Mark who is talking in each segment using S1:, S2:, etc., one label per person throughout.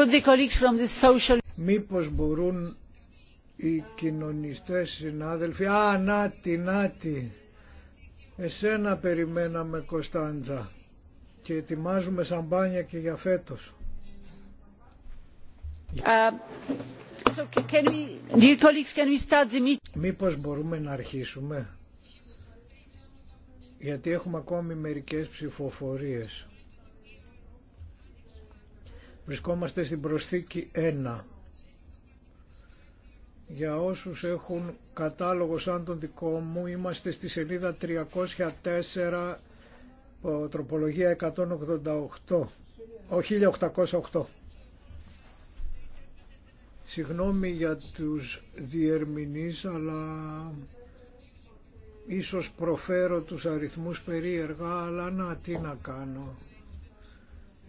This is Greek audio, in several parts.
S1: Could Μήπως μπορούν οι κοινωνιστές συνάδελφοι... Α, Νάτι, Νάτι, εσένα περιμέναμε Κωνσταντζα και ετοιμάζουμε σαμπάνια και για φέτος.
S2: Uh,
S1: Μήπως μπορούμε να αρχίσουμε, γιατί έχουμε ακόμη μερικές ψηφοφορίες. Βρισκόμαστε στην προσθήκη 1. Για όσους έχουν κατάλογο σαν τον δικό μου, είμαστε στη σελίδα 304, τροπολογία 188, ο 1808. Συγγνώμη για τους διερμηνείς, αλλά ίσως προφέρω τους αριθμούς περίεργα, αλλά να τι να κάνω.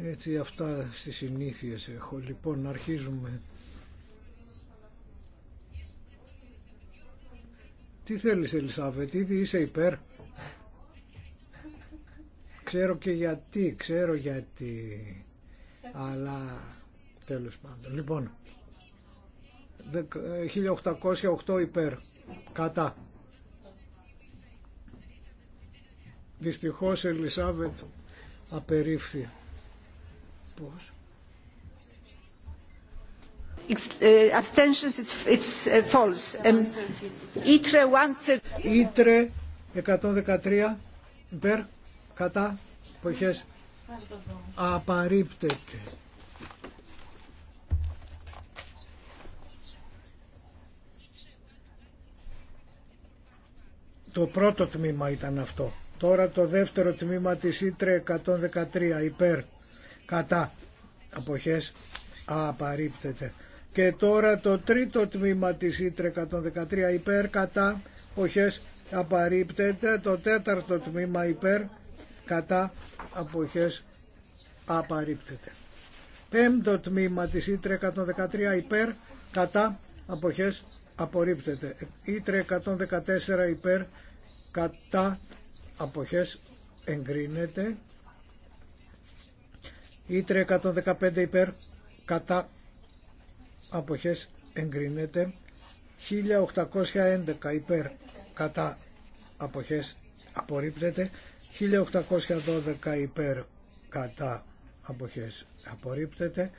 S1: Έτσι αυτά στις συνήθειες έχω. Λοιπόν, αρχίζουμε. Τι θέλεις Ελισάβετ, ήδη είσαι υπέρ. Ξέρω και γιατί, ξέρω γιατί. Αλλά τέλος πάντων. Λοιπόν, 1808 ε, υπέρ, κατά. Δυστυχώς Ελισάβετ απερίφθη. Uh, abstentions, it's, uh, false.
S2: Ήτρε um,
S1: 113 υπέρ κατά εποχές απαρρίπτεται. Το πρώτο τμήμα ήταν αυτό. Τώρα το δεύτερο τμήμα της Ήτρε 113 υπέρ κατά αποχές απαρρίπτεται. Και τώρα το τρίτο τμήμα της Ήτρε 113 υπέρ κατά αποχές απαρρίπτεται. Το τέταρτο τμήμα υπέρ κατά αποχές απαρρίπτεται. Πέμπτο τμήμα της Ήτρε 113 υπέρ κατά αποχές απορρίπτεται. Ήτρε 114 υπέρ κατά αποχές εγκρίνεται. Ήτρε 115 υπέρ κατά αποχές εγκρίνεται. 1811 υπέρ κατά αποχές απορρίπτεται. 1812 υπέρ κατά αποχές απορρίπτεται.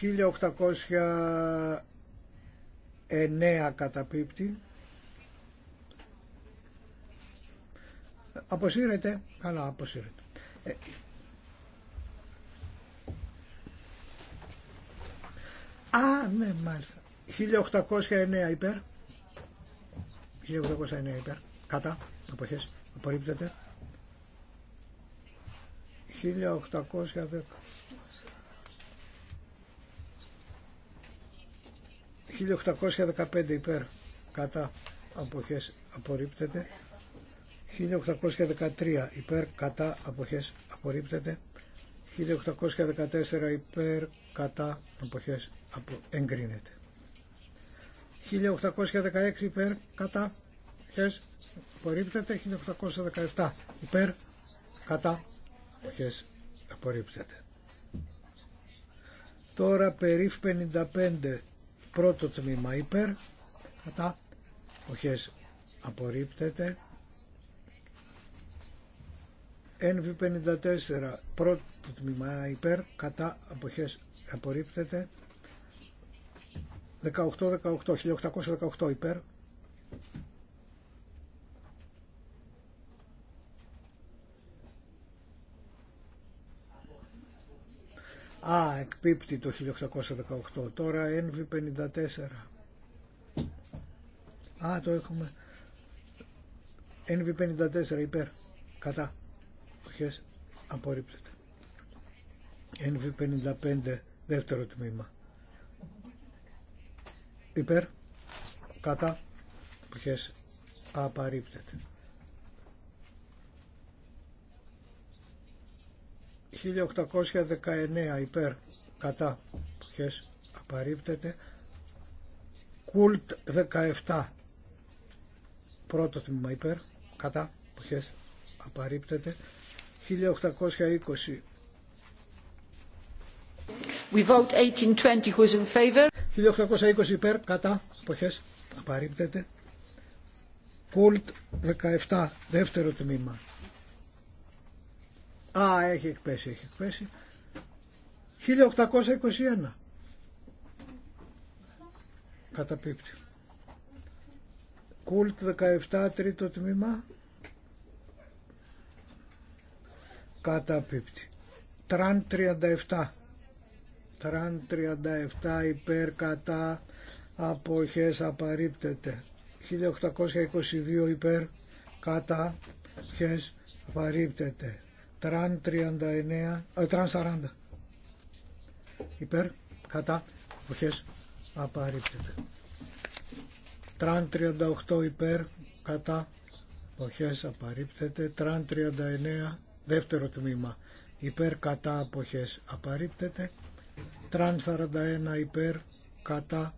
S1: 1809 καταπίπτει. Αποσύρεται. Καλά, αποσύρεται. Ε, Α, ναι, μάλιστα. 1809 υπέρ. 1809 υπέρ. Κατά. Αποχές. Απορρίπτεται. 1810. 1815 υπέρ κατά αποχές απορρίπτεται 1813 υπέρ κατά αποχές απορρίπτεται 1814 υπέρ κατά αποχές από, εγκρίνεται. 1816 υπέρ κατά χες απορρίπτεται. 1817 υπέρ κατά χες απορρίπτεται. Τώρα περίφ 55 πρώτο τμήμα υπέρ κατά οχές απορρίπτεται. NV54 πρώτο τμήμα υπέρ κατά αποχές απορρίπτεται 18, 18, 1818 υπέρ. Α, εκπίπτει το 1818. Τώρα NV54. Α, το έχουμε. NV54 υπέρ. Κατά. Οχές, απορριπτεται Απορρίπτεται. NV55 δεύτερο τμήμα υπέρ κατά αποχές απαρρίπτεται 1819 υπέρ κατά πουχές απαρρίπτεται κουλτ 17 πρώτο τμήμα υπέρ κατά πουχές απαρρίπτεται 1820 We vote 1820 is in favor. 1820 υπέρ, κατά, εποχές, απαρρίπτεται. Κουλτ 17, δεύτερο τμήμα. Α, έχει εκπέσει, έχει εκπέσει. 1821. Καταπίπτει. Κουλτ 17, τρίτο τμήμα. Καταπίπτει. Τραν 37, Τραν 37 υπέρ κατά αποχές απαρρίπτεται. 1822 υπέρ κατά χες απαρρίπτεται. Τραν 39, α, τραν 40 υπέρ κατά αποχές απαρρίπτεται. Τραν 38 ε, υπέρ κατά αποχές απαρρίπτεται. Τραν 39 δεύτερο τμήμα υπέρ κατά αποχές απαρρίπτεται. Τραν 41 υπέρ κατά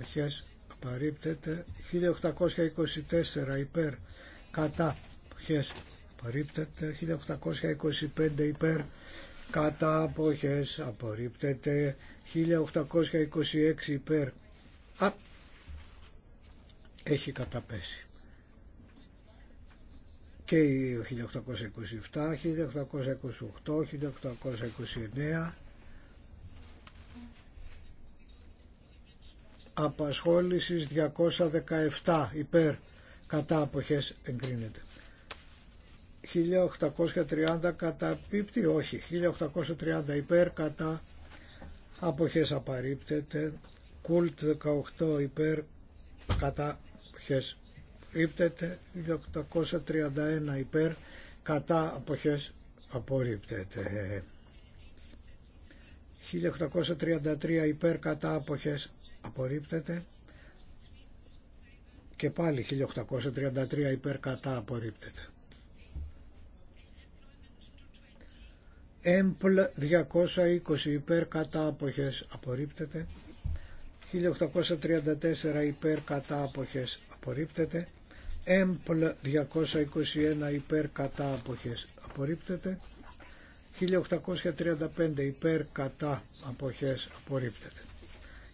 S1: οχές απορρίπτεται. 1824 υπέρ κατά οχές απορρίπτεται. 1825 υπέρ κατά αποχές απορρίπτεται. 1826 υπέρ έχει καταπέσει και 1827, 1828, 1829 απασχόλησης 217 υπέρ κατά αποχές εγκρίνεται. 1830 κατά πίπτη, όχι, 1830 υπέρ κατά αποχές απαρρίπτεται, κουλτ 18 υπέρ κατά αποχές απορρίπτεται, 1831 υπέρ κατά αποχές απορρίπτεται. 1833 υπέρ κατά αποχές απορρίπτεται και πάλι 1833 υπέρ κατά απορρίπτεται. Έμπλ 220 υπέρ κατά αποχές απορρίπτεται. 1834 υπέρ κατά αποχές απορρίπτεται. Έμπλ 221 υπέρ κατά αποχές απορρίπτεται. 1835 υπέρ κατά αποχές απορρίπτεται.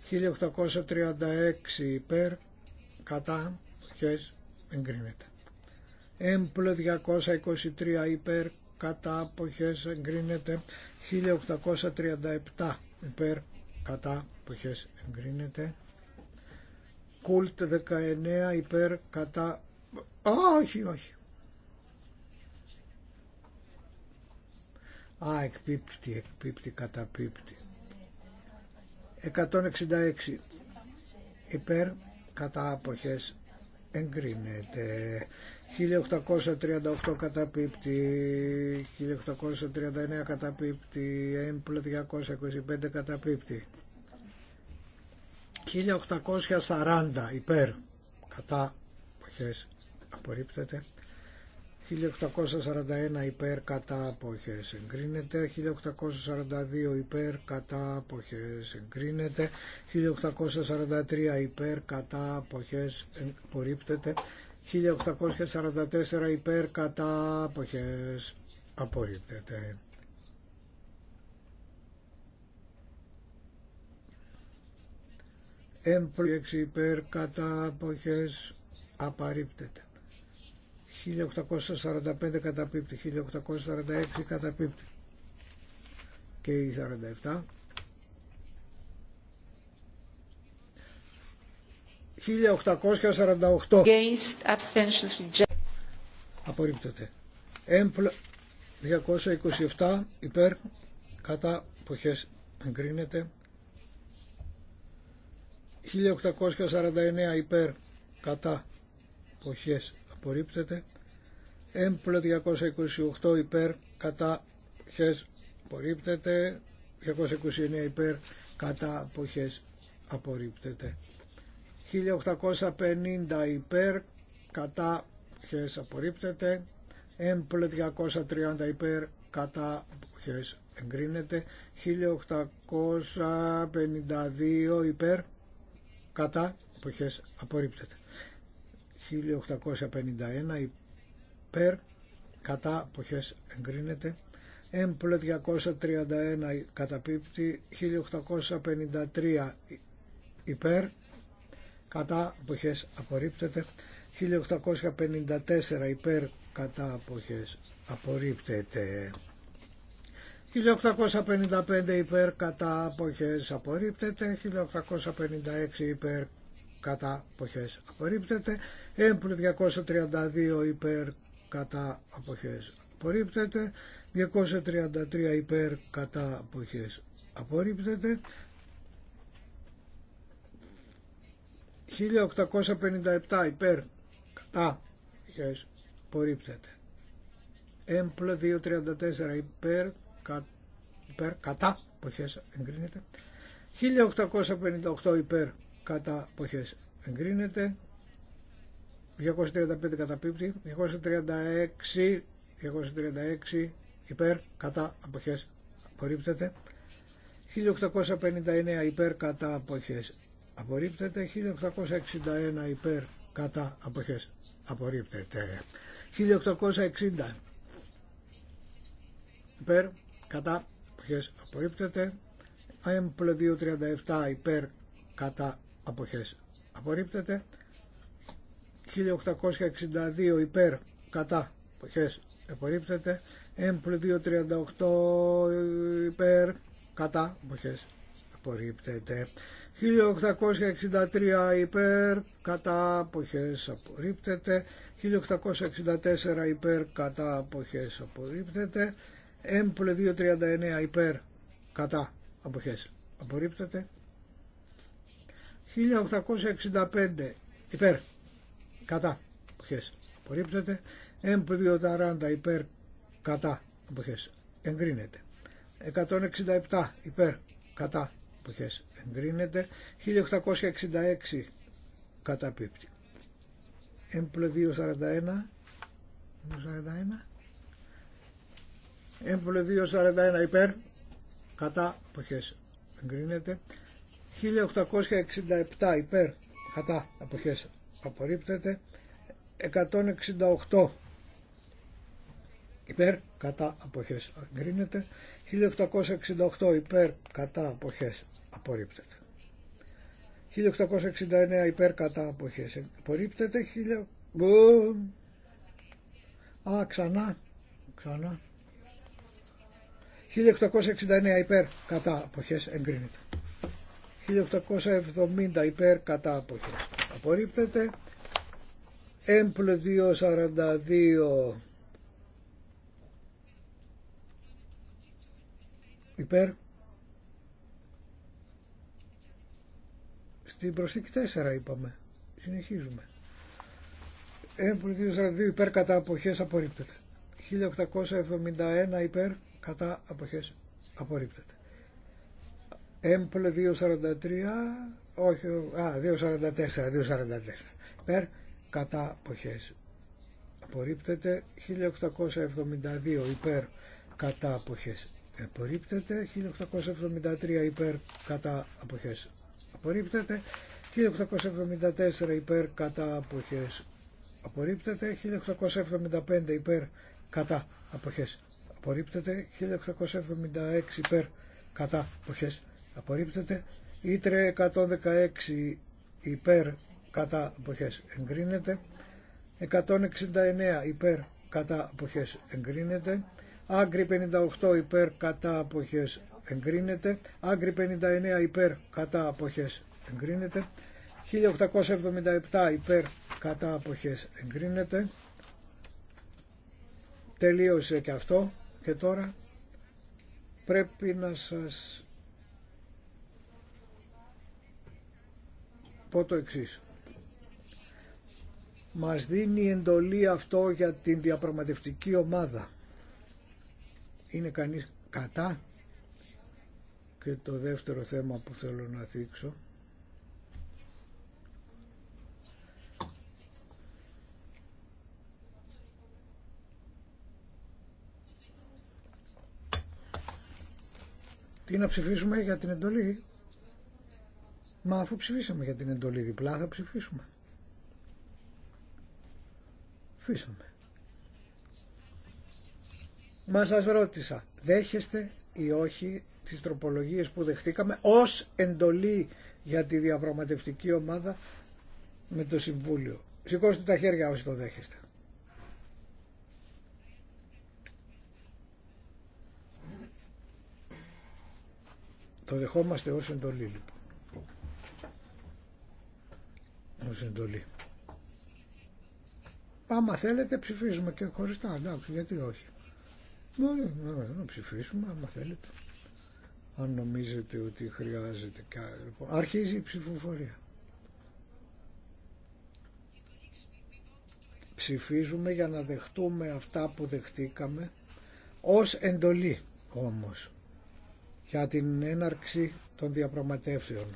S1: 1836 υπέρ, κατά, ποιες, εγκρίνεται. Έμπλο 223 υπέρ, κατά, ποιες εγκρίνεται. 1837 υπέρ, κατά, ποιες εγκρίνεται. Κουλτ 19 υπέρ, κατά, όχι, όχι. Α, εκπίπτει, εκπίπτει, καταπίπτει. 166 υπέρ κατά άποχες εγκρίνεται 1838 καταπίπτει 1839 καταπίπτει έμπλο 225 καταπίπτει 1840 υπέρ κατά αποχές απορρίπτεται 1841 υπέρ κατά αποχές εγκρίνεται, 1842 υπέρ κατά αποχές εγκρίνεται, 1843 υπέρ κατά αποχές απορρίπτεται, 1844 υπέρ κατά αποχές απορρίπτεται. Έμπρο 6 υπέρ κατά αποχές απαρρίπτεται. 1845 καταπίπτει, 1846 καταπίπτει και η 47. 1848 απορρίπτεται. Έμπλ 227 υπέρ κατά εποχές εγκρίνεται. 1849 υπέρ κατά εποχές απορρίπτεται. Έμπλο 228 υπέρ κατά χες απορρίπτεται. 229 υπέρ κατά αποχές απορρίπτεται. 1850 υπέρ κατά χες απορρίπτεται. Έμπλο 230 υπέρ κατά χες εγκρίνεται. 1852 υπέρ κατά αποχές απορρίπτεται. 1851 υπέρ υπέρ κατά ποιες εγκρίνεται έμπλε 231 καταπίπτει 1853 υπέρ κατά ποιες απορρίπτεται 1854 υπέρ κατά ποιες απορρίπτεται 1855 υπέρ κατά ποιες απορρίπτεται 1856 υπέρ κατά ποιες απορρίπτεται έμπλου 232 υπέρ κατά αποχές απορρίπτεται 233 υπέρ κατά αποχές απορρίπτεται 1857 υπέρ κατά αποχές απορρίπτεται έμπλο 234 υπέρ, κα, υπέρ κατά αποχές εγκρίνεται 1858 υπέρ κατά αποχές εγκρίνεται 235 καταπίπτει, 236, 236 υπέρ, κατά αποχές απορρίπτεται, 1859 υπέρ, κατά αποχές απορρίπτεται, 1861 υπέρ, κατά αποχές απορρίπτεται, 1860 υπέρ, κατά αποχές απορρίπτεται, ΑΕΜΠΛ 237 υπέρ, κατά αποχές απορρίπτεται, 1862 υπέρ κατά εποχές απορρίπτεται έμπλ 238 υπέρ κατά εποχές απορρίπτεται 1863 υπέρ κατά αποχές απορρίπτεται 1864 υπέρ κατά αποχές απορρίπτεται M 239 υπέρ κατά αποχές απορρίπτεται 1865 υπέρ κατά αποχές απορρίπτεται M240 υπέρ κατά αποχές εγκρίνεται 167 υπέρ κατά αποχές εγκρίνεται 1866 καταπίπτει έμπλε 241 241 έμπλε 241 υπέρ κατά αποχές εγκρίνεται 1867 υπέρ κατά αποχές απορρίπτεται 168 υπέρ κατά αποχές εγκρίνεται 1868 υπέρ κατά αποχές απορρίπτεται 1869 υπέρ κατά αποχές απορρίπτεται 1000 Α, ξανά, ξανά. 1869 υπέρ κατά αποχές εγκρίνεται. 1870 υπέρ κατά αποχές απορρίπτεται έμπλ 242 υπέρ στην προσθήκη 4 είπαμε συνεχίζουμε έμπλ 242 υπέρ κατά αποχές απορρίπτεται 1871 υπέρ κατά αποχές απορρίπτεται έμπλ 243 όχι, α, 2.44, 2.44. Περ, κατά αποχές. Απορρίπτεται 1872 υπέρ κατά αποχές. Απορρίπτεται 1873 υπέρ κατά αποχές. Απορρίπτεται 1874 υπέρ κατά αποχές. Απορρίπτεται 1875 υπέρ κατά αποχές. Απορρίπτεται 1876 υπέρ κατά αποχές. Απορρίπτεται Ήτρε 116 υπέρ κατά αποχές εγκρίνεται. 169 υπέρ κατά αποχές εγκρίνεται. Άγκρι 58 υπέρ κατά αποχές εγκρίνεται. Άγκρι 59 υπέρ κατά αποχές εγκρίνεται. 1877 υπέρ κατά αποχές εγκρίνεται. Τελείωσε και αυτό και τώρα πρέπει να σας πω το εξής. Μας δίνει εντολή αυτό για την διαπραγματευτική ομάδα. Είναι κανείς κατά. Και το δεύτερο θέμα που θέλω να θίξω. Τι να ψηφίσουμε για την εντολή. Μα αφού ψηφίσαμε για την εντολή διπλά θα ψηφίσουμε. Ψηφίσαμε. Μα σας ρώτησα, δέχεστε ή όχι τις τροπολογίες που δεχτήκαμε ως εντολή για τη διαπραγματευτική ομάδα με το Συμβούλιο. Σηκώστε τα χέρια όσοι το δέχεστε. Το δεχόμαστε ως εντολή λοιπόν ως εντολή. Άμα θέλετε ψηφίζουμε και χωριστά, εντάξει, γιατί όχι. Μπορεί να ψηφίσουμε άμα θέλετε. Αν νομίζετε ότι χρειάζεται και λοιπόν, Αρχίζει η ψηφοφορία. Ψηφίζουμε για να δεχτούμε αυτά που δεχτήκαμε ως εντολή όμως για την έναρξη των διαπραγματεύσεων.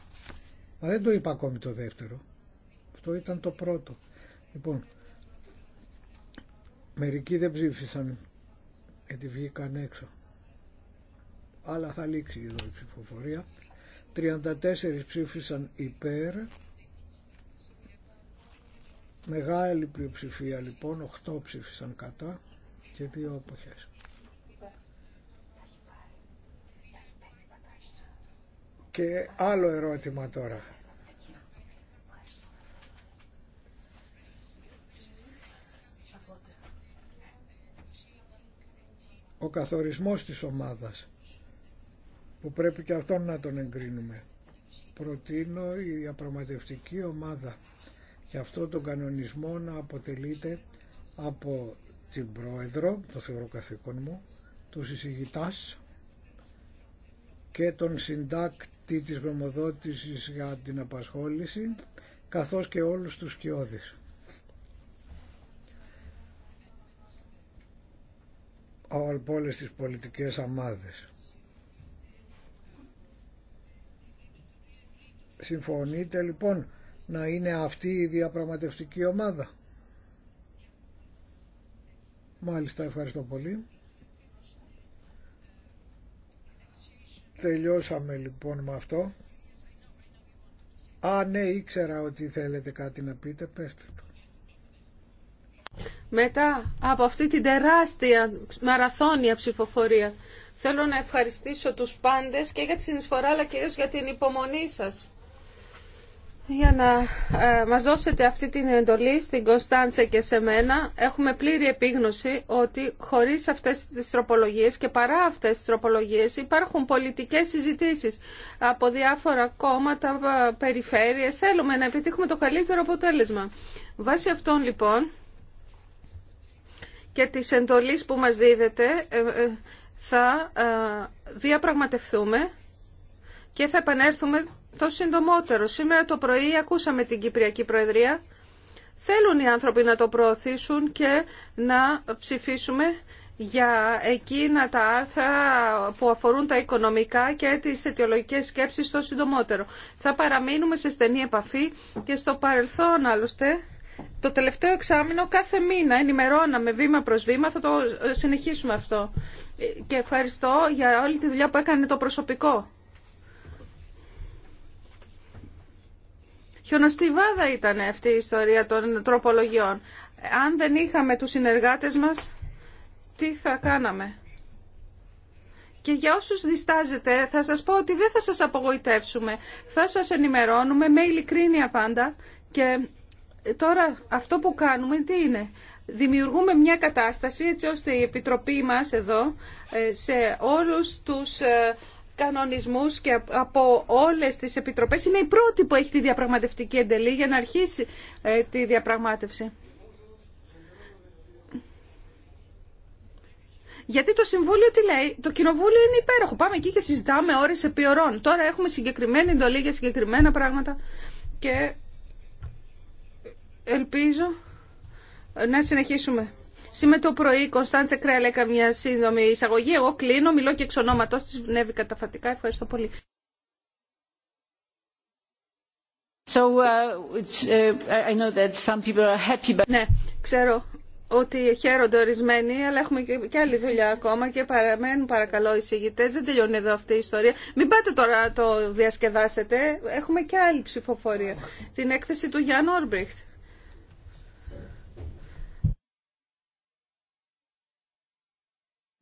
S1: Μα δεν το είπα ακόμη το δεύτερο. Αυτό ήταν το πρώτο. Λοιπόν, μερικοί δεν ψήφισαν γιατί βγήκαν έξω. Αλλά θα λήξει εδώ η ψηφοφορία. 34 ψήφισαν υπέρ. Μεγάλη πλειοψηφία λοιπόν, 8 ψήφισαν κατά και 2 αποχές. Και άλλο ερώτημα τώρα. ο καθορισμός της ομάδας που πρέπει και αυτόν να τον εγκρίνουμε. Προτείνω η διαπραγματευτική ομάδα και αυτό τον κανονισμό να αποτελείται από την πρόεδρο, το θεωρώ καθήκον μου, τους εισηγητάς και τον συντάκτη της γνωμοδότησης για την απασχόληση καθώς και όλους τους σκιώδης. από όλες τις πολιτικές αμάδες. Συμφωνείτε λοιπόν να είναι αυτή η διαπραγματευτική ομάδα. Μάλιστα, ευχαριστώ πολύ. Τελειώσαμε λοιπόν με αυτό. Α, ναι, ήξερα ότι θέλετε κάτι να πείτε, πέστε το
S3: μετά από αυτή την τεράστια μαραθώνια ψηφοφορία. Θέλω να ευχαριστήσω τους πάντες και για τη συνεισφορά αλλά κυρίως για την υπομονή σας για να ε, μας δώσετε αυτή την εντολή στην Κωνσταντσα και σε μένα. Έχουμε πλήρη επίγνωση ότι χωρίς αυτές τις τροπολογίες και παρά αυτές τις τροπολογίες υπάρχουν πολιτικές συζητήσεις από διάφορα κόμματα, περιφέρειες. Θέλουμε να επιτύχουμε το καλύτερο αποτέλεσμα. Βάσει αυτών λοιπόν και της εντολής που μας δίδεται ε, ε, θα ε, διαπραγματευτούμε και θα επανέλθουμε το συντομότερο. Σήμερα το πρωί ακούσαμε την Κυπριακή Προεδρία. Θέλουν οι άνθρωποι να το προωθήσουν και να ψηφίσουμε για εκείνα τα άρθρα που αφορούν τα οικονομικά και τις αιτιολογικές σκέψεις το συντομότερο. Θα παραμείνουμε σε στενή επαφή και στο παρελθόν άλλωστε το τελευταίο εξάμεινο κάθε μήνα ενημερώναμε βήμα προς βήμα, θα το ε, συνεχίσουμε αυτό. Ε, και ευχαριστώ για όλη τη δουλειά που έκανε το προσωπικό. Χιονοστιβάδα ήταν αυτή η ιστορία των τροπολογιών. Αν δεν είχαμε τους συνεργάτες μας, τι θα κάναμε. Και για όσους διστάζετε θα σας πω ότι δεν θα σας απογοητεύσουμε. Θα σας ενημερώνουμε με ειλικρίνεια πάντα και Τώρα αυτό που κάνουμε τι είναι. Δημιουργούμε μια κατάσταση έτσι ώστε η Επιτροπή μας εδώ ε, σε όλους τους ε, κανονισμούς και από όλες τις επιτροπές είναι η πρώτη που έχει τη διαπραγματευτική εντελή για να αρχίσει ε, τη διαπραγμάτευση. Γιατί το Συμβούλιο τι λέει, το Κοινοβούλιο είναι υπέροχο. Πάμε εκεί και συζητάμε ώρες επί ωρών. Τώρα έχουμε συγκεκριμένη εντολή για συγκεκριμένα πράγματα και Ελπίζω να συνεχίσουμε. Σήμερα το πρωί η Κωνσταντσα Κρέλα έκανε μια σύντομη εισαγωγή. Εγώ κλείνω, μιλώ και εξ ονόματο τη. Νέβη Καταφατικά. Ευχαριστώ πολύ.
S2: Ναι, ξέρω ότι χαίρονται ορισμένοι, αλλά έχουμε και άλλη δουλειά ακόμα
S3: και παραμένουν παρακαλώ οι συγητές. Δεν τελειώνει εδώ αυτή η ιστορία. Μην πάτε τώρα να το διασκεδάσετε. Έχουμε και άλλη ψηφοφορία. Την έκθεση του Γιάννου Ορμπριχτ.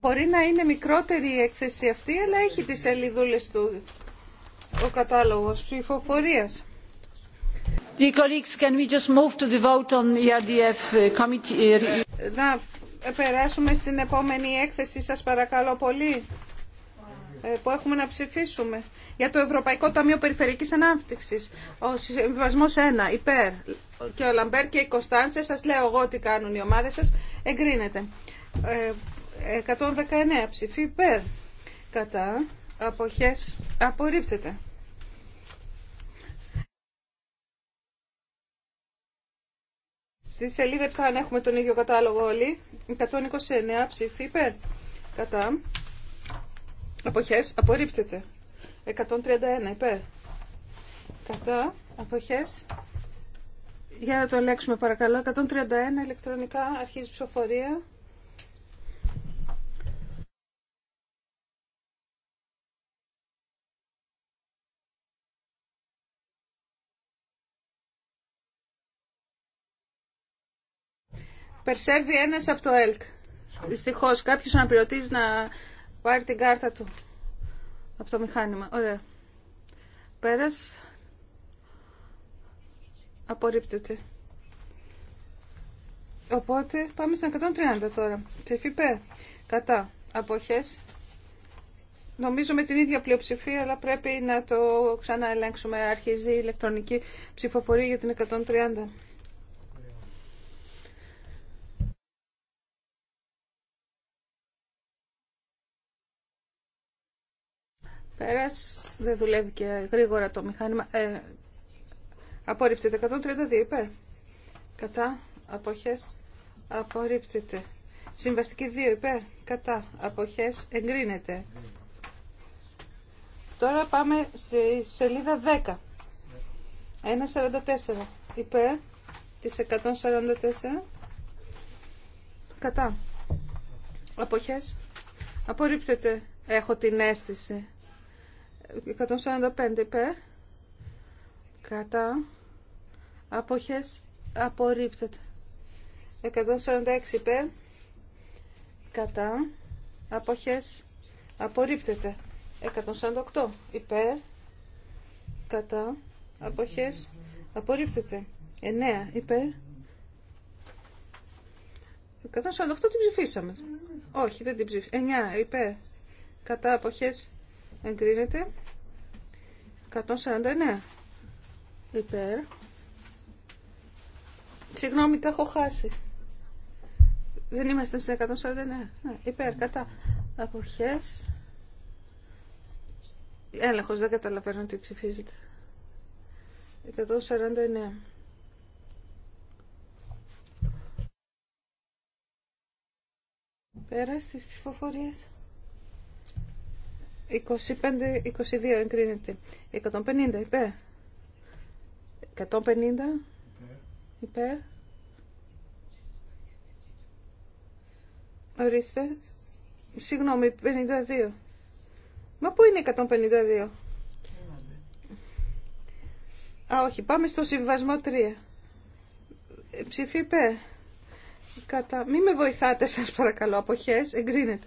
S3: Μπορεί να είναι μικρότερη η έκθεση αυτή, αλλά έχει τις σελίδουλες του ο κατάλογος ψηφοφορίας.
S2: Dear can we just move to the vote on
S3: uh, committee? Uh, να περάσουμε στην επόμενη έκθεση, σας παρακαλώ πολύ, ε, που έχουμε να ψηφίσουμε. Για το Ευρωπαϊκό Ταμείο Περιφερική Ανάπτυξης, ο συμβιβασμό 1, υπέρ, και ο Λαμπέρ και η Κωνσταντσε, σα λέω εγώ τι κάνουν οι ομάδε σα, εγκρίνεται. Ε, 119 ψηφί υπέρ κατά αποχές απορρίπτεται. Στη σελίδα 7 έχουμε τον ίδιο κατάλογο όλοι, 129 ψηφί υπέρ κατά αποχές απορρίπτεται. 131 υπέρ κατά αποχές για να το ελέγξουμε παρακαλώ. 131 ηλεκτρονικά αρχίζει ψηφοφορία. Περσέρβει ένα από το ΕΛΚ. Δυστυχώ κάποιος αναπληρωτή να πάρει την κάρτα του από το μηχάνημα. Ωραία. Πέρας. Απορρίπτεται. Οπότε πάμε στα 130 τώρα. Ψηφί πέ. Κατά. απόχε. Νομίζω με την ίδια πλειοψηφία, αλλά πρέπει να το ξαναελέγξουμε. Αρχίζει η ηλεκτρονική ψηφοφορία για την 130. Πέρας, δεν δουλεύει και γρήγορα το μηχάνημα. Ε, απορρίπτεται. 132 υπέρ. Κατά. Αποχές. Απορρίπτεται. Συμβαστική 2 υπέρ. Κατά. Αποχές. Εγκρίνεται. Τώρα πάμε στη σελίδα 10. 1.44 υπέρ Τη 144 κατά αποχές απορρίπτεται έχω την αίσθηση 145 υπέρ κατά αποχές απορρίπτεται 146 υπέρ κατά αποχές απορρίπτεται 148 υπέρ κατά αποχές απορρίπτεται 9 υπέρ 148 την ψηφίσαμε. Όχι, δεν την ψηφίσαμε. 9 υπέρ. Κατά αποχές εγκρίνεται 149 υπέρ συγγνώμη τα έχω χάσει δεν είμαστε σε 149 ναι, υπέρ κατά αποχές έλεγχος δεν καταλαβαίνω τι ψηφίζεται 149 Πέρα στις ψηφοφορίες. 25-22 εγκρίνεται. 150 υπέρ. 150 υπέρ. Ορίστε. Συγγνώμη, 52. Μα πού είναι 152. Α, όχι. Πάμε στο συμβασμό 3. Ε, ψήφι Κατά... Μη με βοηθάτε σας παρακαλώ. Αποχές. Εγκρίνεται.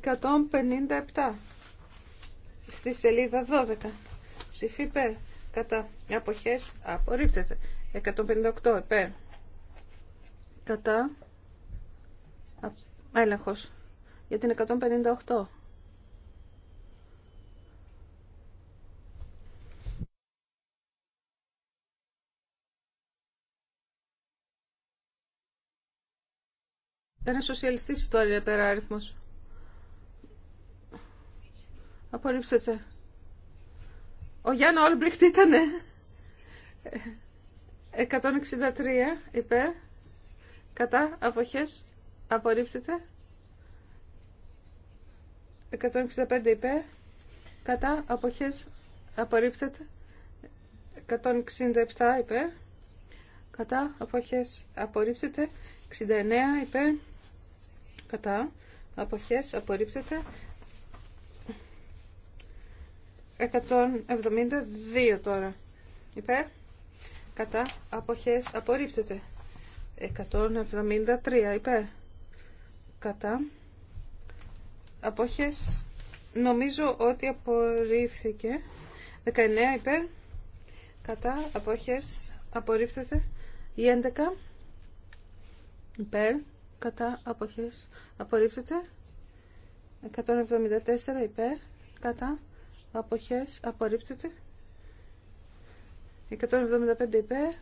S3: 157 στη σελίδα 12. Ψηφί υπέρ. Κατά. Αποχές. Απορρίπτεται. 158 υπέρ. Κατά. Έλεγχος. Για την 158. Ένα σοσιαλιστής ιστορία είναι πέρα αριθμός. Απορρίψετε. Ο Γιάννα Όλμπριχτ ήτανε 163 υπέρ. Κατά αποχές απορρίψετε. 165 υπέρ. Κατά αποχές απορρίψετε. 167 υπέρ. Κατά αποχές απορρίψετε. 69 υπέρ. Κατά αποχές απορρίψετε. 172 τώρα. Υπέρ. Κατά. Αποχές. Απορρίπτεται. 173. Υπέρ. Κατά. Αποχές. Νομίζω ότι απορρίφθηκε. 19 υπέρ. Κατά. Αποχές. Απορρίπτεται. Η 11. Υπέρ. Κατά. Αποχές. Απορρίπτεται. 174 υπέρ. Κατά αποχές απορρίπτεται 175 υπέρ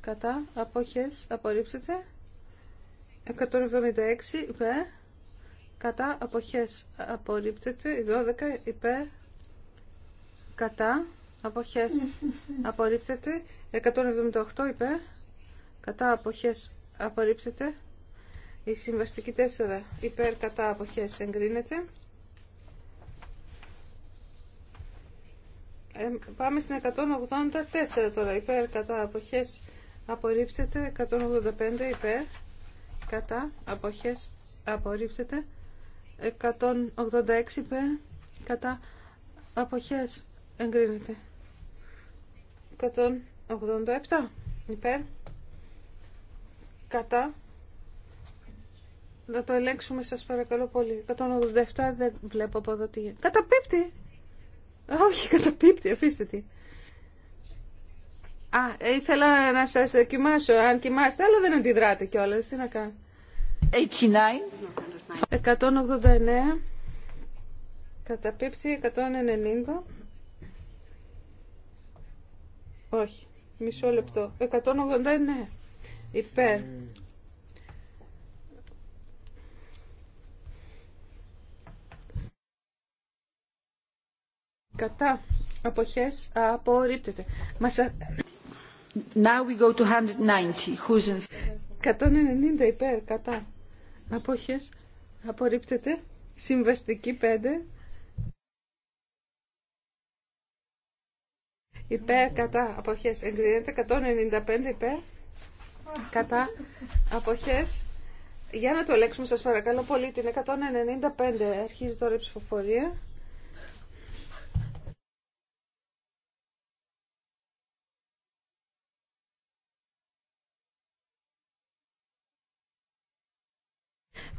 S3: κατά αποχές απορρίπτεται 176 υπέρ κατά αποχές απορρίπτεται 12 υπέρ κατά αποχές απορρίπτεται 178 υπέρ κατά αποχές απορρίπτεται η συμβαστική 4 υπέρ κατά αποχές εγκρίνεται Ε, πάμε στην 184 τώρα, υπέρ, κατά, αποχές, απορρίψετε, 185 υπέρ, κατά, αποχές, απορρίψετε, 186 υπέρ, κατά, αποχές, εγκρίνεται. 187 υπέρ, κατά, να το ελέγξουμε σας παρακαλώ πολύ. 187 δεν βλέπω από εδώ τι γίνεται. πίπτη... Όχι, καταπίπτει, αφήστε τη. Α, ήθελα να σα κοιμάσω, αν κοιμάστε, αλλά δεν αντιδράτε κιόλα. Τι να κάνω. 89. 189. Καταπίπτει 190. Όχι, μισό λεπτό. 189. Υπέρ. Mm. κατά αποχές απορρίπτεται. Μας... Now we go to 190. Who's in... 190 υπέρ κατά αποχές απορρίπτεται. Συμβαστική 5. Υπέρ κατά αποχές εγκρίνεται 195 υπέρ κατά αποχές. Για να το ελέγξουμε σας παρακαλώ πολύ την 195 αρχίζει τώρα η ψηφοφορία.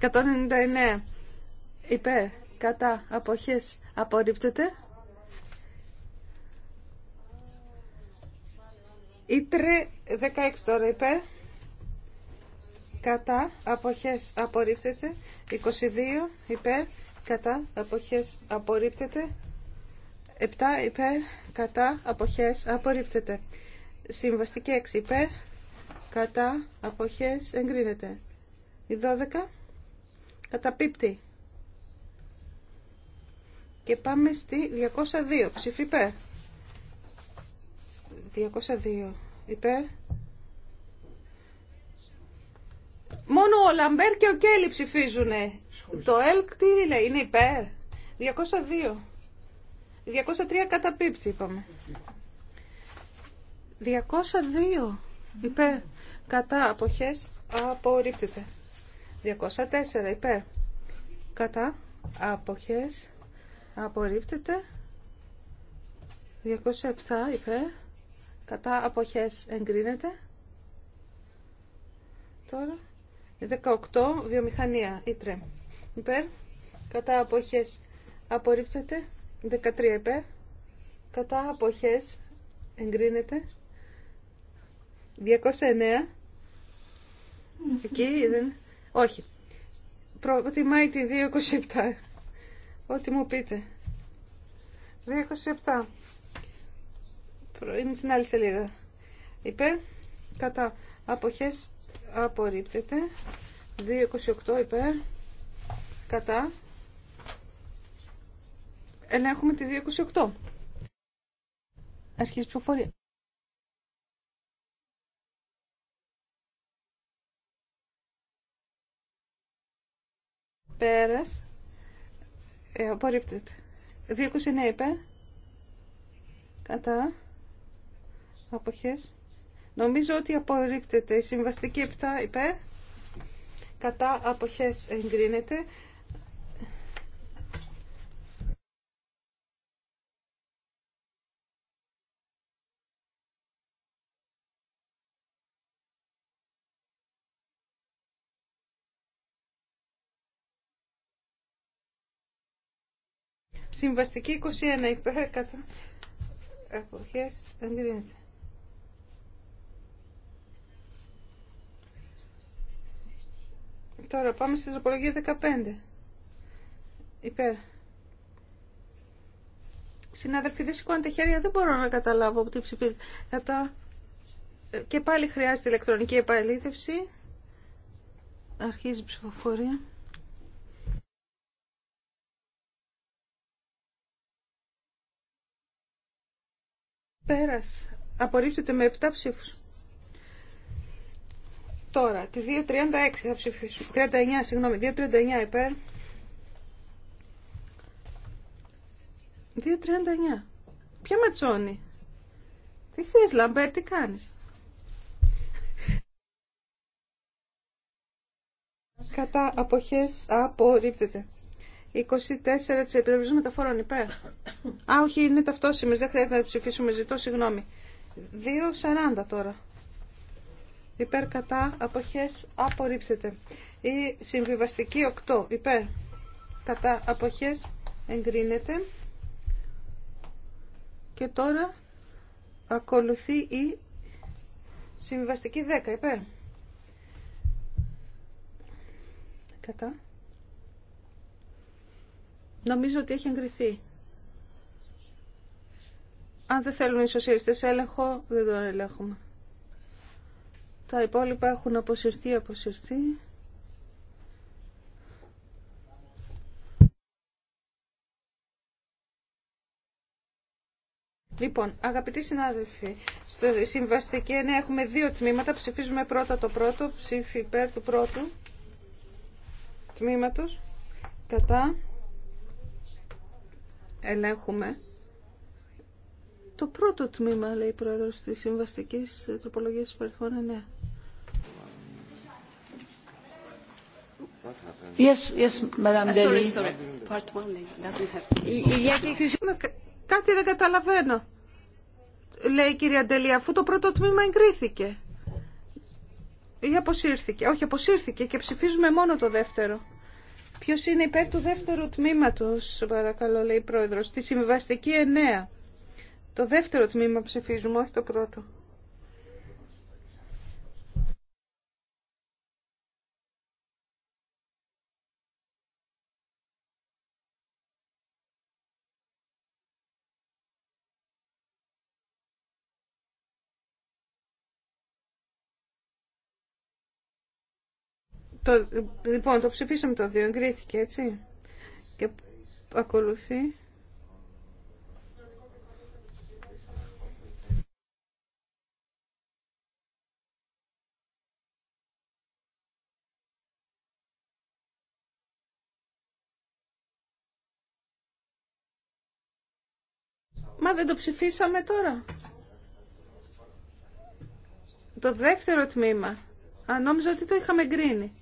S3: 199 υπέρ κατά αποχές απορρίπτεται. Ήτρε 16 τώρα υπέρ κατά αποχές απορρίπτεται. 22 υπέρ κατά αποχές απορρίπτεται. 7 υπέρ κατά αποχές απορρίπτεται. Συμβαστική 6 υπέρ κατά αποχές εγκρίνεται. Η 12 Καταπίπτει. Και πάμε στη 202. Ψήφι υπέρ. 202. Υπέρ. Μόνο ο Λαμπέρ και ο Κέλλη ψηφίζουν. Το ΕΛΚ τι είναι, είναι υπέρ. 202. 203 καταπίπτει είπαμε. 202 υπέρ. Κατά αποχές απορρίπτεται. 204 υπέρ. Κατά. Αποχές. Απορρίπτεται. 207 υπέρ. Κατά. Αποχές. Εγκρίνεται. Τώρα. 18. Βιομηχανία. Ήτρε. Υπέρ. Κατά. Αποχές. Απορρίπτεται. 13 υπέρ. Κατά. Αποχές. Εγκρίνεται. 209. Εκεί δεν όχι. Προτιμάει τη 227. Ό,τι μου πείτε. 227. Είναι στην άλλη σελίδα. Υπέρ. Κατά. Αποχές απορρίπτεται. 228 υπέρ. Κατά. Ελέγχουμε τη 228. Αρχίζει ψηφοφορία. Πέρας. Ε, απορρίπτεται. 229 υπέρ. Κατά. Αποχές. Νομίζω ότι απορρίπτεται. Η συμβαστική 7 υπέρ. Κατά απόχέ εγκρίνεται. Συμβαστική 21 υπέρ κατά Δεν εγκρίνεται. Τώρα πάμε στη τροπολογία 15. Υπέρ. Συνάδελφοι, δεν σηκώνετε χέρια, δεν μπορώ να καταλάβω τι ψηφίζετε. Κατά... Ε, και πάλι χρειάζεται ηλεκτρονική επαλήθευση. Αρχίζει η ψηφοφορία. Πέρας. Απορρίπτεται με 7 ψήφους. Τώρα, τη 2.36 θα ψηφίσουμε. 39, συγγνώμη, 2.39 υπέρ. 2.39. Ποια ματσόνη. Τι θες Λαμπέρ, τι κάνεις. Κατά αποχές απορρίπτεται. 24 τη Επιτροπής Μεταφορών υπέρ. Α, όχι, είναι ταυτόσιμες, δεν χρειάζεται να ψηφίσουμε, ζητώ συγγνώμη. 2.40 τώρα. Υπέρ κατά αποχές απορρίψετε. Η συμβιβαστική 8 υπέρ κατά αποχές εγκρίνεται. Και τώρα ακολουθεί η συμβιβαστική 10 υπέρ. Κατά Νομίζω ότι έχει εγκριθεί. Αν δεν θέλουν οι σοσιαλιστές έλεγχο, δεν τον ελέγχουμε. Τα υπόλοιπα έχουν αποσυρθεί, αποσυρθεί. Λοιπόν, αγαπητοί συνάδελφοι, στη συμβαστική ναι, έχουμε δύο τμήματα. Ψηφίζουμε πρώτα το πρώτο, ψήφι υπέρ του πρώτου τμήματος, κατά ελέγχουμε το πρώτο τμήμα, λέει η Πρόεδρος της Συμβαστικής Τροπολογίας του Περιφόρων ναι.
S2: Yes, yes,
S3: Κάτι δεν καταλαβαίνω. Λέει η κυρία Ντελή, αφού το πρώτο τμήμα εγκρίθηκε. Ή αποσύρθηκε. Όχι, αποσύρθηκε και ψηφίζουμε μόνο το δεύτερο. Ποιο είναι υπέρ του δεύτερου τμήματο, παρακαλώ λέει η πρόεδρο. στη συμβιβαστική 9. Το δεύτερο τμήμα ψηφίζουμε, όχι το πρώτο. Το, λοιπόν, το ψηφίσαμε το δύο, εγκρίθηκε έτσι. Και ακολουθεί. Μα δεν το ψηφίσαμε τώρα. Το δεύτερο τμήμα. Αν νόμιζα ότι το είχαμε γκρίνει.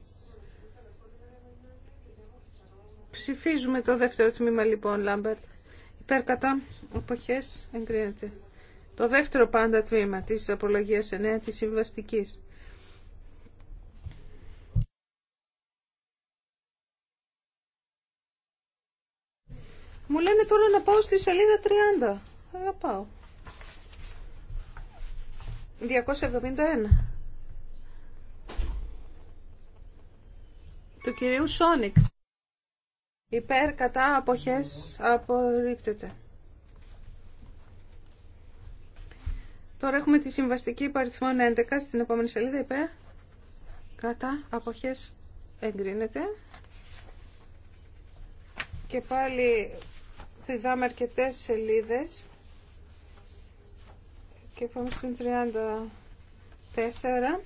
S3: Ψηφίζουμε το δεύτερο τμήμα λοιπόν, Λάμπερτ. Υπέρ κατά αποχές εγκρίνεται. Το δεύτερο πάντα τμήμα της απολογίας 9 της συμβαστικής. Μου λένε τώρα να πάω στη σελίδα 30. Αγαπάω. πάω. 271. Του κυρίου Σόνικ. Υπέρ, κατά, αποχές, απορρίπτεται. Τώρα έχουμε τη συμβαστική υπαριθμών 11 στην επόμενη σελίδα. Υπέρ, κατά, αποχές, εγκρίνεται. Και πάλι πηδάμε αρκετέ σελίδες. Και πάμε στην 34.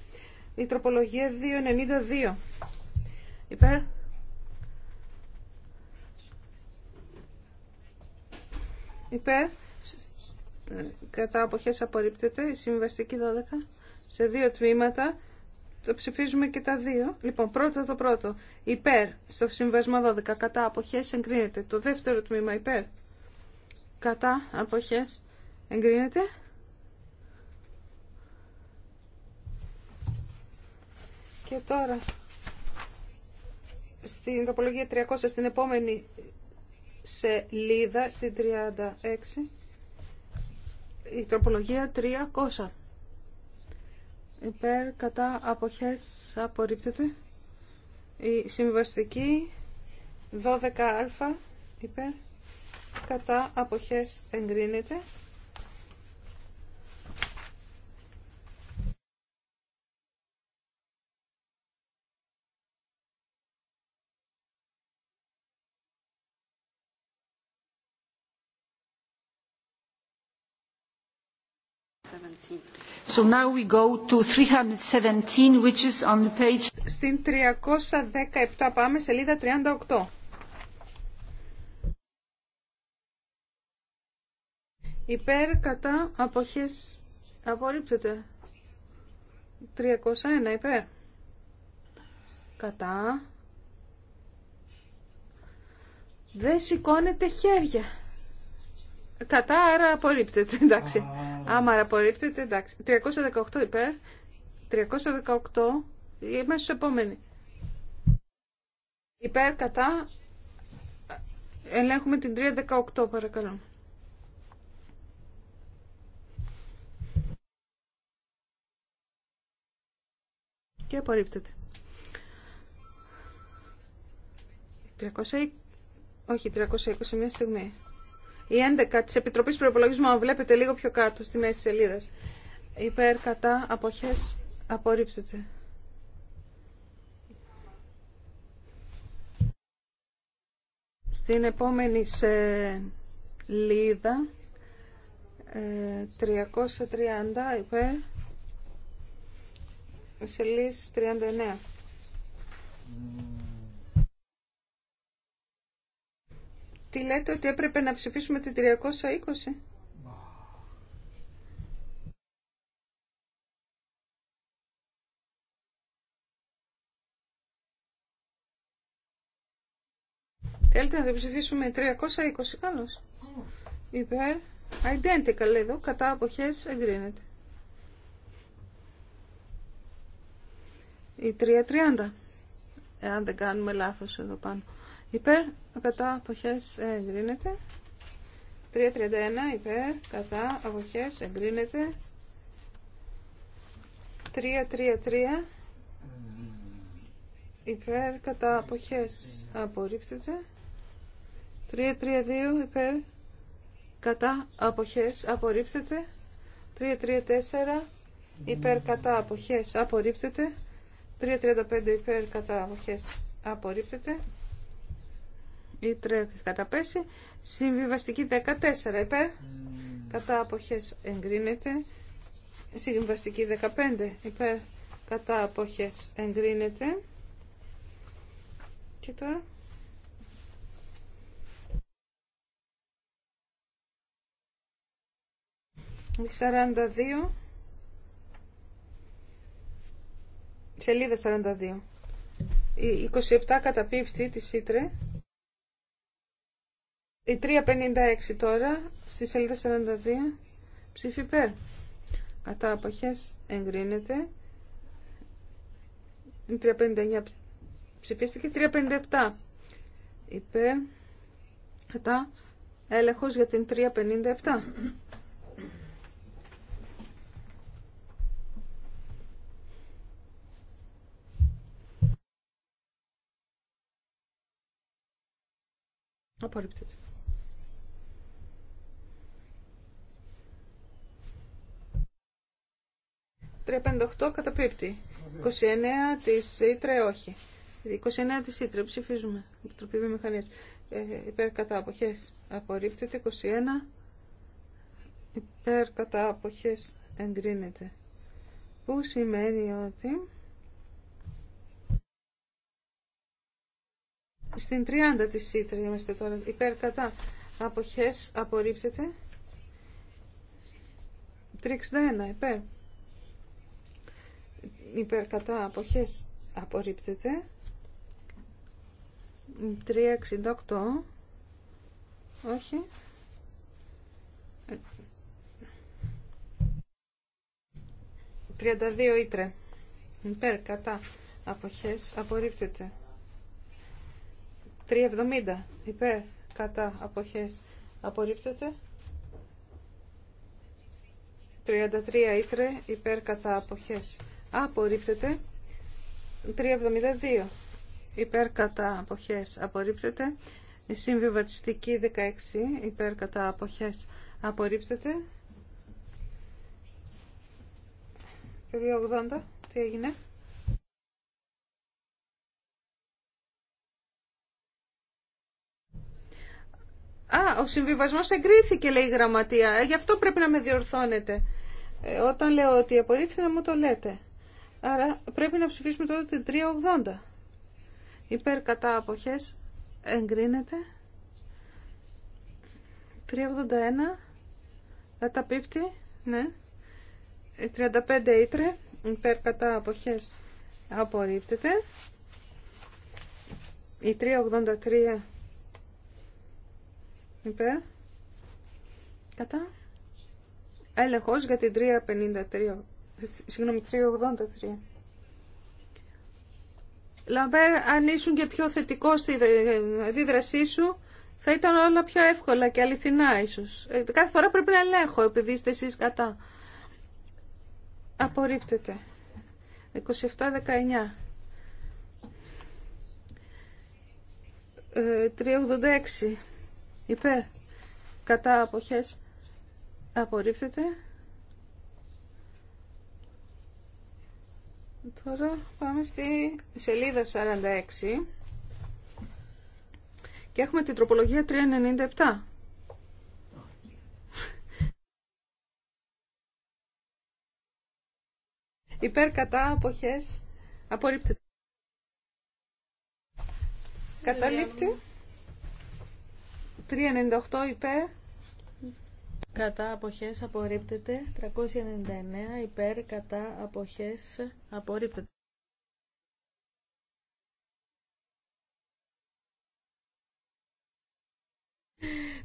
S3: Η τροπολογία 292. Υπέρ, υπέρ κατά αποχές απορρίπτεται η συμβαστική 12 σε δύο τμήματα το ψηφίζουμε και τα δύο λοιπόν πρώτο το πρώτο υπέρ στο συμβασμό 12 κατά αποχές εγκρίνεται το δεύτερο τμήμα υπέρ κατά αποχές εγκρίνεται και τώρα στην τοπολογία 300 στην επόμενη σελίδα στην 36 η τροπολογία 300 υπέρ κατά αποχές απορρίπτεται η συμβαστική 12α υπέρ κατά αποχές εγκρίνεται Στην 317 πάμε, σελίδα 38. Υπέρ, κατά, αποχές, απορρίπτεται. 301 υπέρ. Κατά. Δεν σηκώνεται χέρια. Κατά, άρα απορρίπτεται, εντάξει. Άμα απορρίπτεται, εντάξει. 318 υπέρ. 318. Είμαστε σε επόμενοι. Υπέρ, κατά. Ελέγχουμε την 318 παρακαλώ. Και απορρίπτεται. 300... Όχι, 320 μια στιγμή. Η 11 τη επιτροπή Προπολογισμού, βλέπετε λίγο πιο κάτω στη μέση τη Υπέρ, κατά, αποχές, απορρίψετε. Στην επόμενη σελίδα, 330 ε, υπέρ, σελίδα 39. Τι λέτε ότι έπρεπε να ψηφίσουμε την 320. Θέλετε να την ψηφίσουμε 320, καλώς. Υπέρ. Identical λέει εδώ, κατά αποχές εγκρίνεται. Η 330. Εάν δεν κάνουμε λάθος εδώ πάνω υπέρ, κατά, αποχές, εγκρίνεται. 3.31 υπέρ, κατά, αποχές, εγκρίνεται. 3.33 υπέρ, κατά, αποχές, απορρίπτεται. 3.32 υπέρ, κατά, αποχές, απορρίπτεται. 3.34 υπέρ, κατά, αποχές, απορρίπτεται. 3.35 υπέρ, κατά, αποχές, απορρίπτεται. Ήτρε καταπέσει. Συμβιβαστική 14 υπέρ. Mm. Κατά αποχές εγκρίνεται. Συμβιβαστική 15 υπέρ. Κατά αποχές εγκρίνεται. Και τώρα. 42. Σελίδα 42. 27 καταπίπτει τη Ήτρε. Η 356 τώρα, στη σελίδα 42, ψήφι υπέρ. Κατά αποχές εγκρίνεται. Η 359 ψηφίστηκε. 357 υπέρ. Κατά έλεγχος για την 357. Απορρίπτεται. 358 καταπίπτει. 29 της Ήτρε όχι. 29 της Ήτρε ψηφίζουμε. Επιτροπή Βιομηχανίας. Ε, υπέρ κατά αποχέ. απορρίπτεται. 21 υπέρ κατά αποχέ εγκρίνεται. Που σημαίνει ότι στην 30 της Ήτρε είμαστε τώρα υπέρ κατά αποχέ απορρίπτεται. 361 υπέρ υπέρ κατά αποχές απορρίπτεται 368 όχι 32 ήτρε υπέρ κατά αποχές απορρίπτεται 370 υπέρ κατά αποχές απορρίπτεται 33 ήτρε υπέρ κατά αποχές απορρίπτεται 372 υπέρ κατά αποχές απορρίπτεται η συμβιβατιστική 16 υπέρ κατά αποχές απορρίπτεται 380 τι έγινε Α, ο συμβιβασμό εγκρίθηκε, λέει η γραμματεία. Ε, γι' αυτό πρέπει να με διορθώνετε. Ε, όταν λέω ότι απορρίφθηκε να μου το λέτε. Άρα πρέπει να ψηφίσουμε τώρα την 380. Υπέρ κατά αποχές εγκρίνεται. 381 Κατά Ναι. 35 ήτρε. Υπέρ κατά αποχές απορρίπτεται. Η 383 υπέρ. Κατά. Έλεγχος για την 353 Συγγνώμη, 383. Λαμπέρ, αν ήσουν και πιο θετικό στη αντίδρασή σου, θα ήταν όλα πιο εύκολα και αληθινά ίσως. Ε, κάθε φορά πρέπει να ελέγχω επειδή είστε εσείς κατά. Απορρίπτεται. 27-19. 386 ε, υπέρ κατά αποχές απορρίπτεται Τώρα πάμε στη σελίδα 46 και έχουμε την τροπολογία 397. Υπέρ κατά αποχές απορρίπτεται.
S4: Καταλήπτει.
S5: 398 υπέρ κατά αποχές απορρίπτεται 399 υπέρ κατά αποχές απορρίπτεται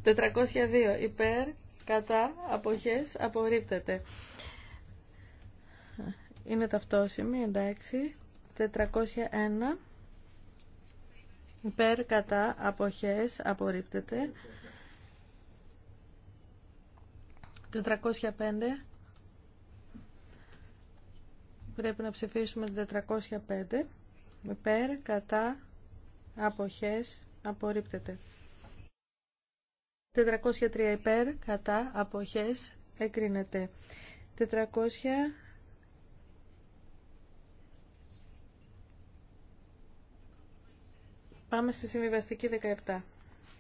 S5: Τετρακόσια υπέρ κατά αποχές απορρίπτεται είναι ταυτόσημη εντάξει 401 υπέρ κατά αποχές απορρίπτεται 405. Πρέπει να ψηφίσουμε την 405. Υπέρ, κατά, αποχές, απορρίπτεται. 403 υπέρ, κατά, αποχές, εκρίνεται. 400... Πάμε στη συμβιβαστική 17.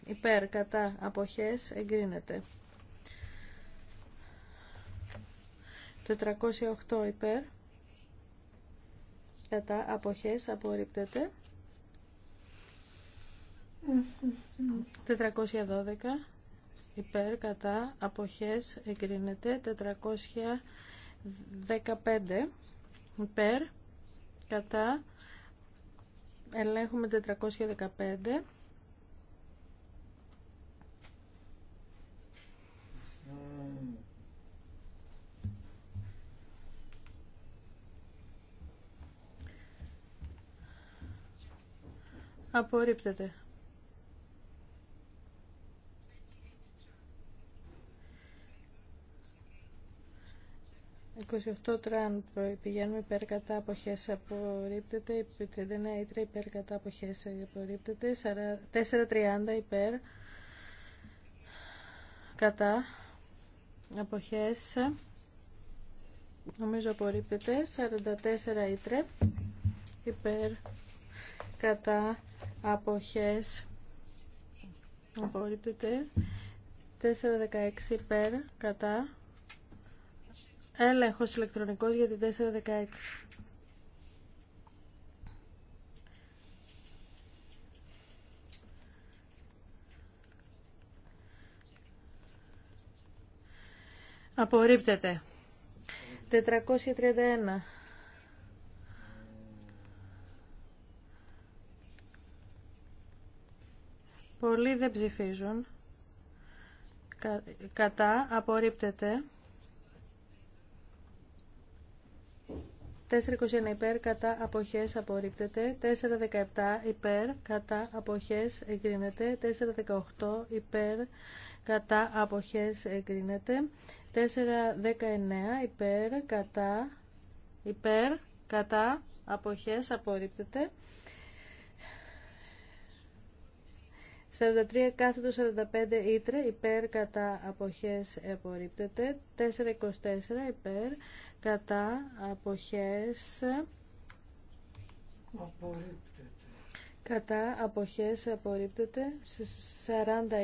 S5: Υπέρ, κατά, αποχές, εγκρίνεται. 408 υπέρ κατά αποχές απορρίπτεται 412 υπέρ κατά αποχές εγκρίνεται 415 υπέρ κατά ελέγχουμε 415 Απορρίπτεται. 28 τραν πηγαίνουμε υπέρ κατά αποχές απορρίπτεται, 39 ήτρα υπέρ κατά αποχές απορρίπτεται, 4.30 υπέρ κατά αποχές νομίζω απορρίπτεται, 44 ήτρε υπέρ κατά αποχές απορρίπτεται 416 περα κατά έλεγχος ηλεκτρονικός για την 416 Απορρίπτεται. 431. Πολλοί δεν ψηφίζουν. Κατά. Απορρίπτεται. 4,21 υπέρ κατά αποχές απορρίπτεται, 4,17 υπέρ κατά αποχές εγκρίνεται, 4,18 υπέρ κατά αποχές εγκρίνεται, 4,19 υπέρ κατά, υπέρ κατά αποχές απορρίπτεται, 43 κάθετο 45 ήτρε υπέρ κατά αποχές απορρίπτεται. 424 υπέρ κατά αποχές
S1: απορρίπτεται.
S5: Κατά αποχές απορρίπτεται.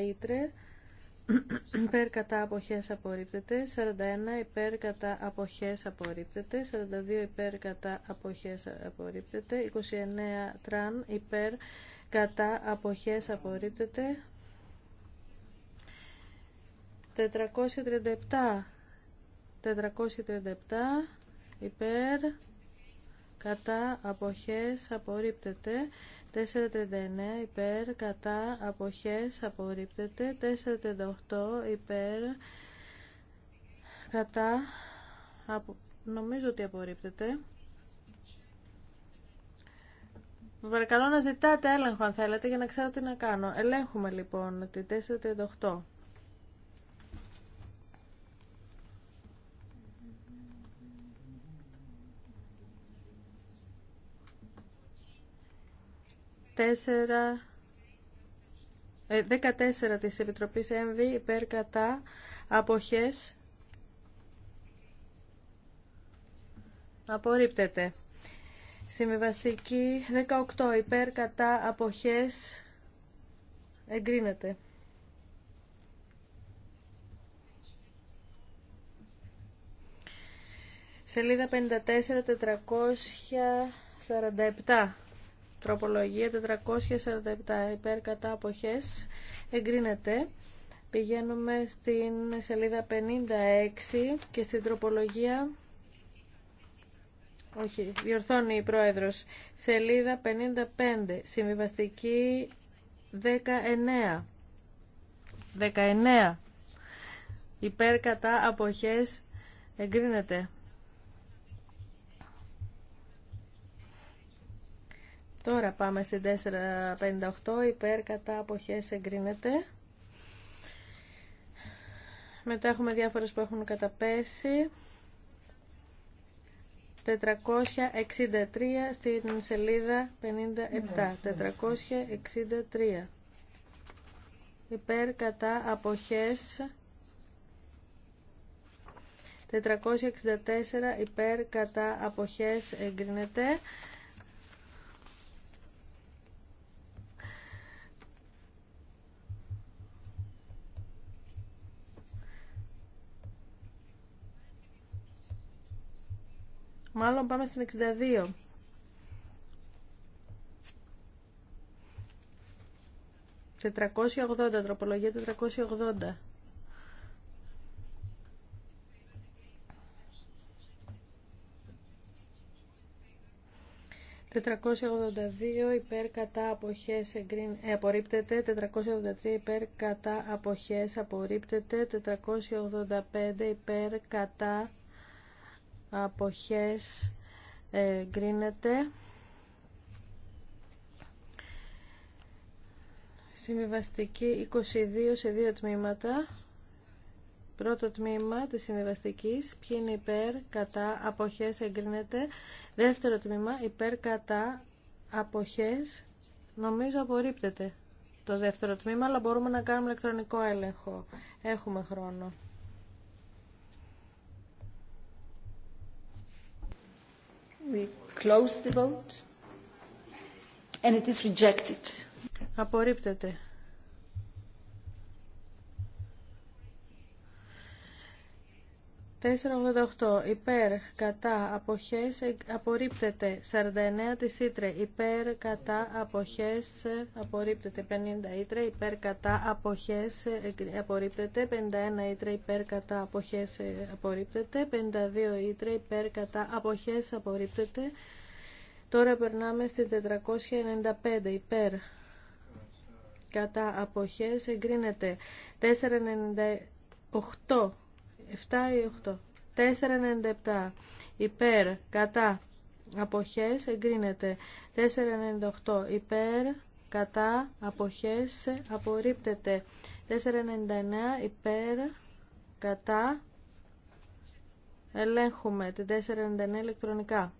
S5: 40 ήτρε υπέρ κατά αποχές απορρίπτεται, 41 υπέρ κατά αποχές απορρίπτεται, 42 υπέρ κατά αποχές απορρίπτεται, 29 τραν υπέρ κατά αποχές απορρίπτεται 437 437 υπέρ κατά αποχές απορρίπτεται 439 υπέρ κατά αποχές απορρίπτεται 438 υπέρ κατά απο... νομίζω ότι απορρίπτεται Παρακαλώ να ζητάτε έλεγχο αν θέλετε για να ξέρω τι να κάνω. Ελέγχουμε λοιπόν τη 438. Τέσσερα, 14 ε, της Επιτροπής ΕΜΒ υπέρ κατά αποχές απορρίπτεται. Συμβιβαστική 18 υπέρ κατά αποχές εγκρίνεται. Σελίδα 54 447. Τροπολογία 447 υπέρ κατά αποχές εγκρίνεται. Πηγαίνουμε στην σελίδα 56 και στην τροπολογία όχι, διορθώνει η πρόεδρος, σελίδα 55, συμβιβαστική 19. 19. Υπέρ κατά αποχές εγκρίνεται. Τώρα πάμε στην 458, υπέρ κατά αποχές εγκρίνεται. Μετά έχουμε διάφορες που έχουν καταπέσει. 463 στην σελίδα 57. 463. Ναι, ναι. Υπέρ κατά αποχές 464 υπέρ κατά αποχές εγκρίνεται Μάλλον πάμε στην 62. 480, τροπολογία 480. «482 υπέρ κατά αποχές εγκρίν, ε, απορρίπτεται, 483 υπέρ κατά αποχές απορρίπτεται, 485 υπέρ κατά αποχές εγκρίνεται. Συμβιβαστική 22 σε δύο τμήματα. Πρώτο τμήμα της συμβιβαστικής, ποιοι είναι υπέρ, κατά, αποχές εγκρίνεται. Δεύτερο τμήμα, υπέρ, κατά, αποχές, νομίζω απορρίπτεται το δεύτερο τμήμα, αλλά μπορούμε να κάνουμε ηλεκτρονικό έλεγχο. Έχουμε χρόνο. We close the vote. And it is rejected. Απορρίπτεται. 488 υπέρ κατά αποχές απορρίπτεται 49 της Ήτρε υπέρ κατά αποχές απορρίπτεται 50 Ήτρε υπέρ κατά αποχές ε, απορρίπτεται 51 Ήτρε υπέρ κατά αποχές απορρίπτεται 52 Ήτρε υπέρ κατά αποχές απορρίπτεται Τώρα περνάμε στην 495 υπέρ κατά αποχές εγκρίνεται 498 7 4,97 υπέρ κατά αποχές εγκρίνεται. 4,98 υπέρ κατά αποχές απορρίπτεται. 4,99 υπέρ κατά ελέγχουμε την 4,99 ηλεκτρονικά.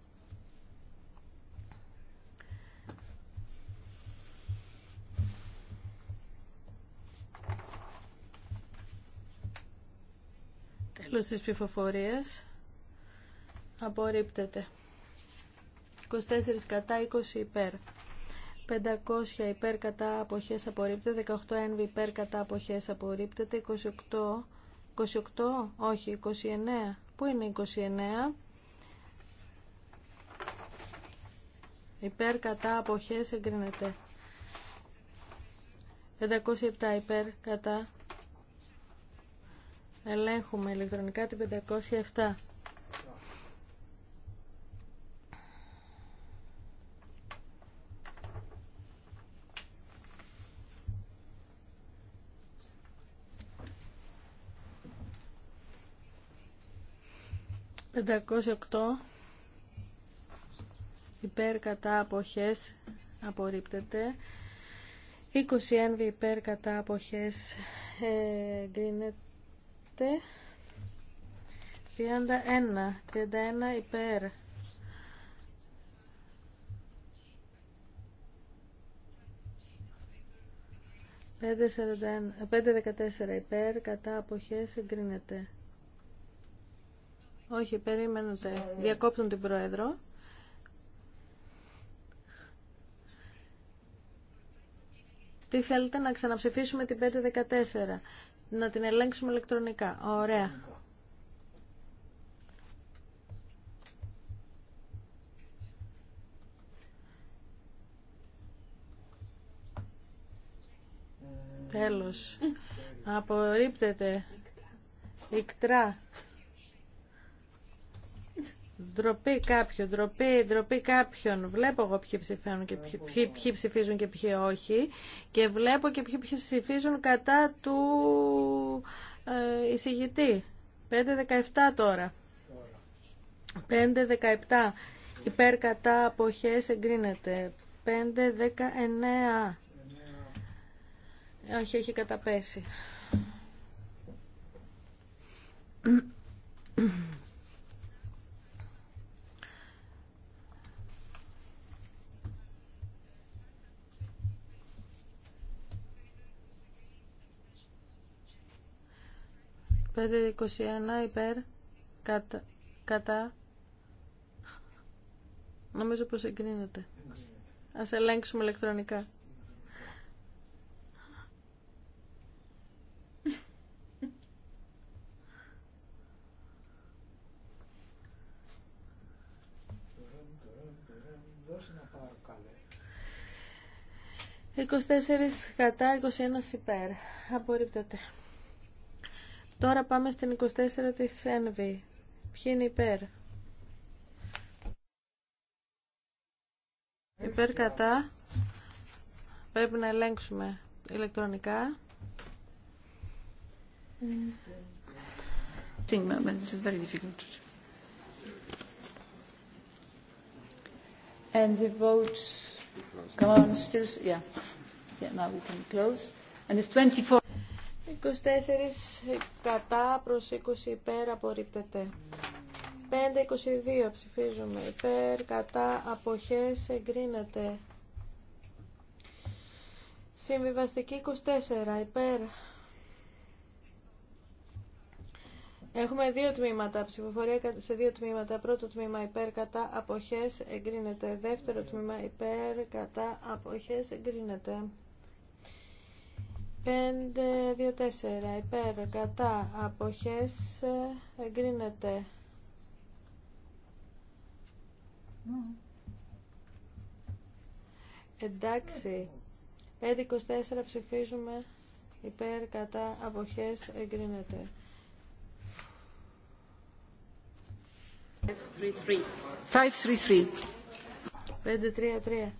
S5: Στι της ψηφοφορίας. Απορρίπτεται. 24 κατά 20 υπέρ. 500 υπέρ κατά αποχές απορρίπτεται, 18 ένβη υπέρ κατά αποχές απορρίπτεται, 28, 28, όχι, 29. Πού είναι 29? Υπέρ κατά αποχές εγκρίνεται. 507 υπέρ κατά Ελέγχουμε ηλεκτρονικά την 507. 508. υπέρ κατά αποχές απορρίπτεται 20 ένβη υπέρ κατά αποχές γκρίνεται εγκρίνεται 31 31 υπέρ Πέντε υπέρ, κατά αποχές εγκρίνεται. Όχι, περίμενετε. Διακόπτουν την Πρόεδρο. Τι θέλετε να ξαναψηφίσουμε την 514. Να την ελέγξουμε ηλεκτρονικά. Ωραία. Τέλος. Απορρίπτεται. Εκτρά. Ντροπή κάποιον, ντροπή, ντροπή κάποιον. Βλέπω εγώ ποιοι ψηφίζουν και ποιοι, ψηφίζουν και ποιοι όχι. Και βλέπω και ποιοι, ποιοι ψηφίζουν κατά του ε, εισηγητή. 5-17 τώρα. 5-17. Υπέρ κατά αποχές εγκρίνεται. 5-19. Όχι, έχει καταπέσει. 521 υπέρ κατά, κατά. Νομίζω πως εγκρίνεται. Ας ελέγξουμε ηλεκτρονικά. 24 κατά, 21 υπέρ. Απορρίπτεται. Τώρα πάμε στην 24 της Envy. Ποιοι είναι υπέρ. Υπέρ κατά. Πρέπει να ελέγξουμε ηλεκτρονικά.
S2: is very difficult. And the votes. come on, still, yeah, yeah, now we can close. And if 24.
S5: 24 κατά προς 20 υπέρ απορρίπτεται. 5-22 ψηφίζουμε υπέρ, κατά, αποχές, εγκρίνεται. Συμβιβαστική 24 υπέρ. Έχουμε δύο τμήματα, ψηφοφορία σε δύο τμήματα. Πρώτο τμήμα υπέρ, κατά, αποχές, εγκρίνεται. Δεύτερο τμήμα υπέρ, κατά, αποχές, εγκρίνεται. 5-2-4 υπέρ κατά αποχές εγκρίνεται. Εντάξει. 5-24 ψηφίζουμε υπέρ κατά εγκρίνεται.
S2: F33.
S5: 5-3-3. 5-3-3.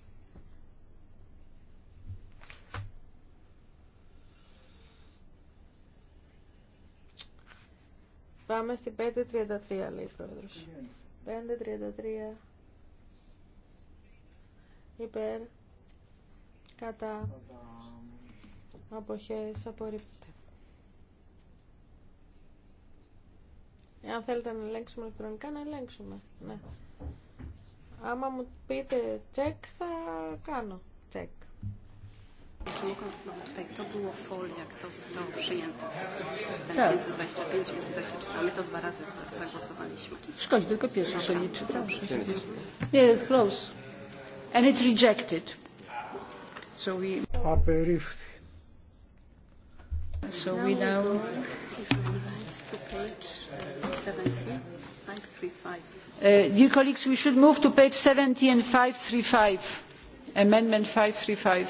S5: Πάμε στην 533 λέει η πρόεδρος. 533 υπέρ κατά αποχές απορρίπτεται. Εάν θέλετε να ελέγξουμε ηλεκτρονικά, να ελέγξουμε. Ναι. Άμα μου πείτε τσεκ, θα κάνω τσεκ. Czy mogą, no tutaj to było
S2: folia, kto zostało przyjęte. ten tak. 525, 524, my to dwa razy zagłosowaliśmy. Szkodzi, tylko pierwszy się liczy. Nie, close. And it's rejected. So we... Aperift. So we now...
S4: To
S2: Dear colleagues, we should move to page 70 and 535, amendment 535.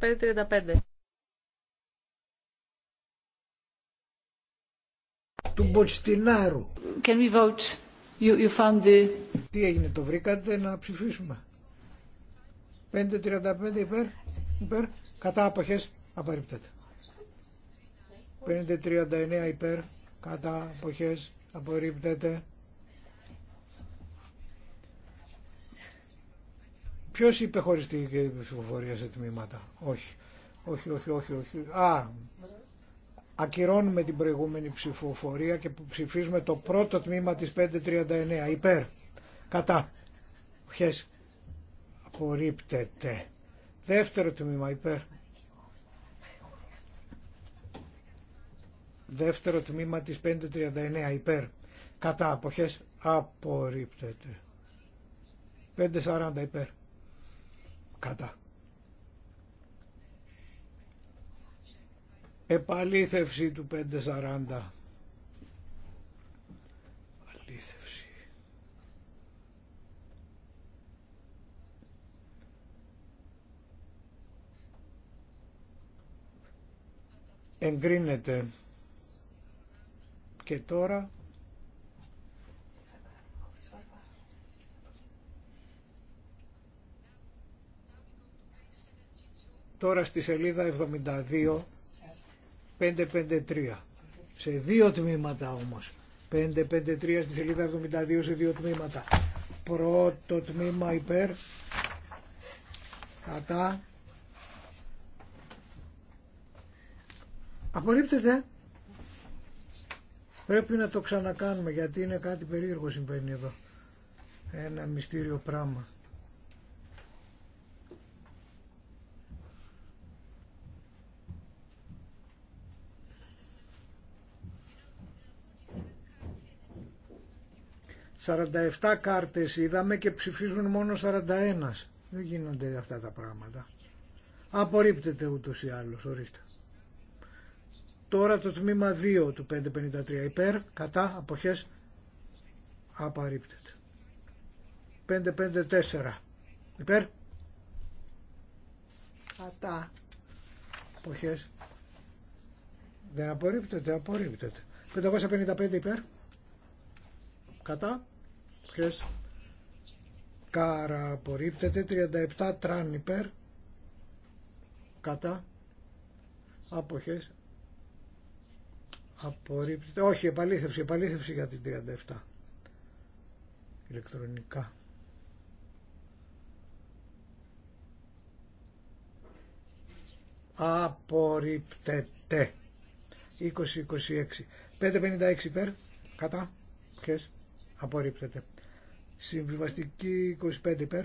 S5: 535.
S1: Του Μποτστινάρου. Can we vote? You, you found the... Τι έγινε, το βρήκατε να ψηφίσουμε. 5.35 υπέρ, υπέρ, κατά αποχές, απορρίπτεται. 5.39 υπέρ, κατά αποχές, απορρίπτεται. Ποιο είπε χωριστή και ψηφοφορία σε τμήματα. Όχι. Όχι, όχι, όχι, όχι. Α, ακυρώνουμε την προηγούμενη ψηφοφορία και ψηφίζουμε το πρώτο τμήμα της 539. Υπέρ. Κατά. Ποιες. Απορρίπτεται. Δεύτερο τμήμα υπέρ. Δεύτερο τμήμα της 539 υπέρ. Κατά αποχές απορρίπτεται. 540 υπέρ. Κατά. Επαλήθευση του 540. Επαλήθευση. Εγκρίνεται. Και τώρα Τώρα στη σελίδα 72, 553. Σε δύο τμήματα όμως. 553 στη σελίδα 72 σε δύο τμήματα. Πρώτο τμήμα υπέρ, κατά, απορρίπτεται. Πρέπει να το ξανακάνουμε γιατί είναι κάτι περίεργο συμβαίνει εδώ. Ένα μυστήριο πράγμα. 47 κάρτες είδαμε και ψηφίζουν μόνο 41. Δεν γίνονται αυτά τα πράγματα. Απορρίπτεται ούτως ή άλλως, ορίστε. Τώρα το τμήμα 2 του 553 υπέρ, κατά, αποχές, απορρίπτεται. 554 υπέρ, κατά, αποχές, δεν απορρίπτεται, απορρίπτεται. 555 υπέρ, Κατά. Ποιες. Κάρα απορρίπτεται. 37 τραν υπέρ. Κατά. Αποχές. Απορρίπτεται. Όχι, επαλήθευση. Επαλήθευση για την 37. Ηλεκτρονικά. Απορρίπτεται. 20-26. 5-56 υπέρ. Κατά. Ποιες απορρίπτεται. Συμβιβαστική 25 υπέρ,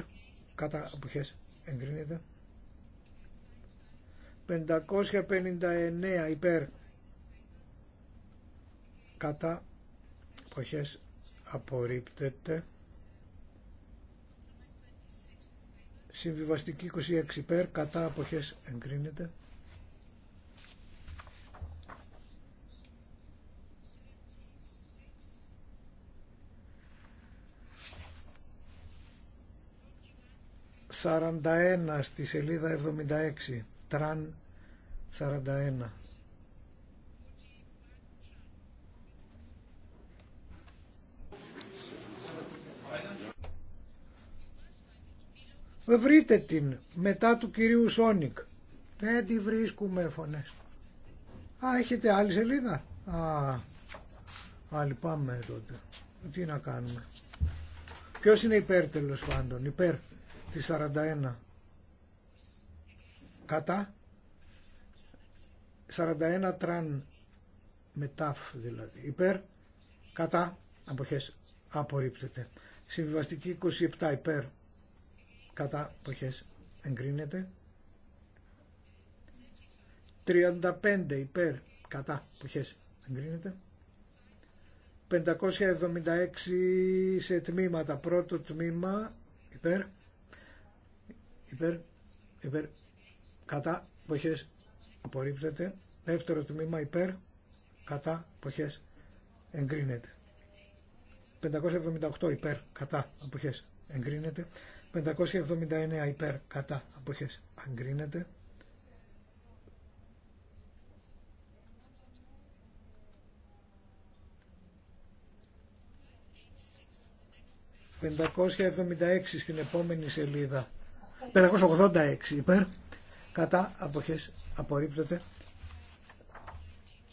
S1: κατά αποχές εγκρίνεται. 559 υπέρ, κατά αποχές απορρίπτεται. Συμβιβαστική 26 υπέρ, κατά αποχές εγκρίνεται. 41 στη σελίδα 76. Τραν 41. Βρείτε την μετά του κυρίου Σόνικ. Δεν τη βρίσκουμε φωνές. Α, έχετε άλλη σελίδα. Α, α λυπάμαι τότε. Τι να κάνουμε. Ποιος είναι υπέρ τέλος πάντων. Υπέρ τη 41 κατά 41 τραν με ταφ δηλαδή υπέρ κατά αποχές απορρίπτεται συμβιβαστική 27 υπέρ κατά αποχές εγκρίνεται 35 υπέρ κατά αποχές εγκρίνεται 576 σε τμήματα πρώτο τμήμα υπέρ υπέρ, υπέρ, κατά, εποχές, απορρίπτεται. Δεύτερο τμήμα υπέρ, κατά, εποχές, εγκρίνεται. 578 υπέρ, κατά, εποχές, εγκρίνεται. 579 υπέρ, κατά, εποχές, εγκρίνεται. 576 στην επόμενη σελίδα 586 υπέρ κατά αποχές απορρίπτεται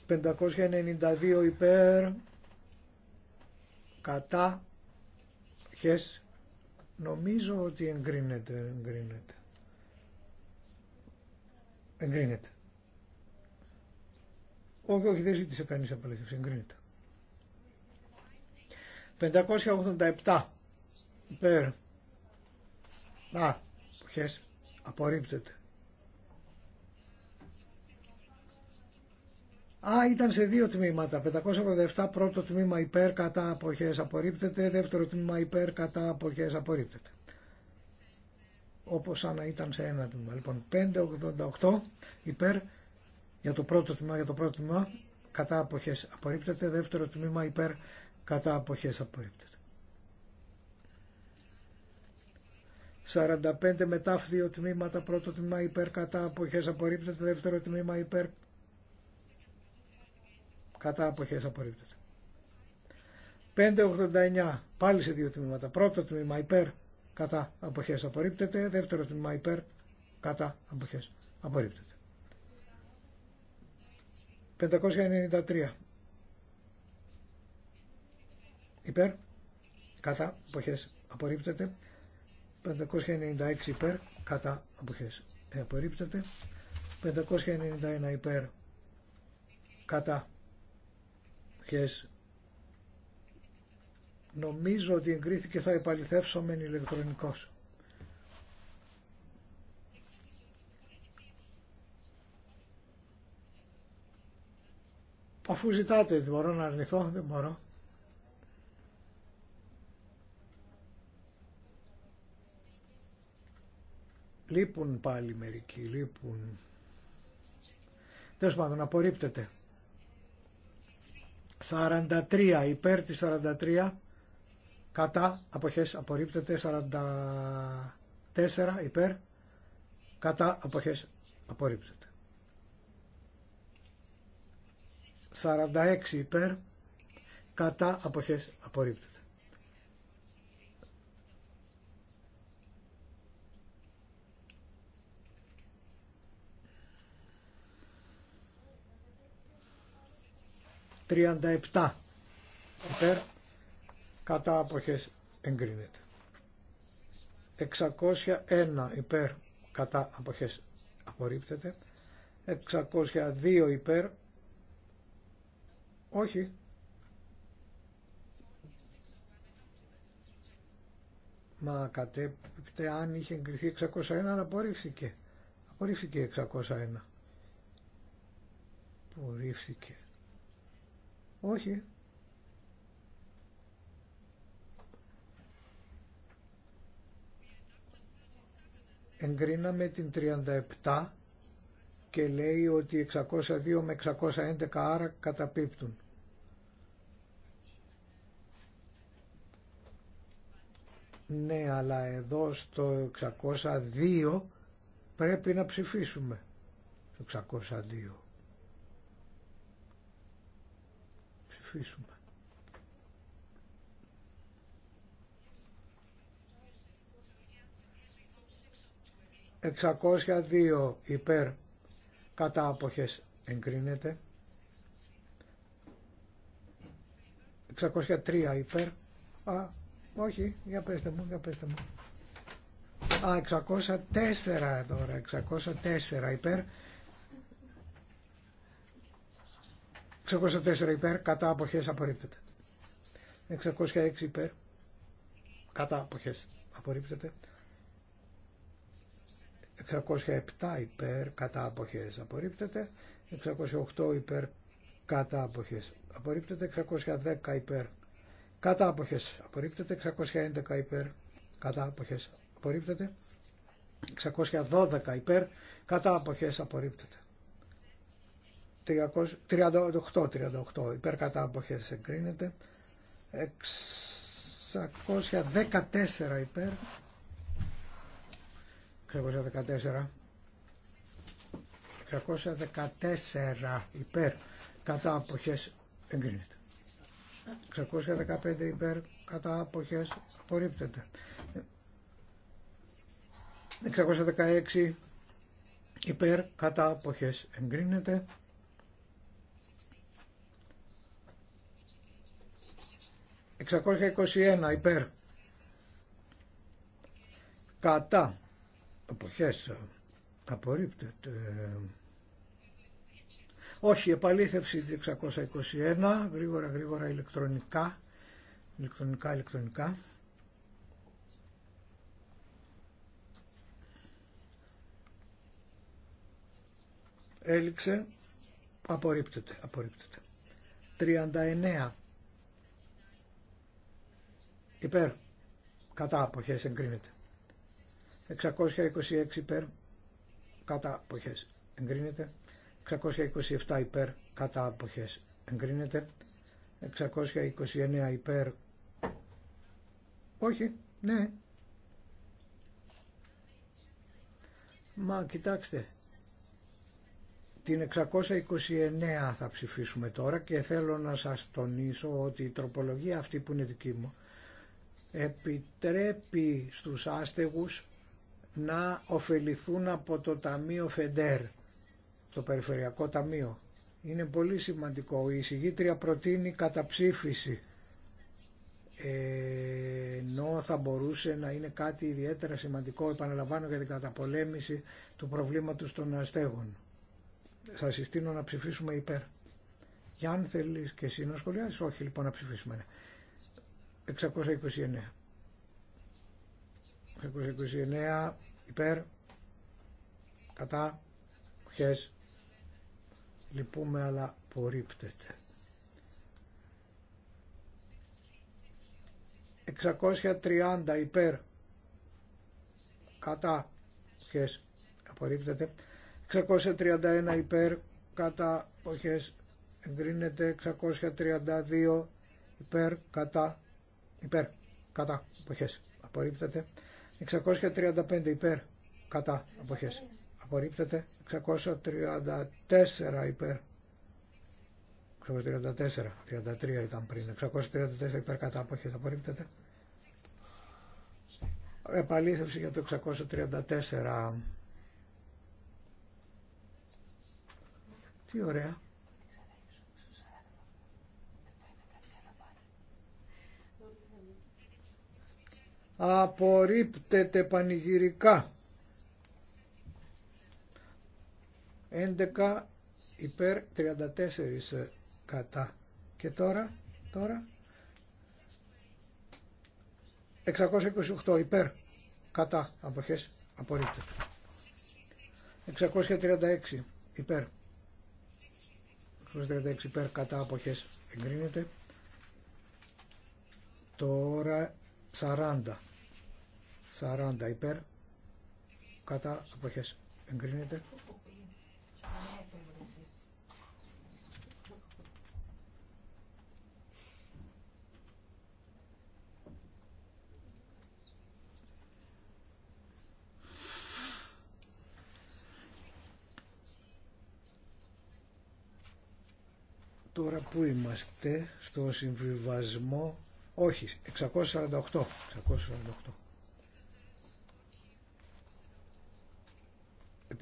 S1: 592 υπέρ κατά χες. νομίζω ότι εγκρίνεται εγκρίνεται εγκρίνεται όχι, όχι, δεν ζήτησε κανείς απελευθέρωση, εγκρίνεται. 587 υπέρ. Α, Αποχές. Απορρίπτεται. Α, ήταν σε δύο τμήματα. 587 πρώτο τμήμα υπέρ κατά αποχές απορρίπτεται, δεύτερο τμήμα υπέρ κατά αποχές απορρίπτεται. Όπως σαν να ήταν σε ένα τμήμα. Λοιπόν, 588 υπέρ για το πρώτο τμήμα, για το πρώτο τμήμα κατά αποχές απορρίπτεται, δεύτερο τμήμα υπέρ κατά αποχές απορρίπτεται. 45 μετά δύο τμήματα, πρώτο τμήμα υπέρ κατά αποχές απορρίπτεται, δεύτερο τμήμα υπέρ κατά αποχές απορρίπτεται. 589 πάλι σε δύο τμήματα, πρώτο τμήμα υπέρ κατά αποχές απορρίπτεται, δεύτερο τμήμα υπέρ κατά αποχές απορρίπτεται. 593 υπέρ κατά αποχές απορρίπτεται. 596 υπέρ κατά αποχές ε, απορρίπτεται 591 υπέρ κατά αποχές νομίζω ότι εγκρίθηκε θα επαληθεύσω μεν ηλεκτρονικός αφού ζητάτε μπορώ να αρνηθώ δεν μπορώ Λείπουν πάλι μερικοί, λείπουν. Τέλο πάντων, απορρίπτεται. 43 υπέρ τη 43 κατά αποχές απορρίπτεται 44 υπέρ κατά αποχές απορρίπτεται 46 υπέρ κατά αποχές απορρίπτεται 37 υπέρ κατά αποχές εγκρίνεται 601 υπέρ κατά αποχές απορρίπτεται 602 υπέρ όχι μα κατέπτε αν είχε εγκριθεί 601 απορρίφθηκε απορρίφθηκε 601 απορρίφθηκε όχι. Εγκρίναμε την 37 και λέει ότι 602 με 611 άρα καταπίπτουν. Ναι, αλλά εδώ στο 602 πρέπει να ψηφίσουμε. Το 602. «602 υπέρ κατά αποχές εγκρίνεται». «603 υπέρ». Α, όχι, για πέστε μου, για πέστε μου. Α, 604 τώρα, 604 υπέρ 604 υπέρ, κατά αποχές απορρίπτεται. 606 υπέρ, κατά αποχές απορρίπτεται. 607 υπέρ, κατά αποχές απορρίπτεται. 608 υπέρ, κατά αποχές απορρίπτεται. 610 υπέρ, κατά αποχές απορρίπτεται. 611 υπέρ, κατά αποχές απορρίπτεται. 612 υπέρ, κατά αποχές απορρίπτεται. 338-38 υπέρ κατά εγκρίνεται 614 υπέρ 614 614 υπέρ κατά αποχές εγκρίνεται 615 υπέρ κατά αποχές απορρίπτεται 616 υπέρ κατά αποχές εγκρίνεται 621 υπέρ. Κατά. Εποχές. Απορρίπτεται. Όχι, επαλήθευση 621, γρήγορα, γρήγορα, ηλεκτρονικά, ηλεκτρονικά, ηλεκτρονικά. Έληξε, απορρίπτεται, απορρίπτεται. 39 υπέρ κατά αποχές εγκρίνεται 626 υπέρ κατά αποχές εγκρίνεται 627 υπέρ κατά αποχές εγκρίνεται 629 υπέρ όχι ναι μα κοιτάξτε την 629 θα ψηφίσουμε τώρα και θέλω να σας τονίσω ότι η τροπολογία αυτή που είναι δική μου επιτρέπει στους άστεγους να ωφεληθούν από το Ταμείο Φεντέρ, το Περιφερειακό Ταμείο. Είναι πολύ σημαντικό. Η εισηγήτρια προτείνει καταψήφιση ενώ θα μπορούσε να είναι κάτι ιδιαίτερα σημαντικό, επαναλαμβάνω, για την καταπολέμηση του προβλήματος των αστέγων. Σα συστήνω να ψηφίσουμε υπέρ. Για αν θέλεις και εσύ να όχι λοιπόν να ψηφίσουμε. Ναι. 629. 629 υπέρ, κατά, χες, λυπούμε αλλά απορρίπτεται. 630 υπέρ, κατά, χες, απορρίπτεται. 631 υπέρ, κατά, οχές, εγκρίνεται. 632 υπέρ, κατά, υπέρ, κατά, αποχές, απορρίπτεται. 635 υπέρ, κατά, αποχές, απορρίπτεται. 634 υπέρ, 634, 33 ήταν πριν, 634 υπέρ, κατά, αποχές, απορρίπτεται. Επαλήθευση για το 634. Τι ωραία. απορρίπτεται πανηγυρικά 11 υπέρ 34 ε, κατά και τώρα τώρα 628 υπέρ κατά αποχές απορρίπτεται 636 υπέρ 636 υπέρ κατά αποχές εγκρίνεται τώρα 40 40 υπέρ κατά αποχές εγκρίνεται Τώρα που είμαστε στο συμβιβασμό, όχι, 648, 648.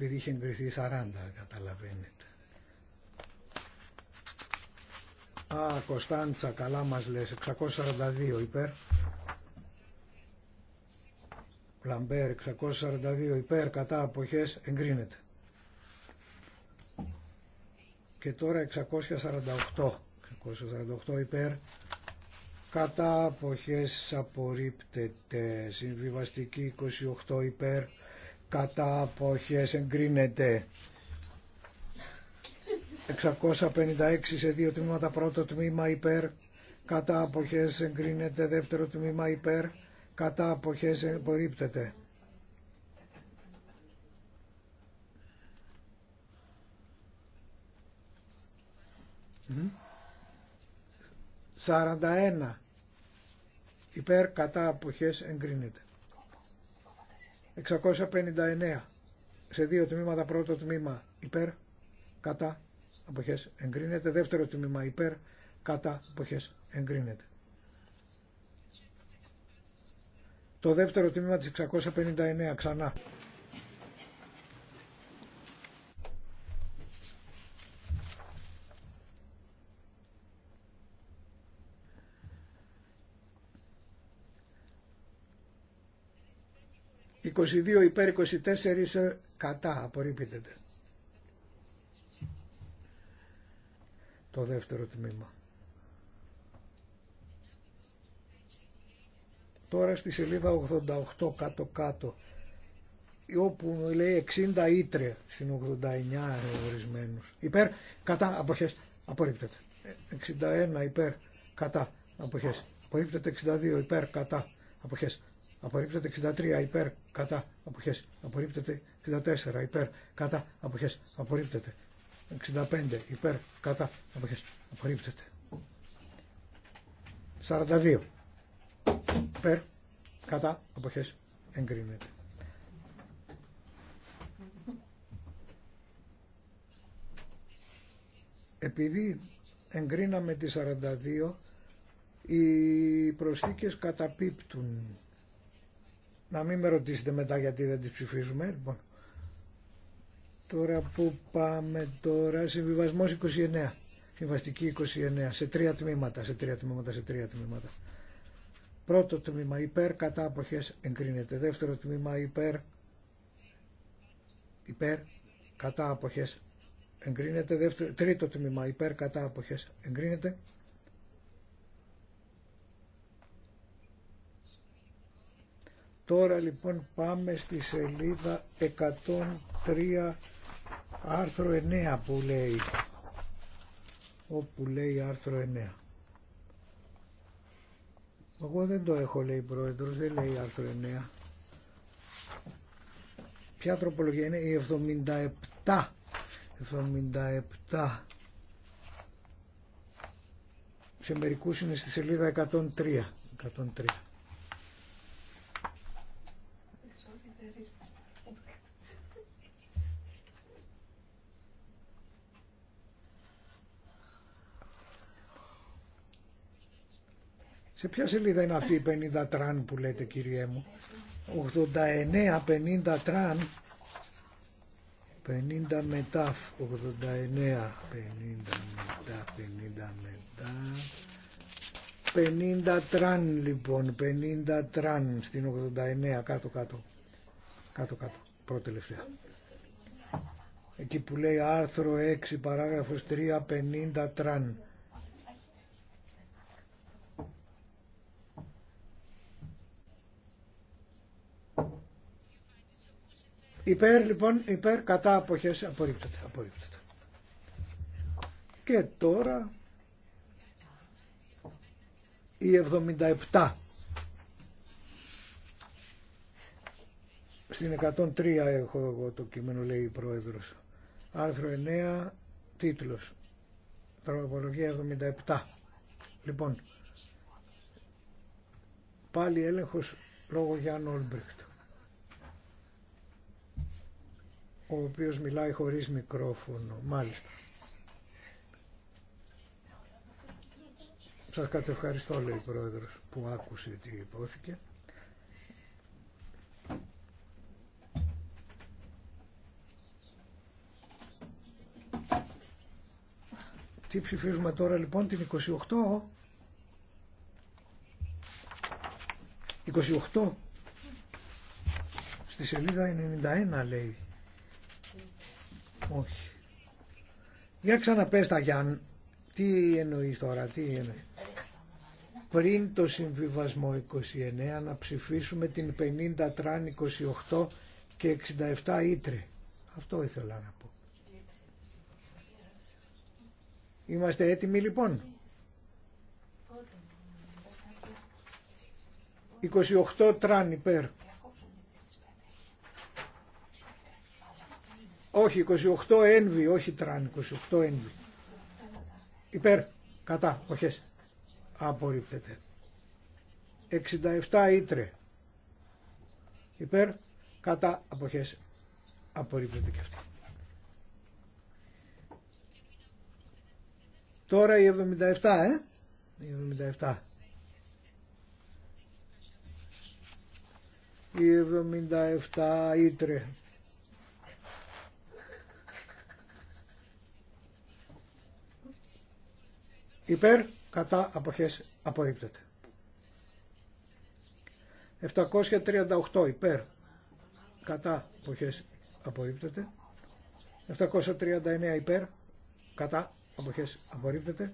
S1: επειδή είχε βρεθεί 40 καταλαβαίνετε. Α, Κωνσταντσα, καλά μας λες, 642 υπέρ. Λαμπέρ, 642 υπέρ, κατά αποχές, εγκρίνεται. Και τώρα 648, 648 υπέρ, κατά αποχές απορρίπτεται. Συμβιβαστική 28 υπέρ, κατά αποχές εγκρίνεται 656 σε δύο τμήματα πρώτο τμήμα υπέρ κατά αποχές εγκρίνεται δεύτερο τμήμα υπέρ κατά αποχές εμπορύπτεται 41 υπέρ κατά αποχές εγκρίνεται. 659 σε δύο τμήματα πρώτο τμήμα υπέρ κατά αποχές εγκρίνεται δεύτερο τμήμα υπέρ κατά αποχές εγκρίνεται το δεύτερο τμήμα της 659 ξανά 22 υπέρ 24 ε, κατά απορρίπτεται. Το δεύτερο τμήμα. Τώρα στη σελίδα 88 κάτω κάτω όπου λέει 60 ήτρε στην 89 ορισμένου. Υπέρ, κατά, αποχές, απορρίπτεται. 61 ε, υπέρ, κατά, αποχές. Απορρίπτεται 62 υπέρ, κατά, αποχές απορρίπτεται 63 υπέρ κατά αποχές απορρίπτεται 64 υπέρ κατά αποχές απορρίπτεται 65 υπέρ κατά αποχές απορρίπτεται 42 υπέρ κατά αποχές εγκρίνεται επειδή εγκρίναμε τη 42 οι προσθήκες καταπίπτουν να μην με ρωτήσετε μετά γιατί δεν τις ψηφίζουμε. Λοιπόν. Τώρα που πάμε τώρα, συμβιβασμός 29. Συμβαστική 29, σε τρία τμήματα, σε τρία τμήματα, σε τρία τμήματα. Πρώτο τμήμα υπέρ, κατά αποχές εγκρίνεται. Δεύτερο τμήμα υπέρ, υπέρ, κατά αποχές εγκρίνεται. Δεύτερο, τρίτο τμήμα υπέρ, κατά αποχές εγκρίνεται. Τώρα λοιπόν πάμε στη σελίδα 103 άρθρο 9 που λέει όπου λέει άρθρο 9. Εγώ δεν το έχω λέει πρόεδρος, δεν λέει άρθρο 9. Ποια τροπολογία είναι η 77. 77. Σε μερικούς είναι στη σελίδα 103. 103. Σε ποια σελίδα είναι αυτή η 50 τραν που λέτε κυριέ μου. 89, 50 τραν. 50 μετά, 89, 50 μετά, 50 μετά. 50 τραν λοιπόν, 50 τραν στην 89 κάτω κάτω. Κάτω κάτω, πρώτη τελευταία. Εκεί που λέει άρθρο 6 παράγραφος 3, 50 τραν. Υπέρ λοιπόν, υπέρ κατά αποχές απορρίπτεται, Και τώρα η 77. Στην 103 έχω εγώ το κείμενο λέει η πρόεδρος. Άρθρο 9, τίτλος. Τροπολογία 77. Λοιπόν, πάλι έλεγχος λόγω Γιάννου Ολμπριχτου ο οποίος μιλάει χωρίς μικρόφωνο. Μάλιστα. Σας κατευχαριστώ, λέει η Πρόεδρος, που άκουσε τι υπόθηκε. Τι ψηφίζουμε τώρα λοιπόν την 28 28 στη σελίδα 91 λέει όχι. Για ξαναπέστα τα Τι εννοεί τώρα, τι είναι. Πριν το συμβιβασμό 29 να ψηφίσουμε την 50 τράν 28 και 67 ήτρε. Αυτό ήθελα να πω. Είμαστε έτοιμοι λοιπόν. 28 τράν υπέρ. Όχι, 28 ένβη, όχι τραν, 28 ένβη. Υπέρ, κατά, αποχές, Απορρίπτεται. 67 ήτρε. Υπέρ, κατά, αποχές. Απορρίπτεται και αυτό. Τώρα η 77, ε. Η 77. Η 77 ήτρε. Υπέρ, κατά, αποχές, απορρίπτεται. 738 υπέρ, κατά, αποχές, απορρίπτεται. 739 υπέρ, κατά, αποχές, απορρίπτεται.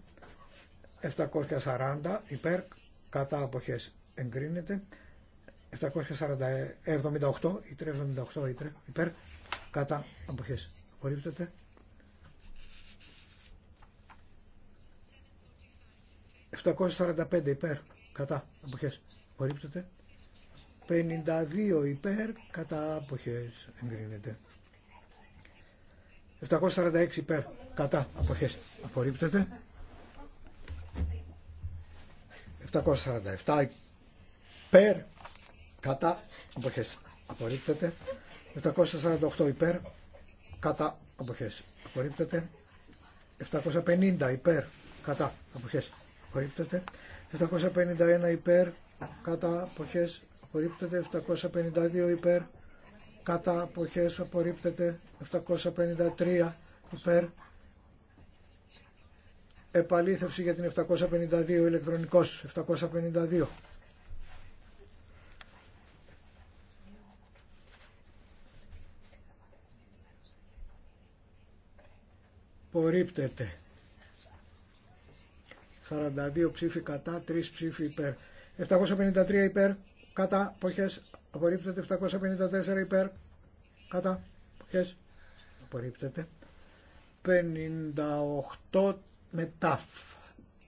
S1: 740 υπέρ, κατά, αποχές, εγκρίνεται. 778 ή 378 υπέρ, κατά, αποχές, απορρίπτεται. 745 υπέρ κατά αποχές απορρίπτεται 52 υπέρ κατά αποχές εγκρίνεται 746 υπέρ κατά αποχές απορρίπτεται 747 υπέρ κατά αποχές απορρίπτεται 748 υπέρ κατά αποχές απορρίπτεται 750 υπέρ κατά αποχές απορρίπτεται. 751 υπέρ κατά αποχές απορρίπτεται. 752 υπέρ κατά αποχές απορρίπτεται. 753 υπέρ επαλήθευση για την 752 ηλεκτρονικός 752 απορρίπτεται 42 ψήφοι κατά, 3 ψήφοι υπέρ. 753 υπέρ, κατά, ποχές, απορρίπτεται. 754 υπέρ, κατά, ποχές, απορρίπτεται. 58 μετάφ,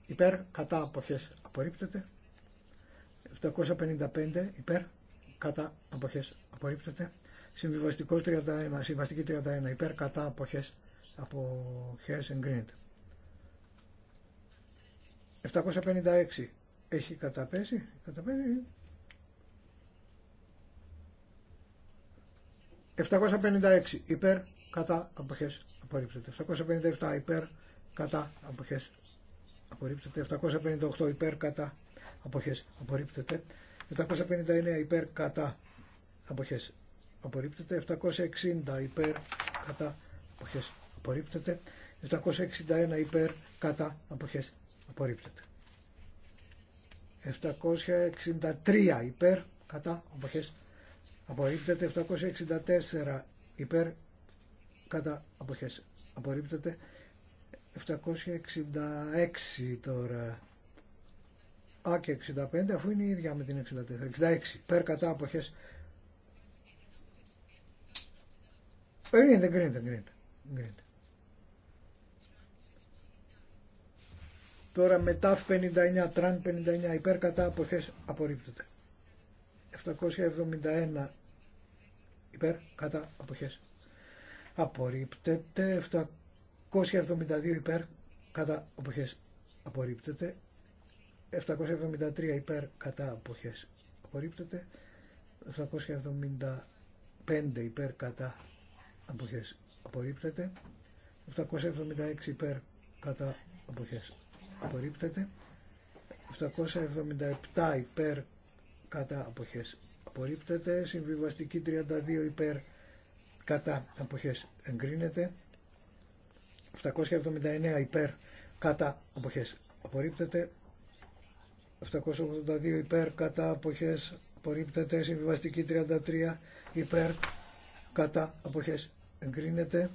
S1: υπέρ, κατά, αποχές, απορρίπτεται. 755 υπέρ, κατά, αποχές, απορρίπτεται. Συμβιβαστικός 31, συμβαστική 31 υπέρ, κατά, αποχές, αποχές εγκρίνεται. 756 έχει καταπέσει, καταπέσει. 756 υπέρ κατά αποχές απορρίπτεται. 757 υπέρ κατά αποχές απορρίπτεται. 758 υπέρ κατά αποχές απορρίπτεται. 759 υπέρ κατά αποχές απορρίπτεται. 760 υπέρ κατά αποχές απορρίπτεται. 761 υπέρ κατά αποχές απορρίπτεται. 763 υπέρ, κατά, αποχές, απορρίπτεται. 764 υπέρ, κατά, αποχές, απορρίπτεται. 766 τώρα. Α και 65 αφού είναι η ίδια με την 64. 66 υπέρ, κατά, αποχές. Ε, δεν κρίνεται, δεν Τώρα μετά 59, τραν 59, υπέρ κατά αποχές απορρίπτεται. 771 υπέρ κατά αποχές απορρίπτεται. 772 υπέρ κατά αποχές απορρίπτεται. 773 υπέρ κατά αποχές απορρίπτεται. 775 υπέρ κατά αποχές απορρίπτεται. 776 υπέρ κατά αποχές απορρίπτεται 877 υπέρ κατά αποχές απορρίπτεται συμβιβαστική 32 υπέρ κατά αποχές εγκρίνεται 779 υπέρ κατά αποχές απορρίπτεται 782 υπέρ κατά αποχές απορρίπτεται συμβιβαστική 33 υπέρ κατά αποχές εγκρίνεται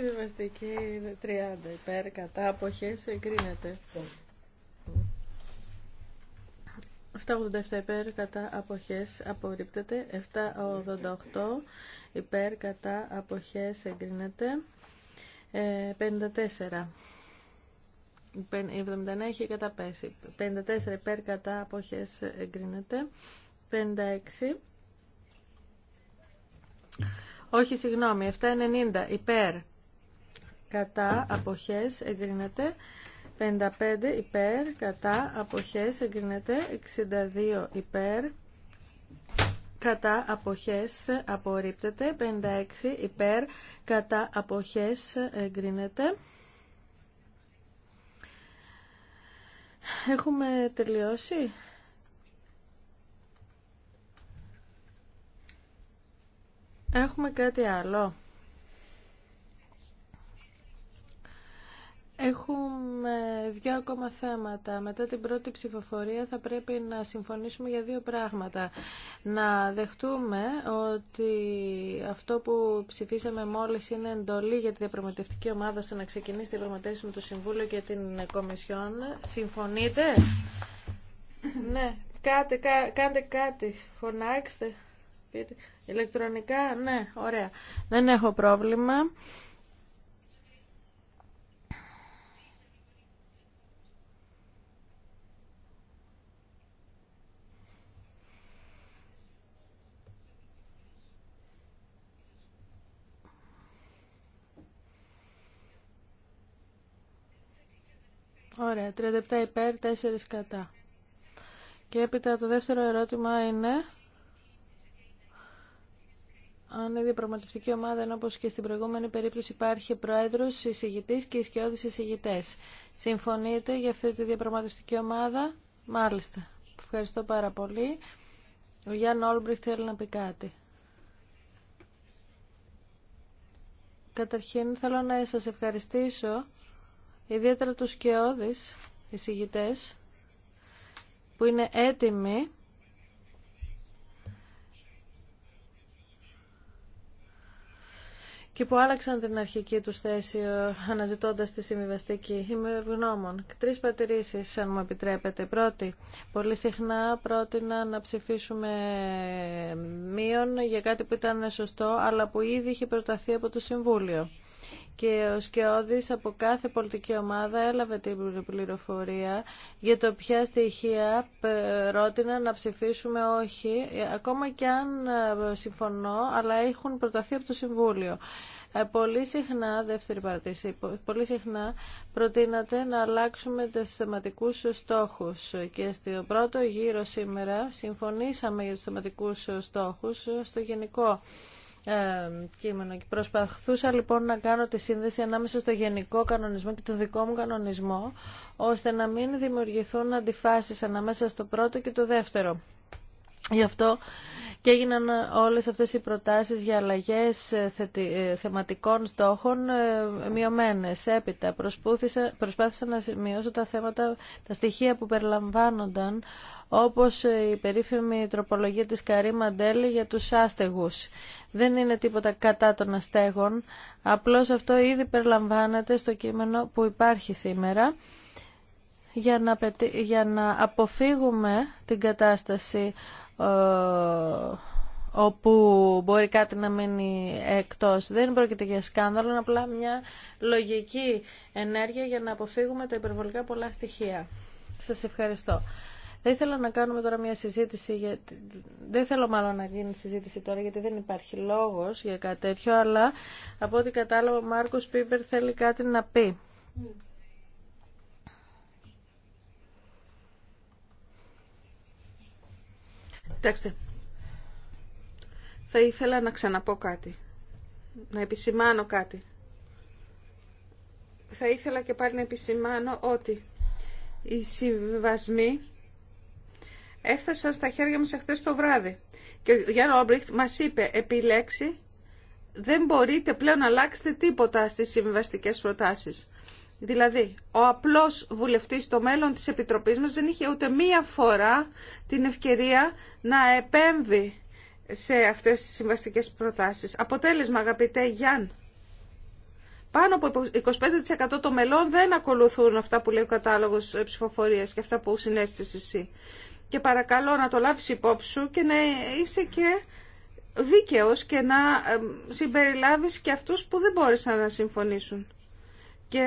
S5: Συμβιβαστική 30 υπέρ κατά αποχές εγκρίνεται. 787 υπέρ κατά αποχές απορρίπτεται. 788 υπέρ κατά αποχές εγκρίνεται. 54. Ε, 79 έχει καταπέσει. 54 υπέρ κατά αποχές εγκρίνεται. 56. Όχι, συγγνώμη. 790 υπέρ κατά αποχές εγκρίνεται 55 υπέρ κατά αποχές εγκρίνεται 62 υπέρ κατά αποχές απορρίπτεται 56 υπέρ κατά αποχές εγκρίνεται Έχουμε τελειώσει. Έχουμε κάτι άλλο. Έχουμε δύο ακόμα θέματα. Μετά την πρώτη ψηφοφορία θα πρέπει να συμφωνήσουμε για δύο πράγματα. Να δεχτούμε ότι αυτό που ψηφίσαμε μόλις είναι εντολή για τη διαπραγματευτική ομάδα στο να ξεκινήσει τη διαπραγματεύση με το Συμβούλιο και την Κομισιόν. Συμφωνείτε? ναι. Κάτε, κάντε κάτι. Φωνάξτε. Ηλεκτρονικά, ναι, ωραία. Δεν έχω πρόβλημα. Ωραία, 37 υπέρ, 4 κατά. Και έπειτα το δεύτερο ερώτημα είναι αν η διαπραγματευτική ομάδα, ενώ όπως και στην προηγούμενη περίπτωση υπάρχει πρόεδρος, εισηγητής και ισχυώδης εισηγητές. Συμφωνείτε για αυτή τη διαπραγματευτική ομάδα? Μάλιστα. Ευχαριστώ πάρα πολύ. Ο Γιάνν Ολμπριχ θέλει να πει κάτι. Καταρχήν θέλω να σας ευχαριστήσω ιδιαίτερα τους σκιώδεις εισηγητές που είναι έτοιμοι και που άλλαξαν την αρχική του θέση ε, αναζητώντα τη συμβιβαστική. Είμαι ευγνώμων. Τρει παρατηρήσει, αν μου επιτρέπετε. Πρώτη, πολύ συχνά πρότεινα να ψηφίσουμε μείον για κάτι που ήταν σωστό, αλλά που ήδη είχε προταθεί από το Συμβούλιο και ο Σκιώδης από κάθε πολιτική ομάδα έλαβε την πληροφορία για το ποια στοιχεία ρώτηνα να ψηφίσουμε όχι, ακόμα και αν ε, συμφωνώ, αλλά έχουν προταθεί από το Συμβούλιο. Ε, πολύ συχνά, δεύτερη παρατήση πολύ συχνά προτείνατε να αλλάξουμε τους θεματικούς στόχους και στο πρώτο γύρο σήμερα συμφωνήσαμε για τους θεματικούς στόχους ε, στο γενικό κείμενο. Προσπαθούσα λοιπόν να κάνω τη σύνδεση ανάμεσα στο γενικό κανονισμό και το δικό μου κανονισμό, ώστε να μην δημιουργηθούν αντιφάσεις ανάμεσα στο πρώτο και το δεύτερο. Γι' αυτό και έγιναν όλες αυτές οι προτάσεις για αλλαγές ε, ε, θεματικών στόχων ε, μειωμένες. Έπειτα προσπάθησα να σημειώσω τα θέματα, τα στοιχεία που περιλαμβάνονταν όπως η περίφημη τροπολογία της Καρή Μαντέλη για τους άστεγους. Δεν είναι τίποτα κατά των αστέγων, απλώς αυτό ήδη περιλαμβάνεται στο κείμενο που υπάρχει σήμερα για να, για να αποφύγουμε την κατάσταση ε, όπου μπορεί κάτι να μείνει εκτός. Δεν πρόκειται για σκάνδαλο, είναι απλά μια λογική ενέργεια για να αποφύγουμε τα υπερβολικά πολλά στοιχεία. Σας ευχαριστώ. Θα ήθελα να κάνουμε τώρα μια συζήτηση, δεν θέλω μάλλον να γίνει συζήτηση τώρα γιατί δεν υπάρχει λόγος για κάτι τέτοιο, αλλά από ό,τι κατάλαβα ο Μάρκος Πίπερ θέλει κάτι να πει.
S3: Κοιτάξτε, θα ήθελα να ξαναπώ κάτι, να επισημάνω κάτι. Θα ήθελα και πάλι να επισημάνω ότι οι συμβασμοί έφτασαν στα χέρια μας εχθές το βράδυ. Και ο Γιάννη Όμπριχτ μας είπε επιλέξει δεν μπορείτε πλέον να αλλάξετε τίποτα στις συμβιβαστικέ προτάσεις. Δηλαδή, ο απλός βουλευτής στο μέλλον της Επιτροπής μας δεν είχε ούτε μία φορά την ευκαιρία να επέμβει σε αυτές τις συμβαστικέ προτάσεις. Αποτέλεσμα, αγαπητέ Γιάν πάνω από 25% των μελών δεν ακολουθούν αυτά που λέει ο κατάλογος ψηφοφορίας και αυτά που συνέστησες εσύ και παρακαλώ να το λάβεις υπόψη σου και να είσαι και δίκαιος και να συμπεριλάβεις και αυτούς που δεν μπόρεσαν να συμφωνήσουν. Και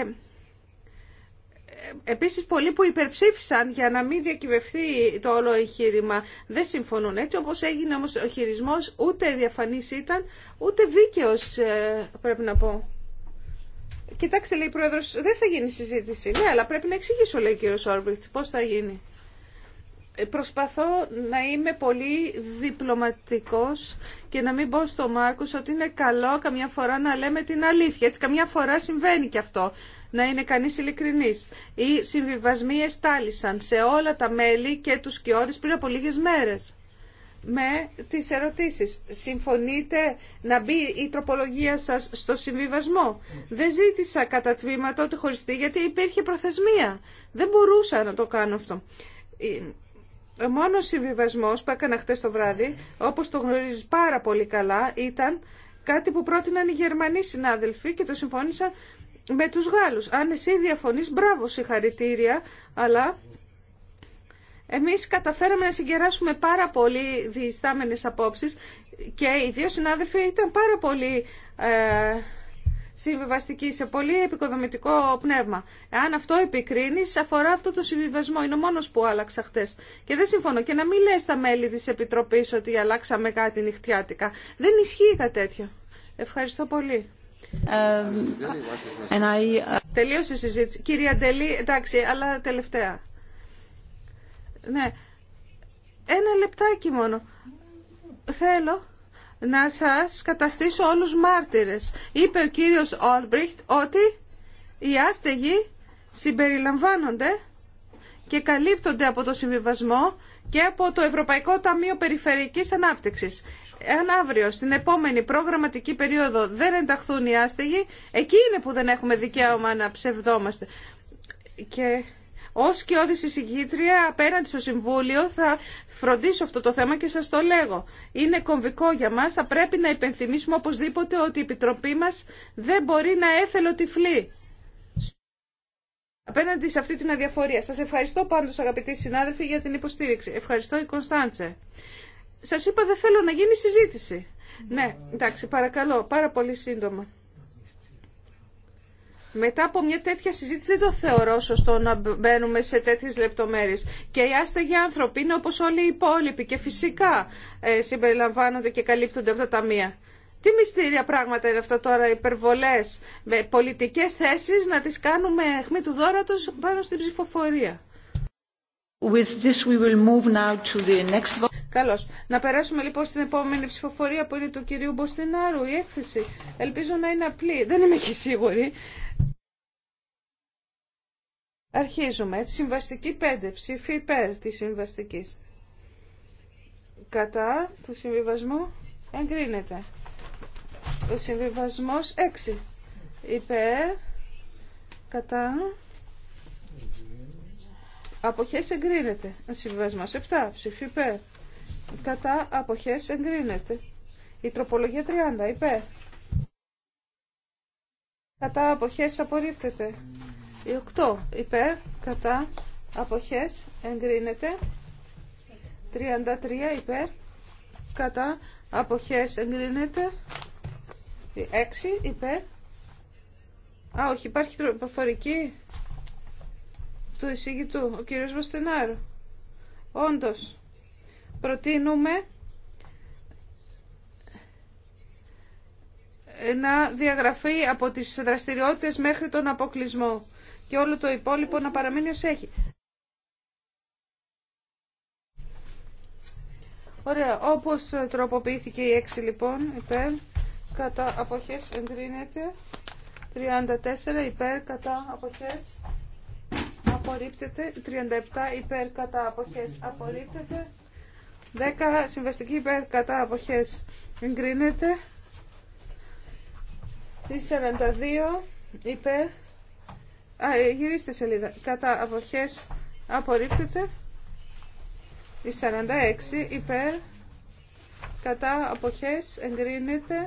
S3: ε, επίσης πολλοί που υπερψήφισαν για να μην διακυβευτεί το όλο εγχείρημα δεν συμφωνούν. Έτσι όπως έγινε όμως ο χειρισμός ούτε διαφανής ήταν ούτε δίκαιος ε, πρέπει να πω. Κοιτάξτε, λέει η πρόεδρο, δεν θα γίνει συζήτηση. Ναι, αλλά πρέπει να εξηγήσω, λέει ο κύριο Όρμπριχτ, πώ θα γίνει προσπαθώ να είμαι πολύ διπλωματικός και να μην μπω στο μάρκος, ότι είναι καλό καμιά φορά να λέμε την αλήθεια. Έτσι καμιά φορά συμβαίνει και αυτό. Να είναι κανείς ειλικρινής. Οι συμβιβασμοί εστάλησαν σε όλα τα μέλη και τους σκιώδεις πριν από λίγες μέρες. Με τις ερωτήσεις. Συμφωνείτε να μπει η τροπολογία σας στο συμβιβασμό. Δεν ζήτησα κατά τμήματα ότι χωριστεί γιατί υπήρχε προθεσμία. Δεν μπορούσα να το κάνω αυτό μόνος συμβιβασμό που έκανα χτε το βράδυ, όπως το γνωρίζεις πάρα πολύ καλά, ήταν κάτι που πρότειναν οι Γερμανοί συνάδελφοι και το συμφώνησαν με τους Γάλλους. Αν εσύ διαφωνείς, μπράβο, συγχαρητήρια, αλλά εμείς καταφέραμε να συγκεράσουμε πάρα πολύ διστάμενες απόψεις και οι δύο συνάδελφοι ήταν πάρα πολύ... Ε, συμβιβαστική σε πολύ επικοδομητικό πνεύμα. Αν αυτό επικρίνει, αφορά αυτό το συμβιβασμό. Είναι ο μόνο που άλλαξα χτε. Και δεν συμφωνώ. Και να μην λε στα μέλη τη Επιτροπή ότι αλλάξαμε κάτι νυχτιάτικα. Δεν ισχύει κάτι τέτοιο. Ευχαριστώ πολύ. Ε, ε, ε, Τελείωσε η συζήτηση. Κυρία Ντελή, εντάξει, αλλά τελευταία. Ναι. Ένα λεπτάκι μόνο. Θέλω να σας καταστήσω όλους μάρτυρες. Είπε ο κύριος Όλμπριχτ ότι οι άστεγοι συμπεριλαμβάνονται και καλύπτονται από το συμβιβασμό και από το Ευρωπαϊκό Ταμείο Περιφερειακής Ανάπτυξης. Αν αύριο στην επόμενη προγραμματική περίοδο δεν ενταχθούν οι άστεγοι, εκεί είναι που δεν έχουμε δικαίωμα να ψευδόμαστε. Ω και η συγκήτρια απέναντι στο Συμβούλιο θα φροντίσω αυτό το θέμα και σας το λέγω. Είναι κομβικό για μας, θα πρέπει να υπενθυμίσουμε οπωσδήποτε ότι η Επιτροπή μας δεν μπορεί να έθελο τυφλή απέναντι σε αυτή την αδιαφορία. Σας ευχαριστώ πάντως αγαπητοί συνάδελφοι για την υποστήριξη. Ευχαριστώ η Κωνσταντσε. Σα είπα δεν θέλω να γίνει συζήτηση. Ναι, εντάξει, παρακαλώ, πάρα πολύ σύντομα. Μετά από μια τέτοια συζήτηση δεν το θεωρώ σωστό να μπαίνουμε σε τέτοιες λεπτομέρειες. Και οι άστεγοι άνθρωποι είναι όπως όλοι οι υπόλοιποι και φυσικά ε, συμπεριλαμβάνονται και καλύπτονται από τα ταμεία. Τι μυστήρια πράγματα είναι αυτά τώρα, υπερβολές, με πολιτικές θέσεις να τις κάνουμε αιχμή του δώρατος πάνω στην ψηφοφορία.
S2: With this
S3: we will move now to the next... Καλώς. Να περάσουμε λοιπόν στην επόμενη ψηφοφορία που είναι του κυρίου Μποστινάρου, η έκθεση. Ελπίζω να είναι απλή. Δεν είμαι και σίγουρη. Αρχίζουμε. Συμβαστική 5. Ψήφι υπέρ τη συμβαστικής. Κατά του συμβιβασμού εγκρίνεται. Ο συμβιβασμός 6. Υπέρ. Κατά. Αποχές εγκρίνεται. Ο συμβιβασμός 7. Ψήφι υπέρ. Κατά. Αποχές εγκρίνεται. Η τροπολογία 30. Υπέρ. Κατά. Αποχές απορρίπτεται. Η 8 υπέρ, κατά, αποχές, εγκρίνεται. 33 υπέρ, κατά, αποχές, εγκρίνεται. 6 υπέρ. Α, όχι, υπάρχει τροποφορική του εισηγητού, ο κύριος Βαστενάρου. Όντως, προτείνουμε να διαγραφεί από τις δραστηριότητες μέχρι τον αποκλεισμό και όλο το υπόλοιπο να παραμείνει ως έχει. Ωραία, όπως τροποποιήθηκε η 6 λοιπόν, υπέρ, κατά αποχές εγκρίνεται, 34 υπέρ, κατά αποχές απορρίπτεται, 37 υπέρ, κατά αποχές απορρίπτεται, 10 συμβαστική υπέρ, κατά αποχές εγκρίνεται, 42 υπέρ, Α, ε, γυρίστε σελίδα. Κατά αποχές απορρίπτεται. Η 46 υπέρ. Κατά αποχές εγκρίνεται.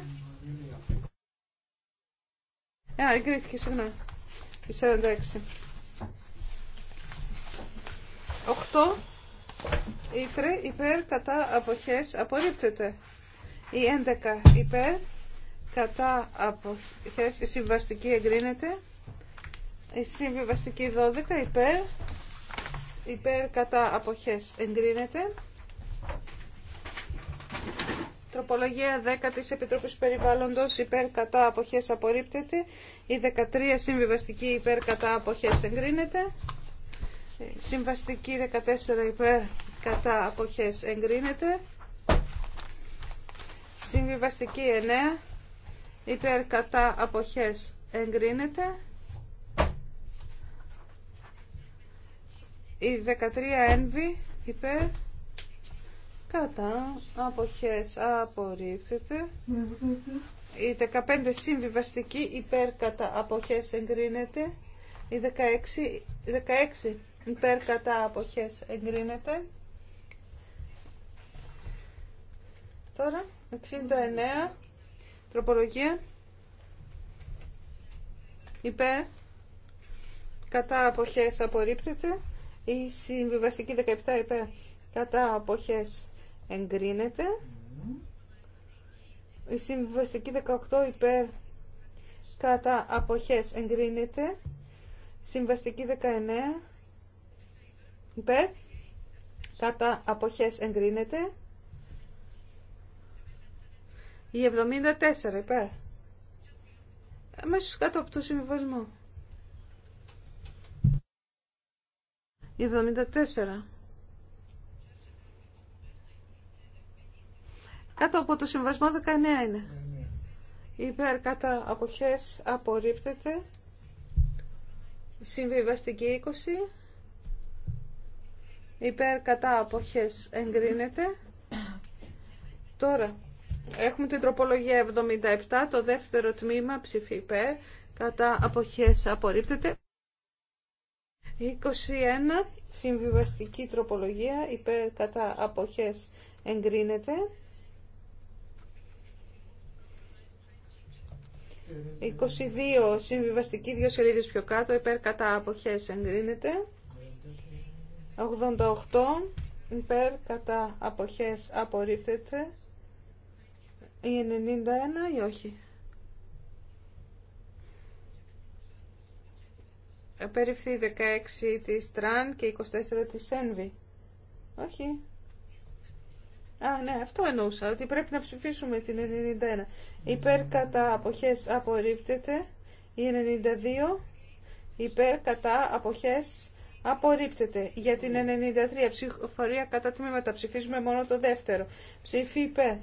S3: Α, εγκρίθηκε, συγγνώμη. Η 46. 8. Ήτρε υπέρ κατά αποχές απορρίπτεται. Η 11 υπέρ κατά αποχές η συμβαστική εγκρίνεται. Η συμβιβαστική 12 υπέρ, υπέρ κατά αποχές εγκρίνεται. Τροπολογία 10 της Επιτροπής Περιβάλλοντος υπέρ κατά αποχές απορρίπτεται. Η 13 συμβιβαστική υπέρ κατά αποχές εγκρίνεται. Συμβαστική 14 υπέρ κατά αποχές εγκρίνεται. Συμβιβαστική 9 υπέρ κατά αποχές εγκρίνεται. Η 13 Envy υπέρ κατά αποχές απορρίπτεται. Η 15 συμβιβαστική υπέρ κατά αποχές εγκρίνεται. Η 16, 16 υπέρ κατά αποχές εγκρίνεται. Τώρα 69 τροπολογία υπέρ κατά αποχές απορρίπτεται. Η συμβιβαστική 17 υπέρ κατά αποχές εγκρίνεται. Η συμβιβαστική 18 υπέρ κατά αποχές εγκρίνεται. Συμβαστική 19 υπέρ κατά αποχές εγκρίνεται. Η 74 υπέρ. Αμέσως κάτω από το συμβιβασμό. 74. Κάτω από το συμβασμό 19 είναι. Υπέρ κατά αποχές απορρίπτεται. Συμβιβαστική 20. Υπέρ κατά αποχές εγκρίνεται. Τώρα έχουμε την τροπολογία 77, το δεύτερο τμήμα ψηφί υπέρ. Κατά αποχές απορρίπτεται. 21 συμβιβαστική τροπολογία υπέρ κατά αποχές εγκρίνεται. 22 συμβιβαστική δύο σελίδες πιο κάτω υπέρ κατά αποχές εγκρίνεται. 88 υπέρ κατά αποχές απορρίπτεται. 91 ή όχι. Απεριφθεί 16 της Τραν και 24 της Ένβη. Όχι. Α, ναι, αυτό εννοούσα, ότι πρέπει να ψηφίσουμε την 91. Υπέρ κατά αποχές απορρίπτεται η 92. Υπέρ κατά αποχές απορρίπτεται. Για την 93 ψηφοφορία κατά τμήματα ψηφίζουμε μόνο το δεύτερο. Ψήφι υπέρ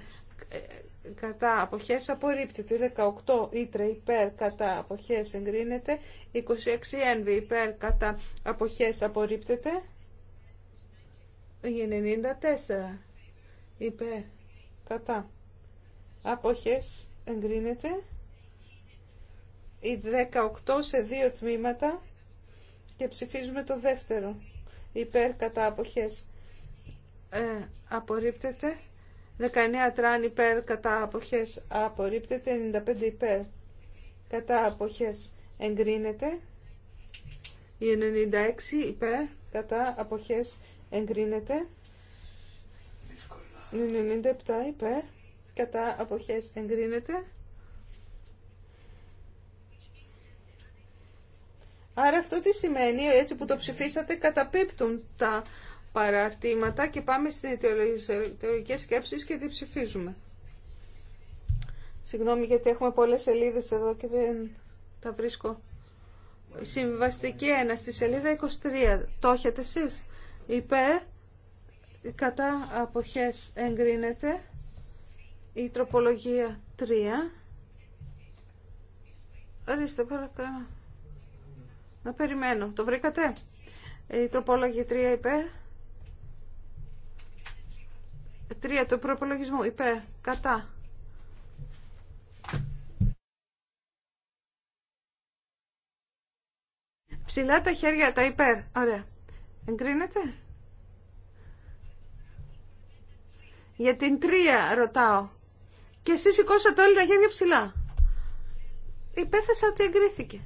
S3: κατά αποχές απορρίπτεται, 18 ήτρε υπέρ κατά αποχές εγκρίνεται, 26 ένβη υπέρ κατά αποχές απορρίπτεται, 94 υπέρ κατά αποχές εγκρίνεται, 18 σε δύο τμήματα και ψηφίζουμε το δεύτερο υπέρ κατά αποχές ε, απορρίπτεται, 19 τράν υπέρ κατά αποχές απορρίπτεται, 95 υπέρ κατά αποχές εγκρίνεται, 96 υπέρ κατά αποχές εγκρίνεται, 97 υπέρ κατά αποχές εγκρίνεται. Άρα αυτό τι σημαίνει, έτσι που το ψηφίσατε, καταπίπτουν τα παραρτήματα και πάμε στις αιτιολογικές σκέψεις και διψηφίζουμε. ψηφίζουμε. Συγγνώμη γιατί έχουμε πολλές σελίδες εδώ και δεν τα βρίσκω. Συμβαστική 1 στη σελίδα 23. Το έχετε εσείς. Υπέρ κατά αποχές εγκρίνεται η τροπολογία 3. Ορίστε παρακαλώ. Να περιμένω. Το βρήκατε. Η τροπολογία 3 υπέρ Τρία του προπολογισμού υπέρ κατά Ψηλά τα χέρια, τα υπέρ. Ωραία. Εγκρίνεται. Για την τρία ρωτάω. Και εσείς σηκώσατε όλοι τα χέρια ψηλά. Υπέθεσα ότι εγκρίθηκε.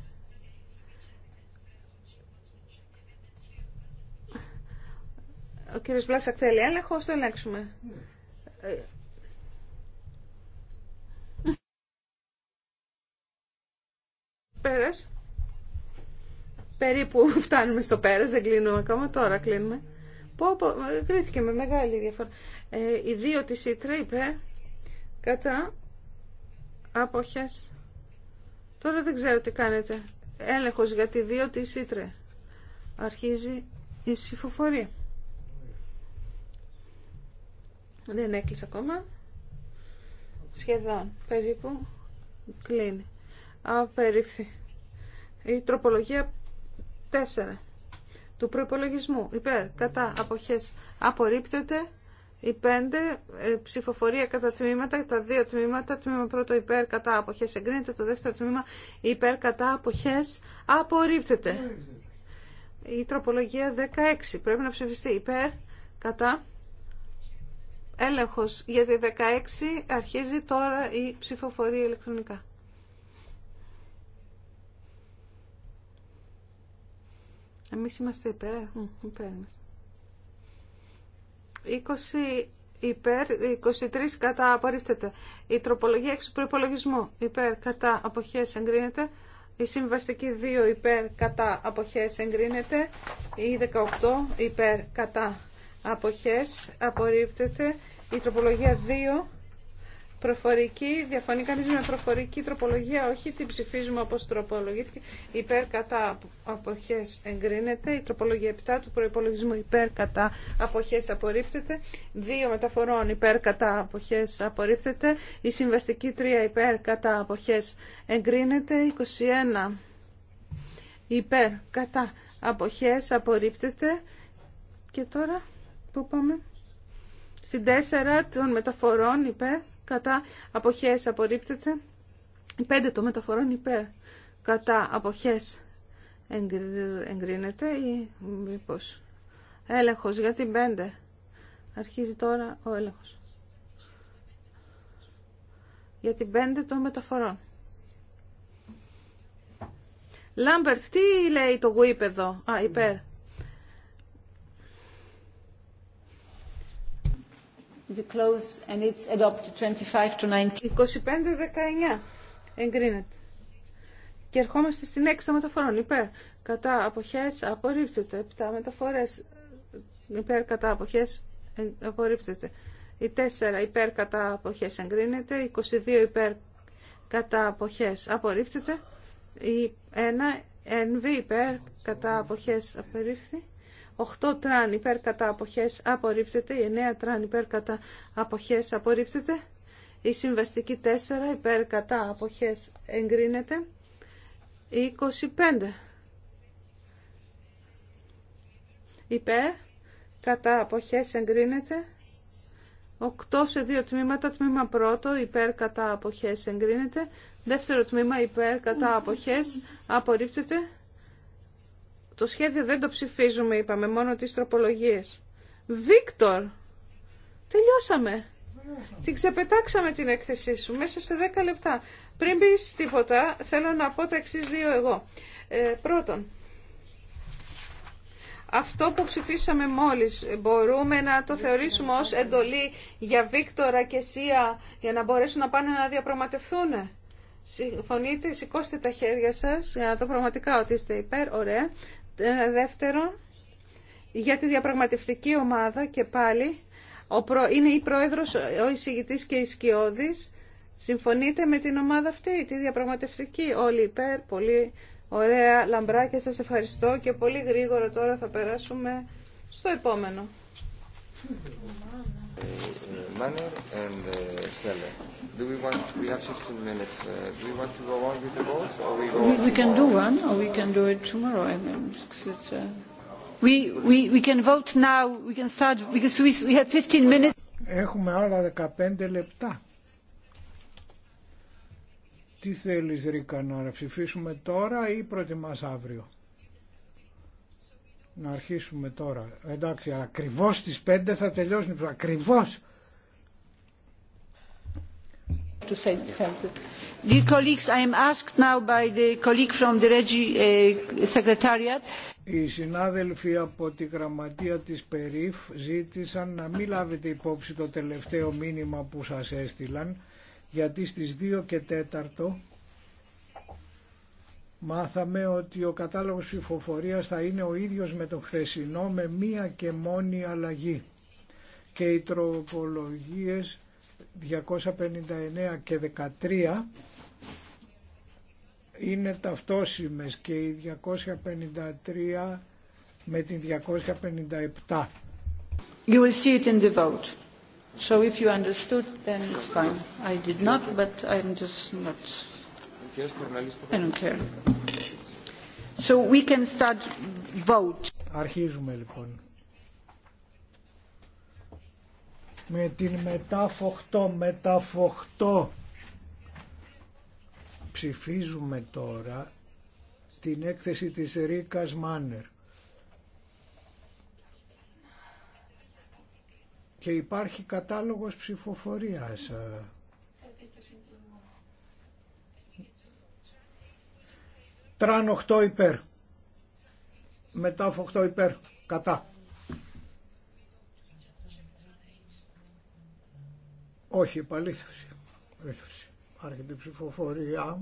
S3: Ο κύριο Βλάσσακ θέλει έλεγχο, το ελέγξουμε. Πέρας. Περίπου φτάνουμε στο πέρας, δεν κλείνουμε ακόμα, τώρα κλείνουμε. Πω, πω, κρίθηκε με μεγάλη διαφορά. Ε, οι δύο της ΙΤΡΕ είπε κατά άποχες. Τώρα δεν ξέρω τι κάνετε. Έλεγχος για τη δύο της ΙΤΡΕ. Αρχίζει η ψηφοφορία. Δεν έκλεισε ακόμα. Σχεδόν, περίπου, κλείνει. Απερίφθη. Η τροπολογία 4 του προπολογισμού. Υπέρ, κατά, αποχές, απορρίπτεται. Η 5 ε, ψηφοφορία κατά τμήματα, τα δύο τμήματα, τμήμα πρώτο υπέρ κατά αποχές εγκρίνεται, το δεύτερο τμήμα υπέρ κατά αποχές απορρίπτεται. Η τροπολογία 16 πρέπει να ψηφιστεί υπέρ κατά Έλεγχος για τη 16 αρχίζει τώρα η ψηφοφορία ηλεκτρονικά. Εμείς είμαστε υπέρ. Ε, υπέρ. 20 υπέρ, 23 κατά απορρίφτεται. Η τροπολογία εξ προϋπολογισμού υπέρ κατά αποχές εγκρίνεται. Η συμβαστική 2 υπέρ κατά αποχές εγκρίνεται. Η 18 υπέρ κατά αποχές απορρίπτεται η τροπολογία 2 προφορική, διαφωνεί κανείς με προφορική τροπολογία, όχι την ψηφίζουμε όπως τροπολογήθηκε, υπέρ κατά αποχές εγκρίνεται, η τροπολογία 7 του προϋπολογισμού υπέρ κατά αποχές απορρίπτεται, Δύο μεταφορών υπέρ κατά αποχές απορρίπτεται, η συμβαστική 3 υπέρ κατά αποχές εγκρίνεται, 21 υπέρ κατά αποχές απορρίπτεται και τώρα... Πού Στην τέσσερα των μεταφορών υπέρ, κατά αποχές απορρίπτεται. Η 5 των μεταφορών υπέρ, κατά αποχές εγκρίνεται ή μήπως έλεγχος για την πέντε. Αρχίζει τώρα ο έλεγχος. Για την πέντε των μεταφορών. Λάμπερτ, τι
S2: λέει το γουίπ εδώ. Α, υπέρ. is close and it's adopted 25 to 19.
S3: 25-19. Εγκρίνεται. Και ερχόμαστε στην 6 μεταφορών. Υπέρ. Κατά αποχές απορρίπτεται. Επτά μεταφορές. Υπέρ κατά αποχές απορρίπτεται. Η 4 υπέρ κατά αποχές εγκρίνεται. Η 22 υπέρ κατά αποχές απορρίπτεται. Η 1 NV υπέρ κατά αποχές απορρίφθη. 8 τραν υπέρ κατά αποχές απορρίπτεται. 9 τραν υπέρ κατά αποχές απορρίπτεται. Η συμβαστική 4 υπέρ κατά αποχές εγκρίνεται. 25 υπέρ κατά αποχές εγκρίνεται. 8 σε 2 τμήματα, τμήμα πρώτο υπέρ κατά αποχές εγκρίνεται. Δεύτερο τμήμα υπέρ κατά αποχές απορρίπτεται. Το σχέδιο δεν το ψηφίζουμε, είπαμε, μόνο τις τροπολογίες. Βίκτορ, τελειώσαμε. Την ξεπετάξαμε την έκθεσή σου μέσα σε 10 λεπτά. Πριν πεις τίποτα, θέλω να πω τα εξή δύο εγώ. Ε, πρώτον, αυτό που ψηφίσαμε μόλις μπορούμε να το θεωρήσουμε ως εντολή για Βίκτορα και Σία για να μπορέσουν να πάνε να διαπραγματευθούν Συμφωνείτε, σηκώστε τα χέρια σας για να το πραγματικά ότι είστε υπέρ, ωραία. Ε, δεύτερον, για τη διαπραγματευτική ομάδα και πάλι είναι η πρόεδρος, ο εισηγητής και η σκιώδης. Συμφωνείτε με την ομάδα αυτή, τη διαπραγματευτική, όλοι υπέρ, πολύ ωραία, λαμπράκια σας ευχαριστώ και πολύ γρήγορα τώρα θα περάσουμε στο επόμενο.
S1: Manner and Seller. Do we want? We have 15 minutes. Do we want to go on with the votes, or we go? We can do one, or we can
S2: do it tomorrow. I mean, it's. We we we can vote now. We can start because
S1: we we have 15 minutes. Έχουμε άλλα 15 λεπτά. Τι θέλεις Ρίκα να ψηφίσουμε τώρα ή προτιμάς αύριο. Να αρχίσουμε τώρα. Εντάξει, ακριβώς στις 5 θα τελειώσει. Ακριβώ.
S2: To say Dear colleagues, I am asked now by the colleague from the Regi eh,
S1: Secretariat. Οι συνάδελφοι από τη γραμματεία της ΠΕΡΙΦ ζήτησαν να μην λάβετε υπόψη το τελευταίο μήνυμα που σας έστειλαν, γιατί στις 2 και 4 μάθαμε ότι ο κατάλογος ψηφοφορία θα είναι ο ίδιος με τον χθεσινό με μία και μόνη αλλαγή και οι τροπολογίες 259 και 13 είναι ταυτόσιμες και οι 253 με την 257. You will
S2: see it in the vote. So if you understood, then it's fine. I did not, but I'm just not.
S1: I don't care. Αρχίζουμε λοιπόν. Με την μετάφοχτό, μετάφοχτό. Ψηφίζουμε τώρα την έκθεση της Ρίκας Μάνερ. Και υπάρχει κατάλογος ψηφοφορίας. Τραν 8 υπέρ. Μετά 8 υπέρ. Κατά. Όχι, επαλήθευση. Επαλήθευση. Άρχεται η ψηφοφορία.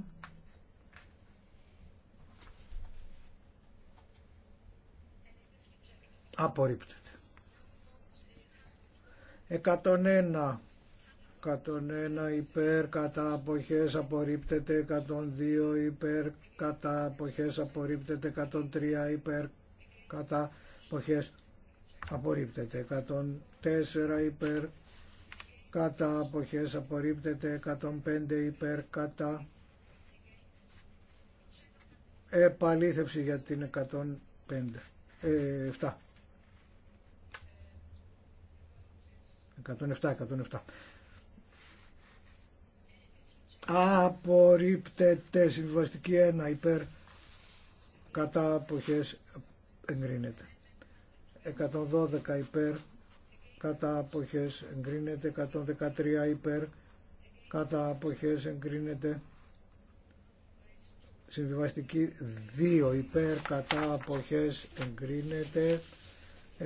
S1: Απορρίπτεται. 101 101 υπέρ κατά απορρίπτεται 102 υπέρ κατά απορρίπτεται 103 υπέρ κατά αποχές απορρίπτεται 104 υπέρ κατά απορρίπτεται 105 υπέρ κατά επαλήθευση για την 105 ε, 107, 107 απορρίπτεται συμβιβαστική 1 υπέρ κατά αποχές εγκρίνεται 112 υπέρ κατά αποχές εγκρίνεται 113 υπέρ κατά αποχές εγκρίνεται συμβιβαστική 2 υπέρ κατά αποχές εγκρίνεται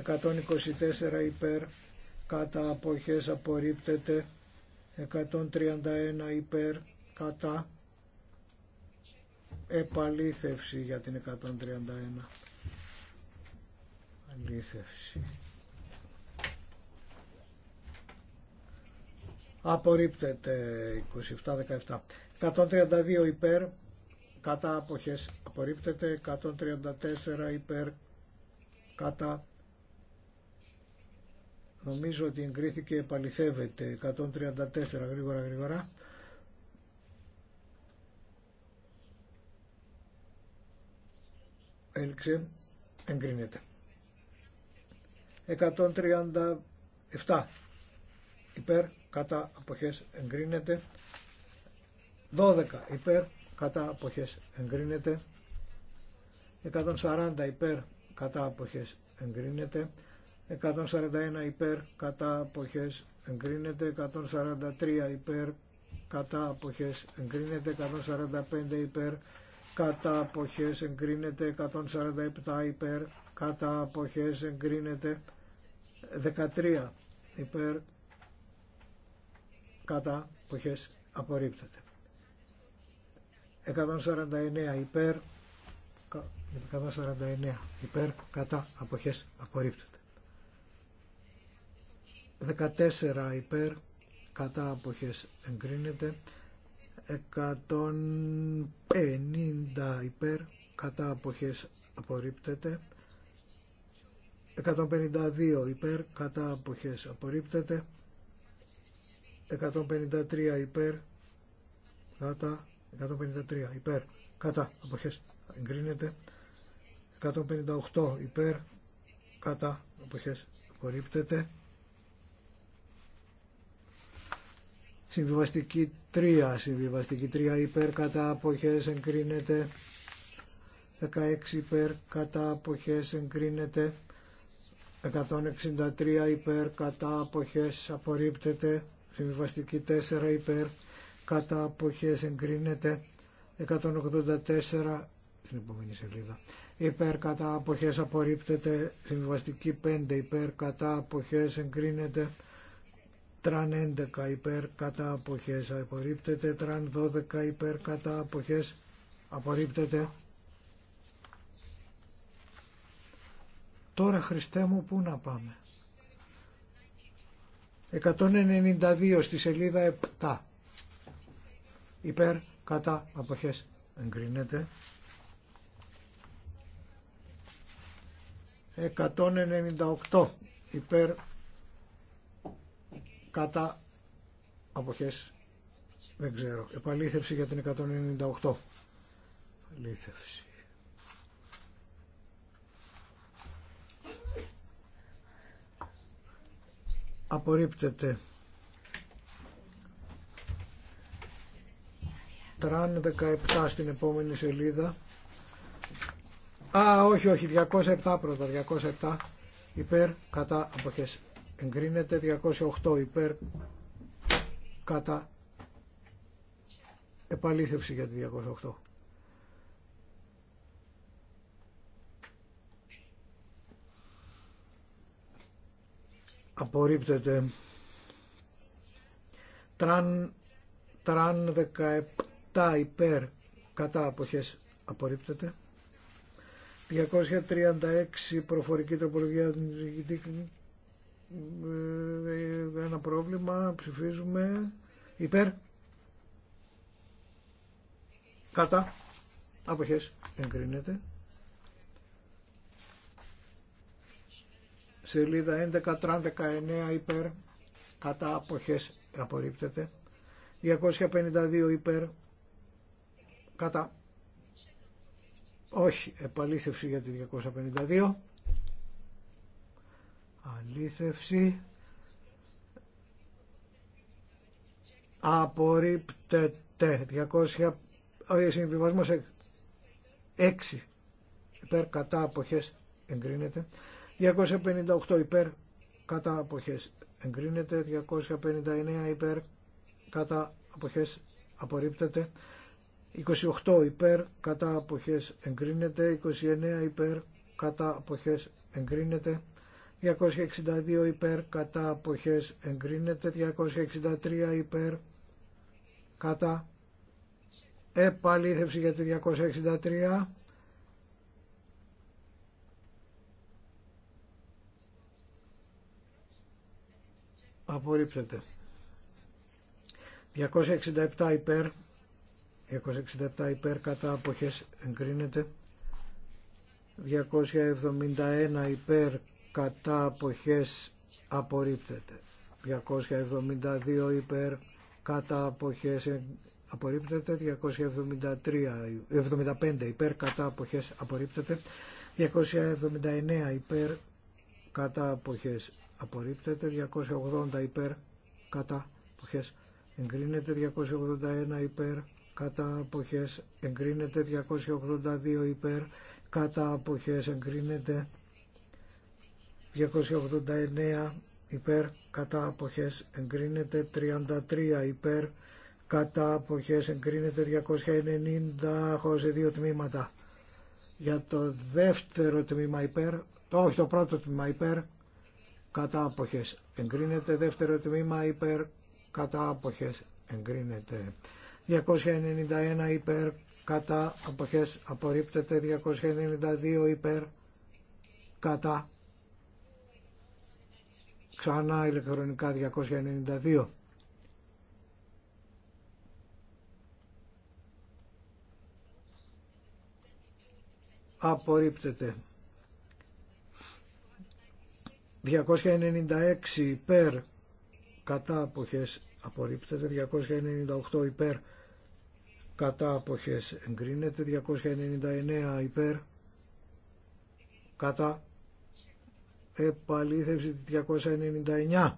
S1: 124 υπέρ κατά αποχές απορρίπτεται 131 υπέρ κατά επαλήθευση για την 131 αλήθευση απορρίπτεται 27-17 132 υπέρ κατά αποχές απορρίπτεται 134 υπέρ κατά Νομίζω ότι εγκρίθηκε, επαληθεύεται. 134 γρήγορα γρήγορα. Έλξε, εγκρίνεται. 137 υπέρ, κατά αποχές εγκρίνεται. 12 υπέρ, κατά αποχές εγκρίνεται. 140 υπέρ, κατά αποχές εγκρίνεται. 141 υπέρ κατά αποχές εγκρίνεται 143 υπέρ κατά αποχές εγκρίνεται 145 υπέρ κατά αποχές εγκρίνεται 147 υπέρ κατά αποχές εγκρίνεται 13 υπέρ κατά αποχές απορρίπτεται 149 υπέρ 149 υπέρ κατά αποχές απορρίπτεται 14 υπέρ κατά αποχές εγκρίνεται 150 υπέρ κατά αποχές απορρίπτεται 152 υπέρ κατά αποχές απορρίπτεται 153 υπέρ κατά 153 υπέρ κατά αποχές εγκρίνεται 158 υπέρ κατά αποχές απορρίπτεται Συμβιβαστική 3, συμβιβαστική 3 υπέρ κατά αποχές εγκρίνεται. 16 υπέρ κατά αποχές εγκρίνεται. 163 υπέρ κατά αποχές απορρίπτεται. Συμβιβαστική 4 υπέρ κατά αποχές εγκρίνεται. 184 στην επόμενη σελίδα. Υπέρ κατά αποχές απορρίπτεται. Συμβιβαστική 5 υπέρ κατά αποχές εγκρίνεται. Τραν 11 υπέρ κατά αποχές απορρίπτεται. Τραν 12 υπέρ κατά αποχές απορρίπτεται. Τώρα Χριστέ μου πού να πάμε. 192 στη σελίδα 7. Υπέρ κατά αποχές εγκρίνεται. 198 υπέρ κατά αποχές δεν ξέρω επαλήθευση για την 198 επαλήθευση απορρίπτεται τραν 17 στην επόμενη σελίδα α όχι όχι 207 πρώτα 207 υπέρ κατά αποχές Εγκρίνεται 208 υπέρ κατά επαλήθευση για τη 208. Απορρίπτεται. Τραν, τραν 17 υπέρ κατά αποχές απορρίπτεται. 236 προφορική τροπολογία ε, ένα πρόβλημα, ψηφίζουμε υπέρ, κατά, αποχές, εγκρίνεται. Σελίδα 11, τραν 19 υπέρ, κατά, αποχές, απορρίπτεται. 252 υπέρ, κατά, όχι, επαλήθευση για τη 252 αλήθευση απορρίπτεται 200 συμβιβασμός 6 υπέρ κατά αποχές εγκρίνεται 258 υπέρ κατά αποχές εγκρίνεται 259 υπέρ κατά αποχές απορρίπτεται 28 υπέρ κατά αποχές εγκρίνεται 29 υπέρ κατά αποχές εγκρίνεται 262 υπέρ κατά αποχές εγκρίνεται 263 υπέρ κατά επαλήθευση για τη 263 απορρίπτεται 267 υπέρ 267 υπέρ κατά αποχές εγκρίνεται 271 υπέρ κατά αποχές απορρίπτεται 272 ε, υπέρ κατά αποχές απορρίπτεται 273 75 υπέρ κατά αποχές απορρίπτεται 279 υπέρ κατά αποχές απορρίπτεται 280 υπέρ κατά αποχές εγκρίνεται 281 υπέρ κατά αποχές εγκρίνεται 282 υπέρ κατά αποχές εγκρίνεται 289 υπέρ κατά αποχές εγκρίνεται 33 υπέρ κατά αποχές εγκρίνεται 290 σε δύο τμήματα για το δεύτερο τμήμα υπέρ όχι το πρώτο τμήμα υπέρ κατά αποχές εγκρίνεται δεύτερο τμήμα υπέρ κατά αποχές εγκρίνεται 291 υπέρ κατά αποχές απορρίπτεται 292 υπέρ κατά Ξανά ηλεκτρονικά 292. Απορρίπτεται. 296 υπέρ κατά αποχές απορρίπτεται. 298 υπέρ κατά αποχές εγκρίνεται. 299 υπέρ κατά επαλήθευση 299.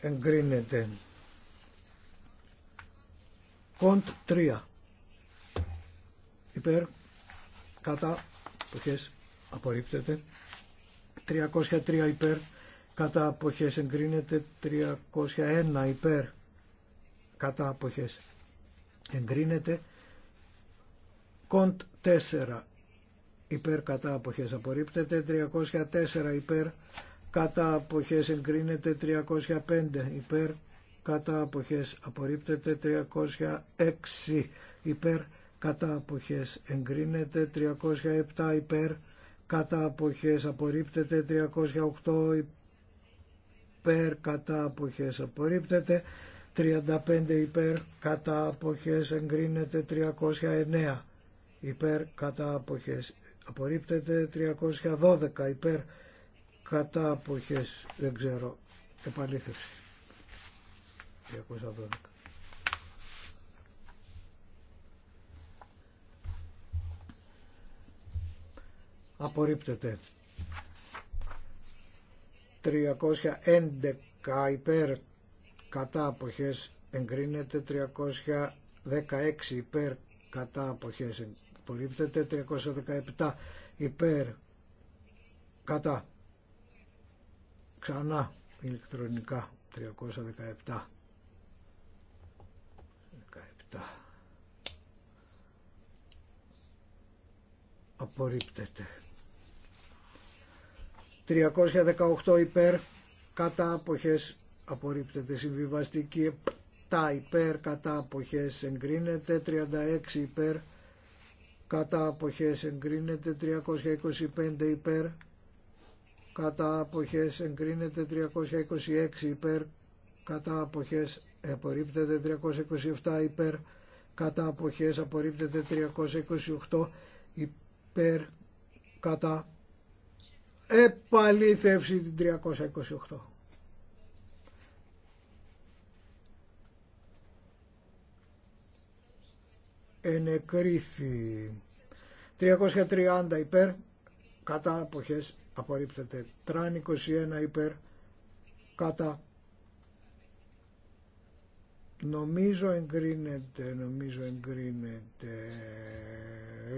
S1: Εγκρίνεται. Κοντ 3. Υπέρ. Κατά. Αποχές. Απορρίπτεται. 303 υπέρ. Κατά αποχές εγκρίνεται. 301 υπέρ. Κατά αποχές εγκρίνεται. Κοντ 4 υπέρ κατά αποχές απορρίπτεται, 304 υπέρ κατά αποχές εγκρίνεται, 305 υπέρ κατά αποχές απορρίπτεται, 306 υπέρ κατά αποχές εγκρίνεται, 307 υπέρ κατά αποχές απορρίπτεται, 308 υπέρ κατά αποχές απορρίπτεται, 35 υπέρ κατά αποχές εγκρίνεται, 309 υπέρ κατά αποχές απορρίπτεται 312 υπέρ κατά αποχές δεν ξέρω επαλήθευση 312 απορρίπτεται 311 υπέρ κατά αποχές εγκρίνεται 316 υπέρ κατά αποχές απορρίπτεται 317 υπέρ κατά ξανά ηλεκτρονικά 317 17 απορρίπτεται 318 υπέρ κατά αποχές απορρίπτεται συμβιβαστική 7 υπέρ κατά αποχές εγκρίνεται 36 υπέρ κατά αποχές εγκρίνεται 325 υπέρ κατά αποχές εγκρίνεται 326 υπέρ κατά αποχές απορρίπτεται 327 υπέρ κατά αποχές απορρίπτεται 328 υπέρ κατά επαλήθευση την 328 ενεκρίθη 330 υπέρ κατά αποχές απορρίπτεται τραν 21 υπέρ κατά νομίζω εγκρίνεται νομίζω εγκρίνεται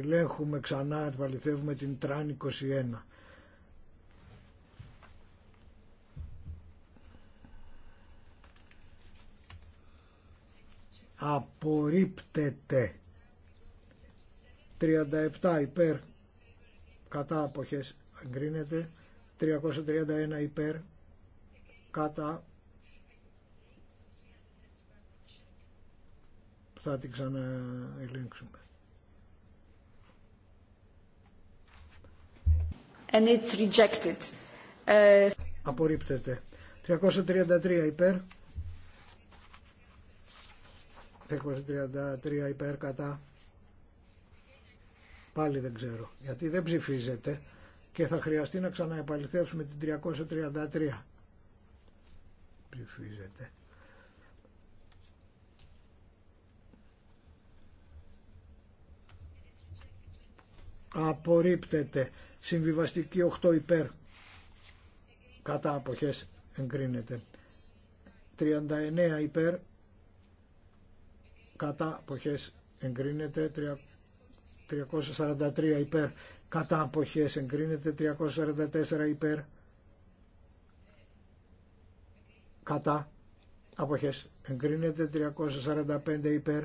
S1: ελέγχουμε ξανά επαληθεύουμε την τραν 21 απορρίπτεται 37 υπέρ κατά αποχές εγκρίνεται 331 υπέρ κατά θα την ξαναελέγξουμε And it's rejected. Απορρίπτεται. 333 υπέρ. 333 υπέρ κατά Πάλι δεν ξέρω, γιατί δεν ψηφίζεται και θα χρειαστεί να ξαναεπαληθεύσουμε την 333. Ψηφίζεται. Απορρίπτεται. Συμβιβαστική 8 υπέρ. Κατά αποχές εγκρίνεται. 39 υπέρ. Κατά αποχές εγκρίνεται. 343 υπέρ κατά αποχές εγκρίνεται 344 υπέρ κατά αποχές εγκρίνεται 345 υπέρ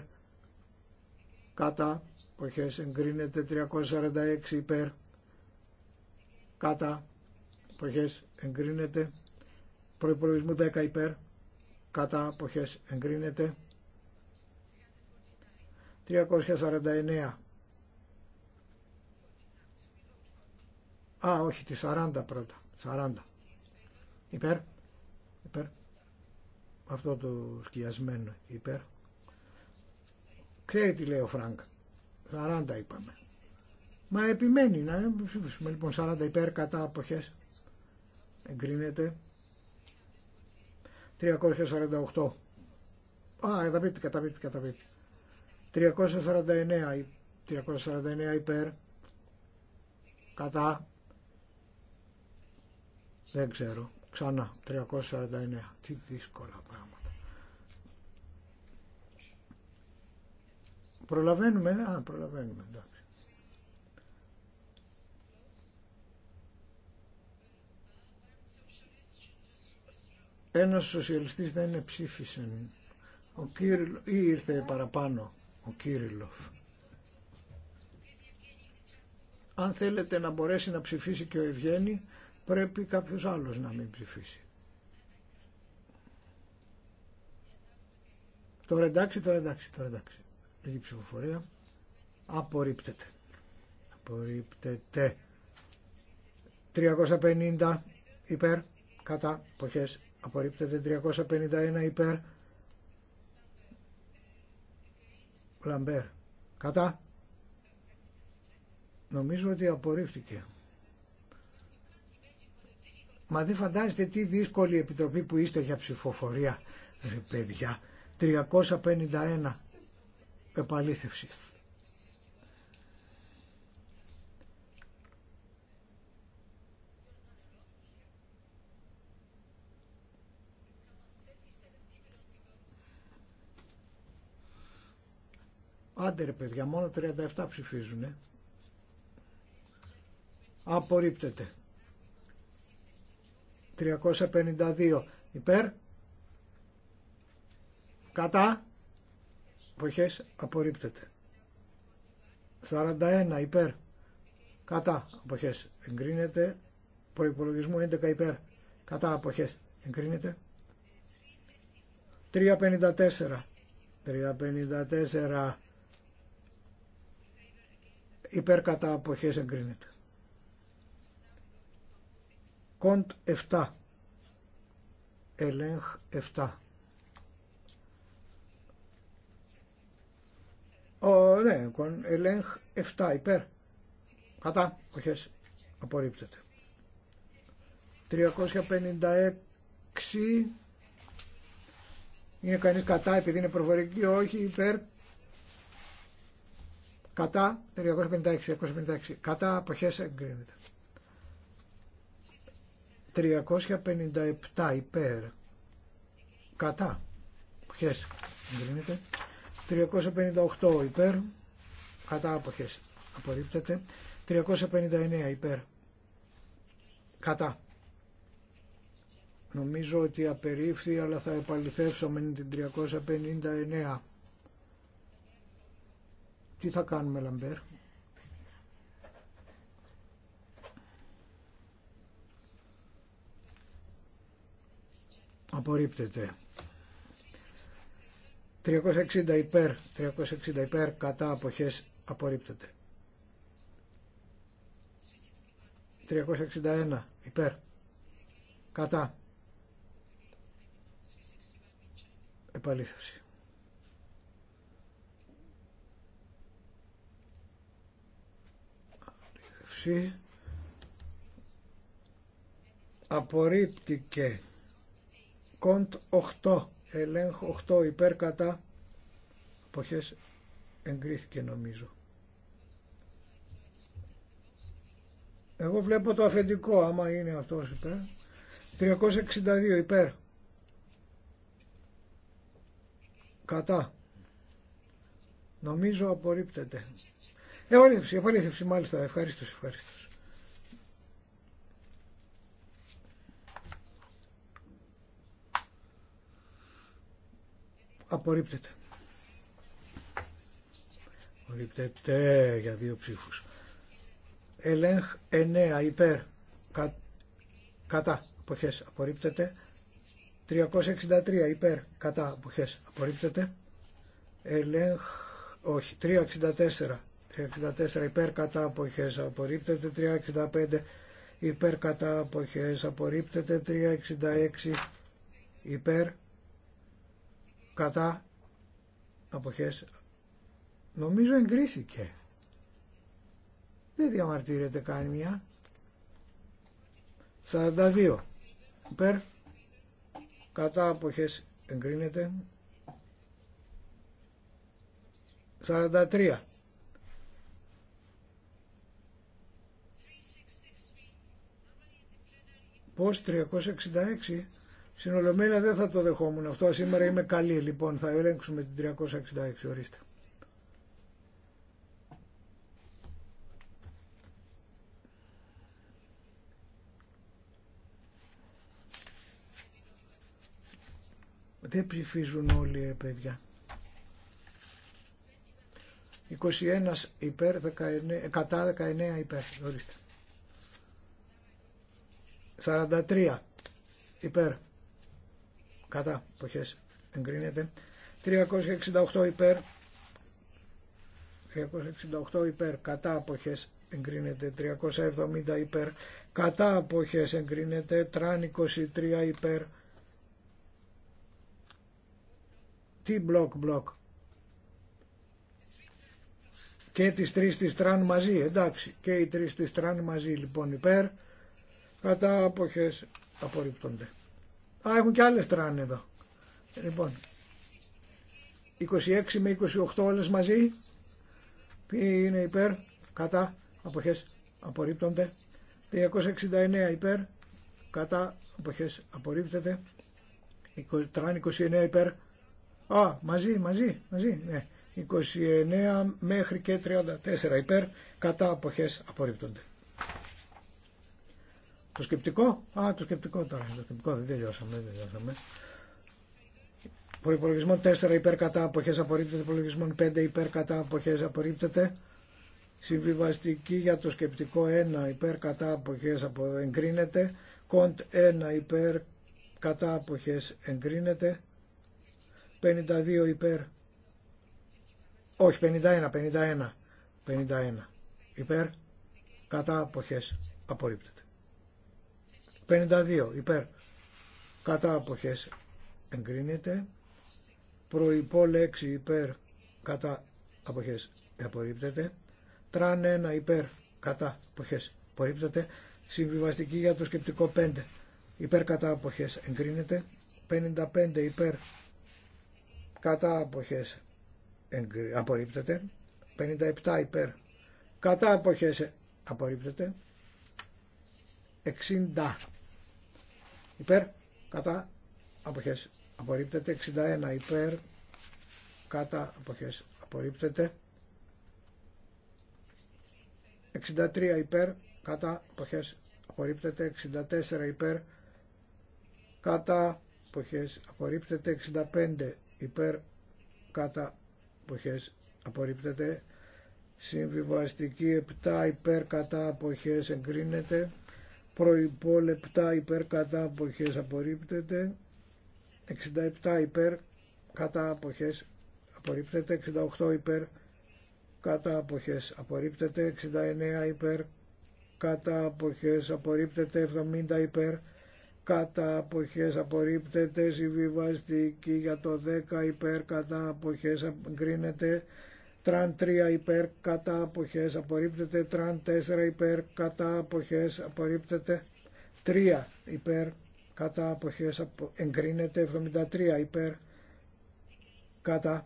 S1: κατά αποχές εγκρίνεται 346 υπέρ κατά αποχές εγκρίνεται προϋπολογισμού 10 υπέρ κατά αποχές εγκρίνεται 349 Α, όχι, τη 40 πρώτα. 40. Υπέρ. Υπέρ. Αυτό το σκιασμένο. Υπέρ. Ξέρει τι λέει ο Φρανκ. 40 είπαμε. Μα επιμένει να ψηφίσουμε. Λοιπόν, 40 υπέρ κατά αποχές. Εγκρίνεται. 348. Α, καταπίπτει, καταπίπτει, καταπίπτει. 349, 349 υπέρ. Κατά. Δεν ξέρω. Ξανά. 349. Τι δύσκολα πράγματα. Προλαβαίνουμε. Α, προλαβαίνουμε. Ένας σοσιαλιστής δεν ψήφισε. Ο Κύριλο, ή ήρθε παραπάνω ο Κύριλοφ. Αν θέλετε να μπορέσει να ψηφίσει και ο Ευγένη, πρέπει κάποιος άλλος να μην ψηφίσει. Τώρα εντάξει, τώρα εντάξει, τώρα εντάξει. Λίγη ψηφοφορία. Απορρίπτεται. Απορρίπτεται. 350 υπέρ, κατά, ποχές, απορρίπτεται. 351 υπέρ, Λαμπέρ, κατά. Νομίζω ότι απορρίφθηκε. Μα δεν φαντάζεστε τι δύσκολη επιτροπή που είστε για ψηφοφορία, ρε παιδιά. 351 επαλήθευση. Άντε ρε παιδιά, μόνο 37 ψηφίζουνε. Απορρίπτεται. 352 υπέρ κατά αποχές απορρίπτεται 41 υπέρ κατά αποχές εγκρίνεται προϋπολογισμού 11 υπέρ κατά αποχές εγκρίνεται 354 354 υπέρ κατά αποχές εγκρίνεται Κοντ 7. Ελέγχ 7. Ο, ναι, ελέγχ 7 υπέρ. Κατά, όχι, απορρίπτεται. 356 είναι κανεί κατά επειδή είναι προφορική, όχι υπέρ. Κατά, 356, 256. κατά αποχές εγκρίνεται. 357 υπέρ. Κατά. Αποχές. 358 υπέρ. Κατά αποχές. Απορρίπτεται. 359 υπέρ. Κατά. Νομίζω ότι απερίφθη αλλά θα επαληθεύσουμε την 359. Τι θα κάνουμε Λαμπέρ. απορρίπτεται. 360 υπέρ, 360 υπέρ κατά αποχές απορρίπτεται. 361 υπέρ κατά επαλήθευση. Απορρίπτηκε Κοντ 8, Ελέγχο 8 υπέρ κατά αποχές εγκρίθηκε νομίζω. Εγώ βλέπω το αφεντικό άμα είναι αυτός υπέρ. 362 υπέρ. Κατά. Νομίζω απορρίπτεται. Ε, επαλήθευση, μάλιστα. Ευχαριστώ, ευχαριστώ. Απορρίπτεται. Απορρίπτεται για δύο ψήφους. Ελέγχ 9 υπέρ κατά αποχές απορρίπτεται. 363 υπέρ κατά αποχές απορρίπτεται. Ελέγχ όχι 364 364 υπέρ κατά αποχές απορρίπτεται. 365 υπέρ κατά αποχές απορρίπτεται. 366 υπέρ κατά αποχές νομίζω εγκρίθηκε δεν διαμαρτύρεται καν μια 42 Περ. κατά αποχές εγκρίνεται 43 Πώς 366 στην δεν θα το δεχόμουν αυτό, σήμερα είμαι καλή, λοιπόν θα ελέγξουμε την 366, ορίστε. Δεν ψηφίζουν όλοι, παιδιά. 21 υπέρ, 19, ε, κατά 19 υπέρ, ορίστε. 43 υπέρ, κατά αποχές εγκρίνεται 368 υπέρ 368 υπέρ κατά αποχές εγκρίνεται 370 υπέρ κατά αποχές εγκρίνεται τραν 23 υπέρ τι μπλοκ μπλοκ και τις τρεις της τραν μαζί εντάξει και οι τρεις της τραν μαζί λοιπόν υπέρ κατά αποχές απορρίπτονται Α, έχουν και άλλες τράνε εδώ. Λοιπόν, 26 με 28 όλες μαζί. Ποιοι είναι υπέρ, κατά, αποχές, απορρίπτονται. 269 υπέρ, κατά, αποχές, απορρίπτεται. Τραν 29 υπέρ. Α, μαζί, μαζί, μαζί, ναι. 29 μέχρι και 34 υπέρ, κατά αποχές απορρίπτονται. Το σκεπτικό, α, το σκεπτικό τώρα, το σκεπτικό δεν τελειώσαμε, δεν τελειώσαμε. Προϋπολογισμό 4 υπέρ κατά αποχές απορρίπτεται, προϋπολογισμό 5 υπέρ κατά αποχές απορρίπτεται. Συμβιβαστική για το σκεπτικό 1 υπέρ κατά αποχές απο... εγκρίνεται. Κοντ 1 υπέρ κατά αποχές εγκρίνεται. 52 υπέρ. Όχι, 51, 51. 51 υπέρ κατά αποχές απορρίπτεται. 52 υπέρ κατά αποχές εγκρίνεται προϋπό λέξη υπέρ κατά αποχές απορρίπτεται τραν ένα υπέρ κατά αποχές απορρίπτεται συμβιβαστική για το σκεπτικό 5 υπέρ κατά αποχές εγκρίνεται 55 υπέρ κατά αποχές απορρίπτεται 57 υπέρ κατά αποχές απορρίπτεται 60 υπέρ κατά αποχές απορρίπτεται 61 υπέρ κατά αποχές απορρίπτεται 63 υπέρ κατά αποχές απορρίπτεται 64 υπέρ κατά αποχές απορρίπτεται 65 υπέρ κατά αποχές απορρίπτεται συμβιβαστική 7 υπέρ κατά αποχές εγκρίνεται προϋπόλεπτα λεπτά υπέρ κατά αποχές απορρίπτεται 67 υπέρ κατά αποχές απορρίπτεται 68 υπέρ κατά αποχές απορρίπτεται 69 υπέρ κατά αποχές απορρίπτεται 70 υπέρ κατά αποχές απορρίπτεται συμβιβαστική για το 10 υπέρ κατά αποχές γκρίνεται Τραν 3 υπέρ κατά αποχές απορρίπτεται. Τραν 4 υπέρ κατά αποχές απορρίπτεται. 3 υπέρ κατά αποχές εγκρίνεται. 73 υπέρ κατά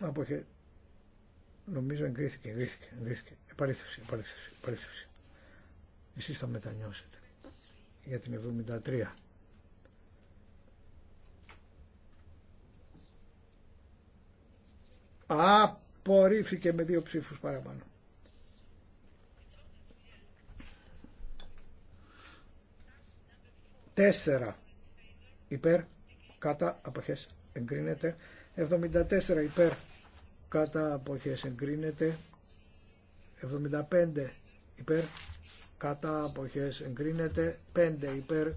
S1: αποχές. Νομίζω εγκρίθηκε, εγκρίθηκε, εγκρίθηκε. Επαλήθευση, επαλήθευση, επαλήθευση. Εσείς θα μετανιώσετε για την 73. Α, απορρίφθηκε με δύο ψήφους παραπάνω. Τέσσερα υπέρ κατά αποχές εγκρίνεται. 74 υπέρ κατά αποχές εγκρίνεται. 75 υπέρ κατά αποχές εγκρίνεται. 5 υπέρ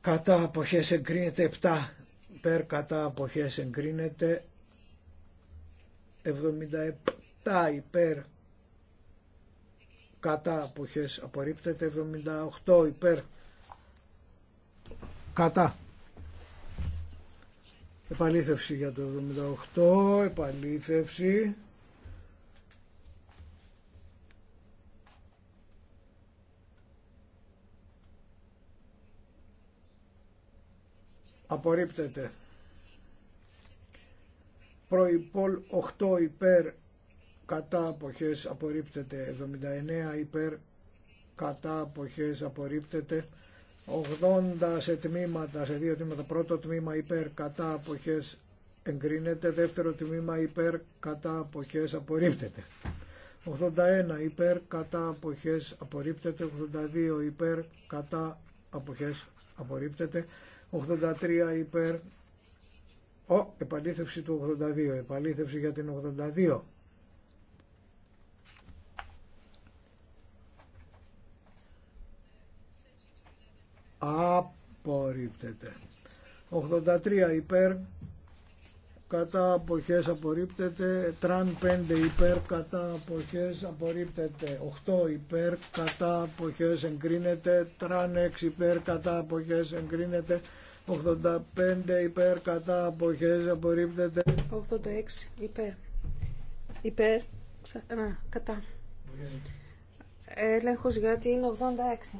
S1: κατά αποχές εγκρίνεται. 7 υπέρ κατά αποχές εγκρίνεται. 77 υπέρ κατά αποχές απορρίπτεται 78 υπέρ κατά επαλήθευση για το 78 επαλήθευση απορρίπτεται Προϋπόλ 8 υπέρ κατά αποχές απορρίπτεται 79 υπέρ κατά αποχές απορρίπτεται 80 σε τμήματα, σε δύο τμήματα, πρώτο τμήμα υπέρ κατά αποχές εγκρίνεται, δεύτερο τμήμα υπέρ κατά αποχές απορρίπτεται. 81 υπέρ κατά αποχές απορρίπτεται, 82 υπέρ κατά αποχές απορρίπτεται, 83 υπέρ ο, επαλήθευση του 82, επαλήθευση για την 82. Απορρίπτεται. 83 υπέρ, κατά αποχές απορρίπτεται, τραν 5 υπέρ, κατά αποχές απορρίπτεται, 8 υπέρ, κατά αποχές εγκρίνεται, τραν 6 υπέρ, κατά αποχές εγκρίνεται, 85 υπέρ κατά αποχές απορρίπτεται 86 υπέρ
S3: υπέρ ξανά κατά έλεγχος γιατί είναι 86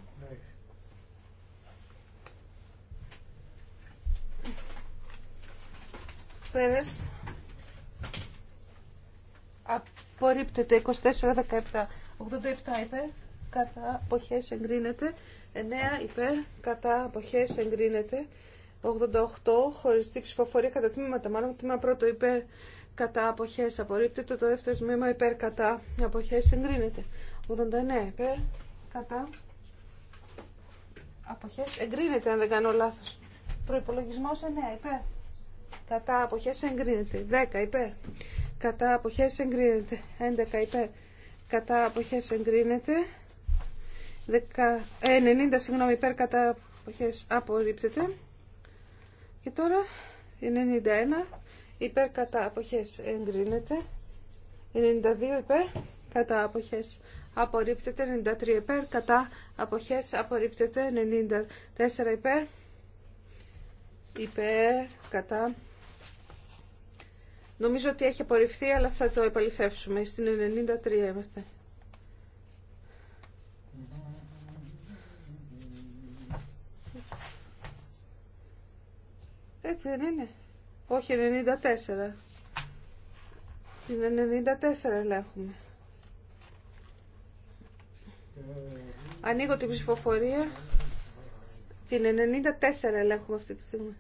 S3: Πέρες απορρίπτεται 24-17 87 υπέρ κατά αποχές εγκρίνεται 9 υπέρ κατά αποχές εγκρίνεται 88 χωριστή ψηφοφορία κατά τμήματα. Μάλλον τμήμα πρώτο υπέρ κατά αποχέ απορρίπτεται. Το δεύτερο τμήμα υπέρ κατά αποχέ εγκρίνεται. 89 υπέρ κατά αποχέ εγκρίνεται αν δεν κάνω λάθο. Προπολογισμό 9 υπέρ κατά αποχέ εγκρίνεται. 10 υπέρ κατά αποχέ εγκρίνεται. 11 υπέρ κατά αποχέ εγκρίνεται. 90 ε, συγγνώμη υπέρ κατά αποχέ απορρίπτεται. Και τώρα 91 υπέρ κατά αποχές εγκρίνεται. 92 υπέρ κατά αποχές απορρίπτεται. 93 υπέρ κατά αποχές απορρίπτεται. 94 υπέρ υπέρ κατά Νομίζω ότι έχει απορριφθεί, αλλά θα το επαληθεύσουμε. Στην 93 είμαστε. Έτσι δεν είναι. Όχι, 94. Την 94 ελέγχουμε. Ανοίγω την ψηφοφορία. Την 94 ελέγχουμε αυτή τη στιγμή.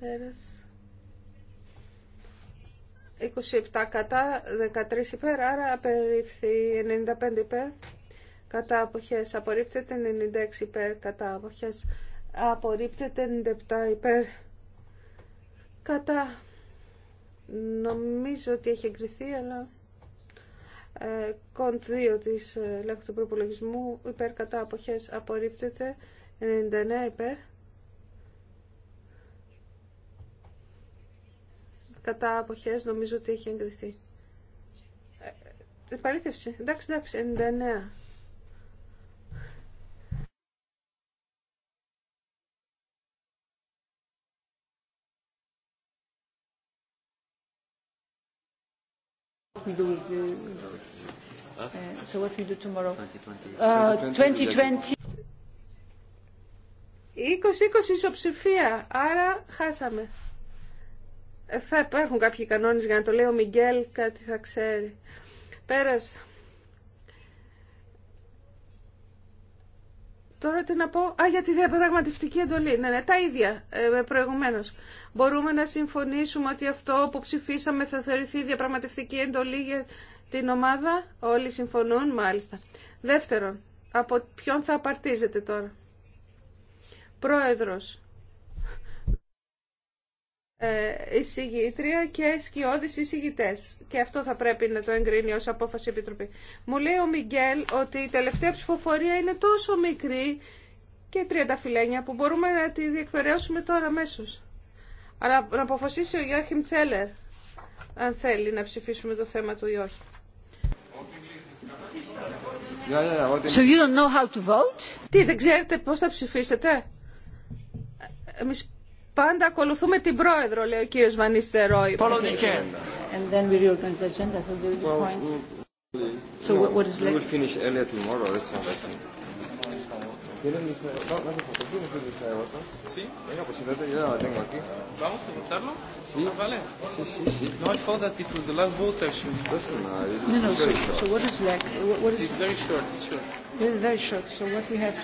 S3: Πέρας. 27 κατά, 13 υπέρ, άρα απερίφθη 95 υπέρ κατά αποχές απορρίπτεται 96 υπέρ κατά αποχές απορρίπτεται 97 υπέρ κατά νομίζω ότι έχει εγκριθεί αλλά ε, κοντ 2 της ε, λέγω του προπολογισμού υπέρ κατά αποχές απορρίπτεται 99 υπέρ κατά αποχές νομίζω ότι έχει εγκριθεί ε, Επαλήθευση. Εντάξει, εντάξει, 99.
S4: we
S2: do with uh, the uh, so what we do tomorrow 2020 2020
S3: 20 ισοψηφία, άρα χάσαμε. Ε, θα υπάρχουν κάποιοι κανόνες για να το λέει ο Μιγγέλ, κάτι θα ξέρει. Πέρασε. Τώρα τι να πω. Α, για τη διαπραγματευτική εντολή. Ναι, ναι, τα ίδια ε, με προηγουμένω. Μπορούμε να συμφωνήσουμε ότι αυτό που ψηφίσαμε θα θεωρηθεί διαπραγματευτική εντολή για την ομάδα. Όλοι συμφωνούν, μάλιστα. Δεύτερον, από ποιον θα απαρτίζεται τώρα. Πρόεδρος, ε, εισηγήτρια και σκιώδεις εισηγητές. Και αυτό θα πρέπει να το εγκρίνει ως απόφαση η Επιτροπή. Μου λέει ο Μιγγέλ ότι η τελευταία ψηφοφορία είναι τόσο μικρή και τριανταφυλένια που μπορούμε να τη διεκπαιρεώσουμε τώρα αμέσω. Αλλά να αποφασίσει ο Γιώχιμ Τσέλερ αν θέλει να ψηφίσουμε το θέμα του ή
S2: So you don't know how to vote?
S3: Τι, δεν ξέρετε πώς θα ψηφίσετε. Εμείς πάντα ακολουθούμε την πρόεδρο, λέει ο κύριος Βανίστερόι. No,
S1: no, so, so what is
S6: What is... very short,
S2: This is very short. So what we have,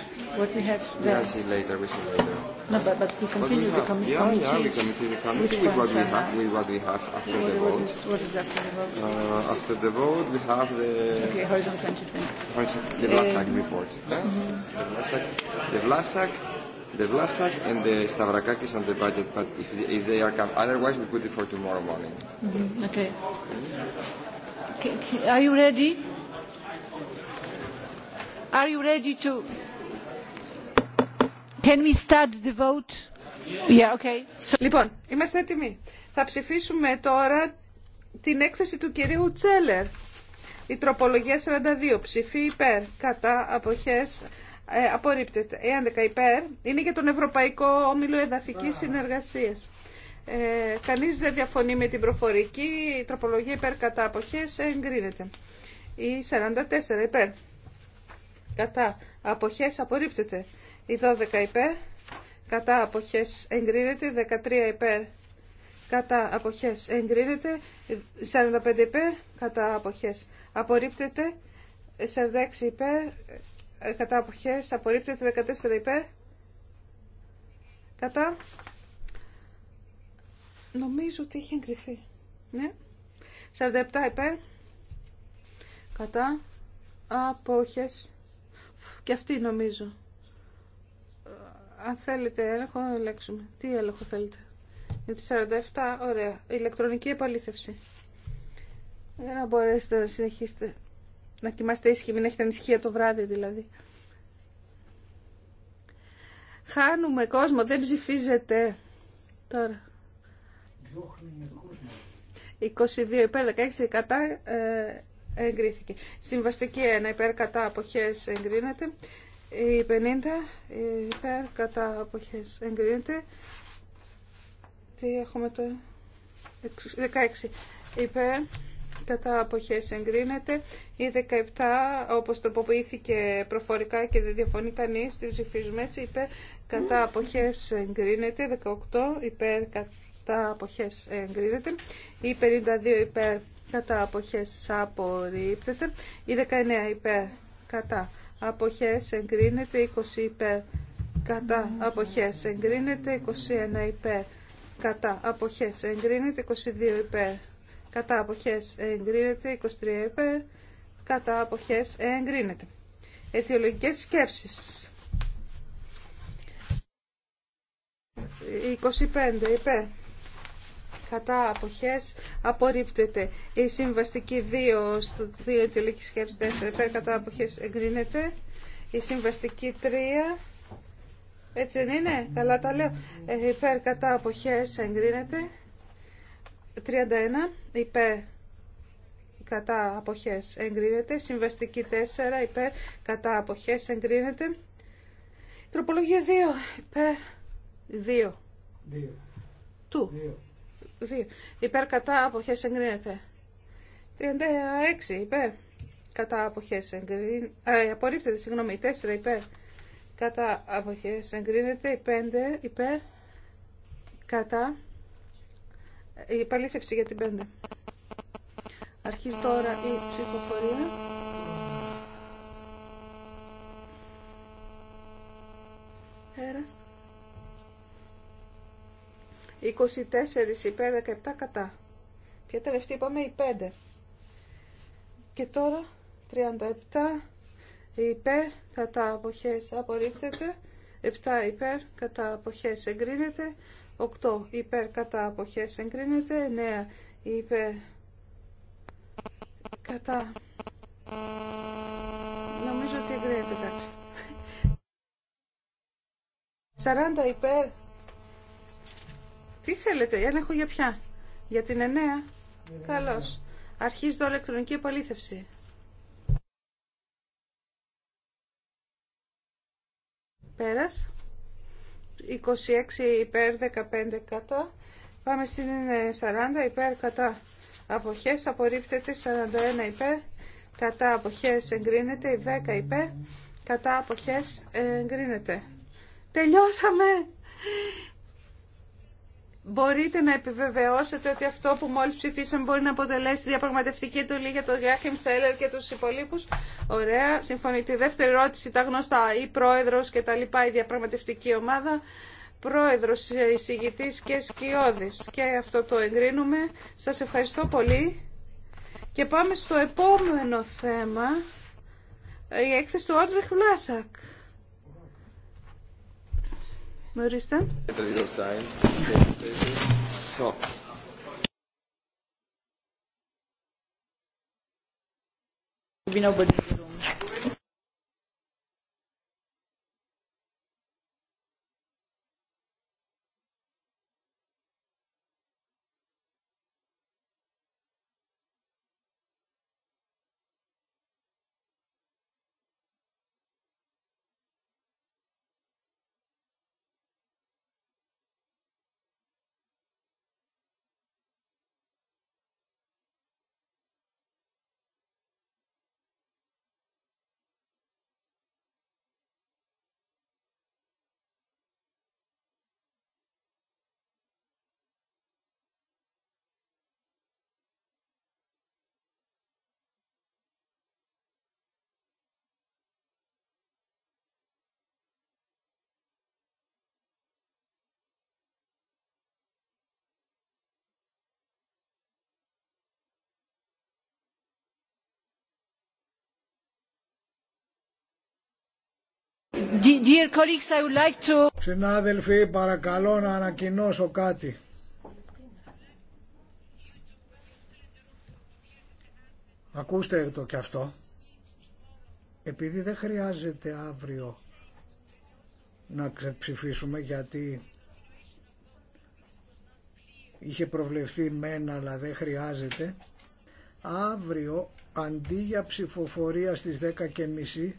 S2: what we have. There. see
S4: later. We see later. No, but,
S2: but we continue the committee. Yeah, we continue the committee with what we have. With what we have after the vote. What is, after the
S7: vote? after
S6: the vote, we have the. Okay, Horizon
S2: 2020.
S6: the Vlasak report. The
S7: Vlasak,
S6: the Vlasak, the Vlasak, and the Stavrakakis on the budget. But if, if they are come, otherwise we put it for tomorrow morning.
S4: mm Okay. Are you ready?
S2: Are you ready to? Can we start the vote? Yeah, okay.
S3: Λοιπόν, είμαστε έτοιμοι. Θα ψηφίσουμε τώρα την έκθεση του κυρίου Τσέλερ. Η τροπολογία 42. Ψηφί υπέρ. Κατά αποχές ε, απορρίπτεται. Εάν 11 υπέρ. Είναι για τον Ευρωπαϊκό Όμιλο Εδαφικής Συνεργασίας. Ε, κανείς δεν διαφωνεί με την προφορική. Η τροπολογία υπέρ κατά αποχές εγκρίνεται. Η 44 υπέρ κατά αποχές απορρίπτεται. Η 12 υπέρ, κατά αποχές εγκρίνεται. 13 υπέρ, κατά αποχές εγκρίνεται. 45 υπέρ, κατά αποχές απορρίπτεται. 46 υπέρ, κατά αποχές απορρίπτεται. 14 υπέρ, κατά. Νομίζω ότι έχει εγκριθεί. Ναι. 47 υπέρ. Κατά. Απόχες. Και αυτή νομίζω. Αν θέλετε έλεγχο, ελέγξουμε. Τι έλεγχο θέλετε. Για τη 47, ωραία. Ηλεκτρονική επαλήθευση. Για να μπορέσετε να συνεχίσετε. Να κοιμάστε ήσυχοι, μην έχετε ανησυχία το βράδυ δηλαδή. Χάνουμε κόσμο, δεν ψηφίζετε. Τώρα. 22 υπέρ 16 κατά ε, εγκρίθηκε. Συμβαστική 1 υπέρ κατά αποχές εγκρίνεται. Η 50 υπέρ κατά αποχές εγκρίνεται. Τι έχουμε το 16 υπέρ κατά αποχές εγκρίνεται. Η 17 όπως τροποποιήθηκε προφορικά και δεν διαφωνεί κανείς τη ψηφίζουμε έτσι υπέρ κατά αποχές εγκρίνεται. 18 υπέρ κατά αποχές εγκρίνεται. Η 52 υπέρ κατά αποχές απορρίπτεται. Η 19 υπέρ κατά αποχές εγκρίνεται. 20 υπέρ κατά αποχές εγκρίνεται. 21 υπέρ κατά αποχές εγκρίνεται. 22 υπέρ κατά αποχές εγκρίνεται. 23 υπέρ κατά αποχές εγκρίνεται. Αιτιολογικές σκέψεις. 25 υπέρ κατά αποχές απορρίπτεται. Η συμβαστική 2 στο 2 τελική σκέψη 4 υπέρ κατά αποχές εγκρίνεται. Η συμβαστική 3 έτσι δεν είναι, καλά τα λέω. Ε, υπέρ κατά αποχές εγκρίνεται. 31 υπέρ κατά αποχές εγκρίνεται. Συμβαστική 4 υπέρ κατά αποχές εγκρίνεται. Τροπολογία 2 υπέρ 2. 2. Του. 2. Υπέρ κατά αποχές εγκρίνεται. 36 υπέρ κατά αποχές εγκρίνεται. Ε, απορρίπτεται, συγγνώμη. 4 υπέρ κατά αποχές εγκρίνεται. 5 υπέρ κατά η επαλήθευση για την 5. Αρχίζει τώρα η ψηφοφορία. Πέρασε. 24 υπέρ 17 κατά. Ποια τελευταία είπαμε η 5. Και τώρα 37 υπέρ κατά αποχές απορρίπτεται, 7 υπέρ κατά αποχές εγκρίνεται, 8 υπέρ κατά αποχές εγκρίνεται, 9 υπέρ κατά... Νομίζω ότι εγκρίνεται, εντάξει. 40 υπέρ τι θέλετε, έχω για ποια. Για την 9. Καλώ. Αρχίζει το ηλεκτρονική επαλήθευση. Πέρας. 26 υπέρ 15 κατά. Πάμε στην 40 υπέρ κατά. Αποχές απορρίπτεται 41 υπέρ. Κατά αποχές εγκρίνεται 10 υπέρ. Κατά αποχές εγκρίνεται. Τελειώσαμε! μπορείτε να επιβεβαιώσετε ότι αυτό που μόλις ψηφίσαμε μπορεί να αποτελέσει διαπραγματευτική εντολή για τον Γιάχεμ Τσέλερ και τους υπολείπου. Ωραία, συμφωνείτε. τη δεύτερη ερώτηση, τα γνωστά, η πρόεδρος και τα λοιπά, η διαπραγματευτική ομάδα. Πρόεδρος, ε, εισηγητή και σκιώδη. Και αυτό το εγκρίνουμε. Σα ευχαριστώ πολύ. Και πάμε στο επόμενο θέμα, η έκθεση του Όντρεχ Βλάσακ. Ορίστε.
S4: Nobody.
S1: Dear colleagues, I would like to... Συνάδελφοι, παρακαλώ να ανακοινώσω κάτι. Ακούστε το κι αυτό. Επειδή δεν χρειάζεται αύριο να ξεψηφίσουμε γιατί είχε προβλεφθεί μένα αλλά δεν χρειάζεται αύριο αντί για ψηφοφορία στις 10.30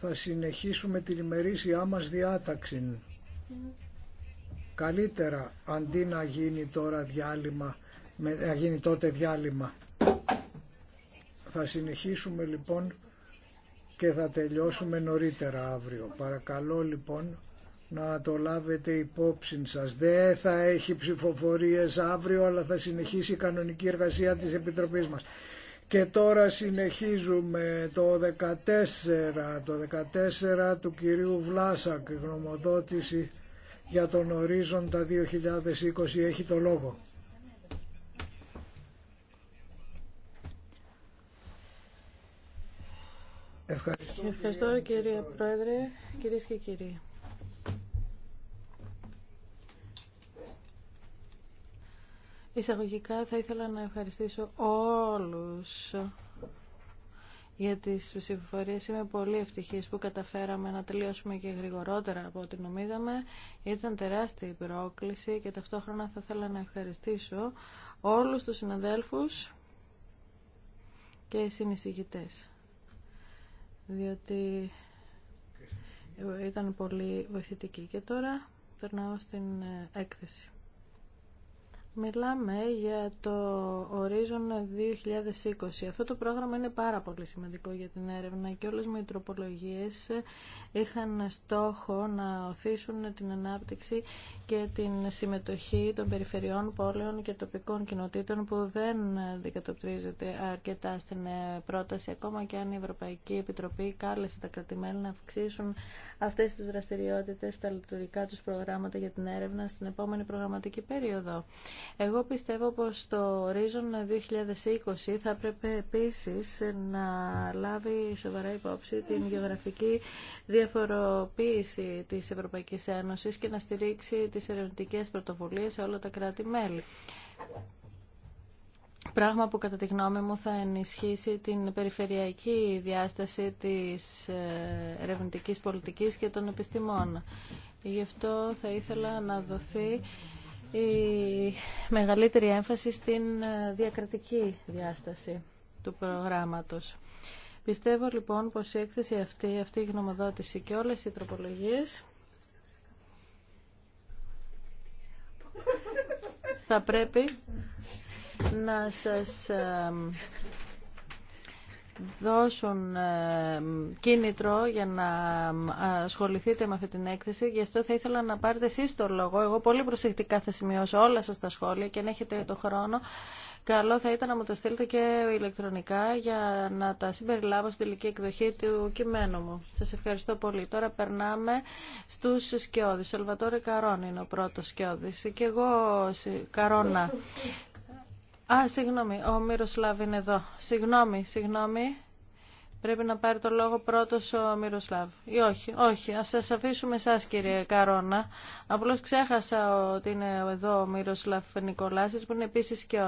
S1: θα συνεχίσουμε την ημερήσια μας διάταξη. Καλύτερα αντί να γίνει τώρα διάλειμμα, να γίνει τότε διάλειμμα. Θα συνεχίσουμε λοιπόν και θα τελειώσουμε νωρίτερα αύριο. Παρακαλώ λοιπόν να το λάβετε υπόψη σας. Δεν θα έχει ψηφοφορίες αύριο, αλλά θα συνεχίσει η κανονική εργασία της Επιτροπής μας. Και τώρα συνεχίζουμε το 14, το 14 του κυρίου Βλάσακ, γνωμοδότηση για τον ορίζοντα 2020 έχει το λόγο. Ευχαριστώ, Ευχαριστώ κύριε Πρόεδρε,
S5: κυρίες και κύριοι. Εισαγωγικά θα ήθελα να ευχαριστήσω όλους για τις ψηφοφορίες. Είμαι πολύ ευτυχής που καταφέραμε να τελειώσουμε και γρηγορότερα από ό,τι νομίζαμε. Ήταν τεράστια η πρόκληση και ταυτόχρονα θα ήθελα να ευχαριστήσω όλους τους συναδέλφους και συνεισηγητές. Διότι ήταν πολύ βοηθητική. Και τώρα περνάω στην ε, έκθεση. Μιλάμε για το ορίζον 2020. Αυτό το πρόγραμμα είναι πάρα πολύ σημαντικό για την έρευνα και όλες οι τροπολογίες είχαν στόχο να οθήσουν την ανάπτυξη και την συμμετοχή των περιφερειών, πόλεων και τοπικών κοινοτήτων που δεν αντικατοπτρίζεται αρκετά στην ε, πρόταση ακόμα και αν η Ευρωπαϊκή Επιτροπή κάλεσε τα κρατημέλη να αυξήσουν αυτές τις δραστηριότητες στα λειτουργικά τους προγράμματα για την έρευνα στην επόμενη προγραμματική περίοδο. Εγώ πιστεύω πως το Horizon 2020 θα πρέπει επίσης να λάβει σοβαρά υπόψη την γεωγραφική διαφοροποίηση της Ευρωπαϊκής Ένωσης και να στηρίξει τις ερευνητικές πρωτοβουλίες σε όλα τα κράτη-μέλη. Πράγμα που κατά τη γνώμη μου θα ενισχύσει την περιφερειακή διάσταση της ε, ερευνητικής πολιτικής και των επιστημών. Γι' αυτό θα ήθελα να δοθεί η μεγαλύτερη έμφαση στην ε, διακρατική διάσταση του προγράμματος. Πιστεύω λοιπόν πως η έκθεση αυτή, αυτή η γνωμοδότηση και όλες οι τροπολογίες θα πρέπει να σας ε, δώσουν ε, κίνητρο για να ασχοληθείτε με αυτή την έκθεση. Γι' αυτό θα ήθελα να πάρετε εσεί το λόγο. Εγώ πολύ προσεκτικά θα σημειώσω όλα σα τα σχόλια και αν έχετε το χρόνο. Καλό θα ήταν να μου τα στείλετε και ηλεκτρονικά για να τα συμπεριλάβω στην τελική εκδοχή του κειμένου μου. Σα ευχαριστώ πολύ. Τώρα περνάμε στου σκιώδει. Σαλβατόρε Καρόν είναι ο πρώτο σκιώδη. Και εγώ Καρόνα. Α, συγγνώμη, ο Μυροσλάβ είναι εδώ. Συγγνώμη, συγγνώμη. Πρέπει να πάρει το λόγο πρώτος ο Μυροσλάβ. Ή όχι, όχι. Ας σας αφήσουμε εσά κύριε Καρόνα. Απλώς ξέχασα ότι είναι εδώ ο Μυροσλάβ Νικολάσης που είναι επίση και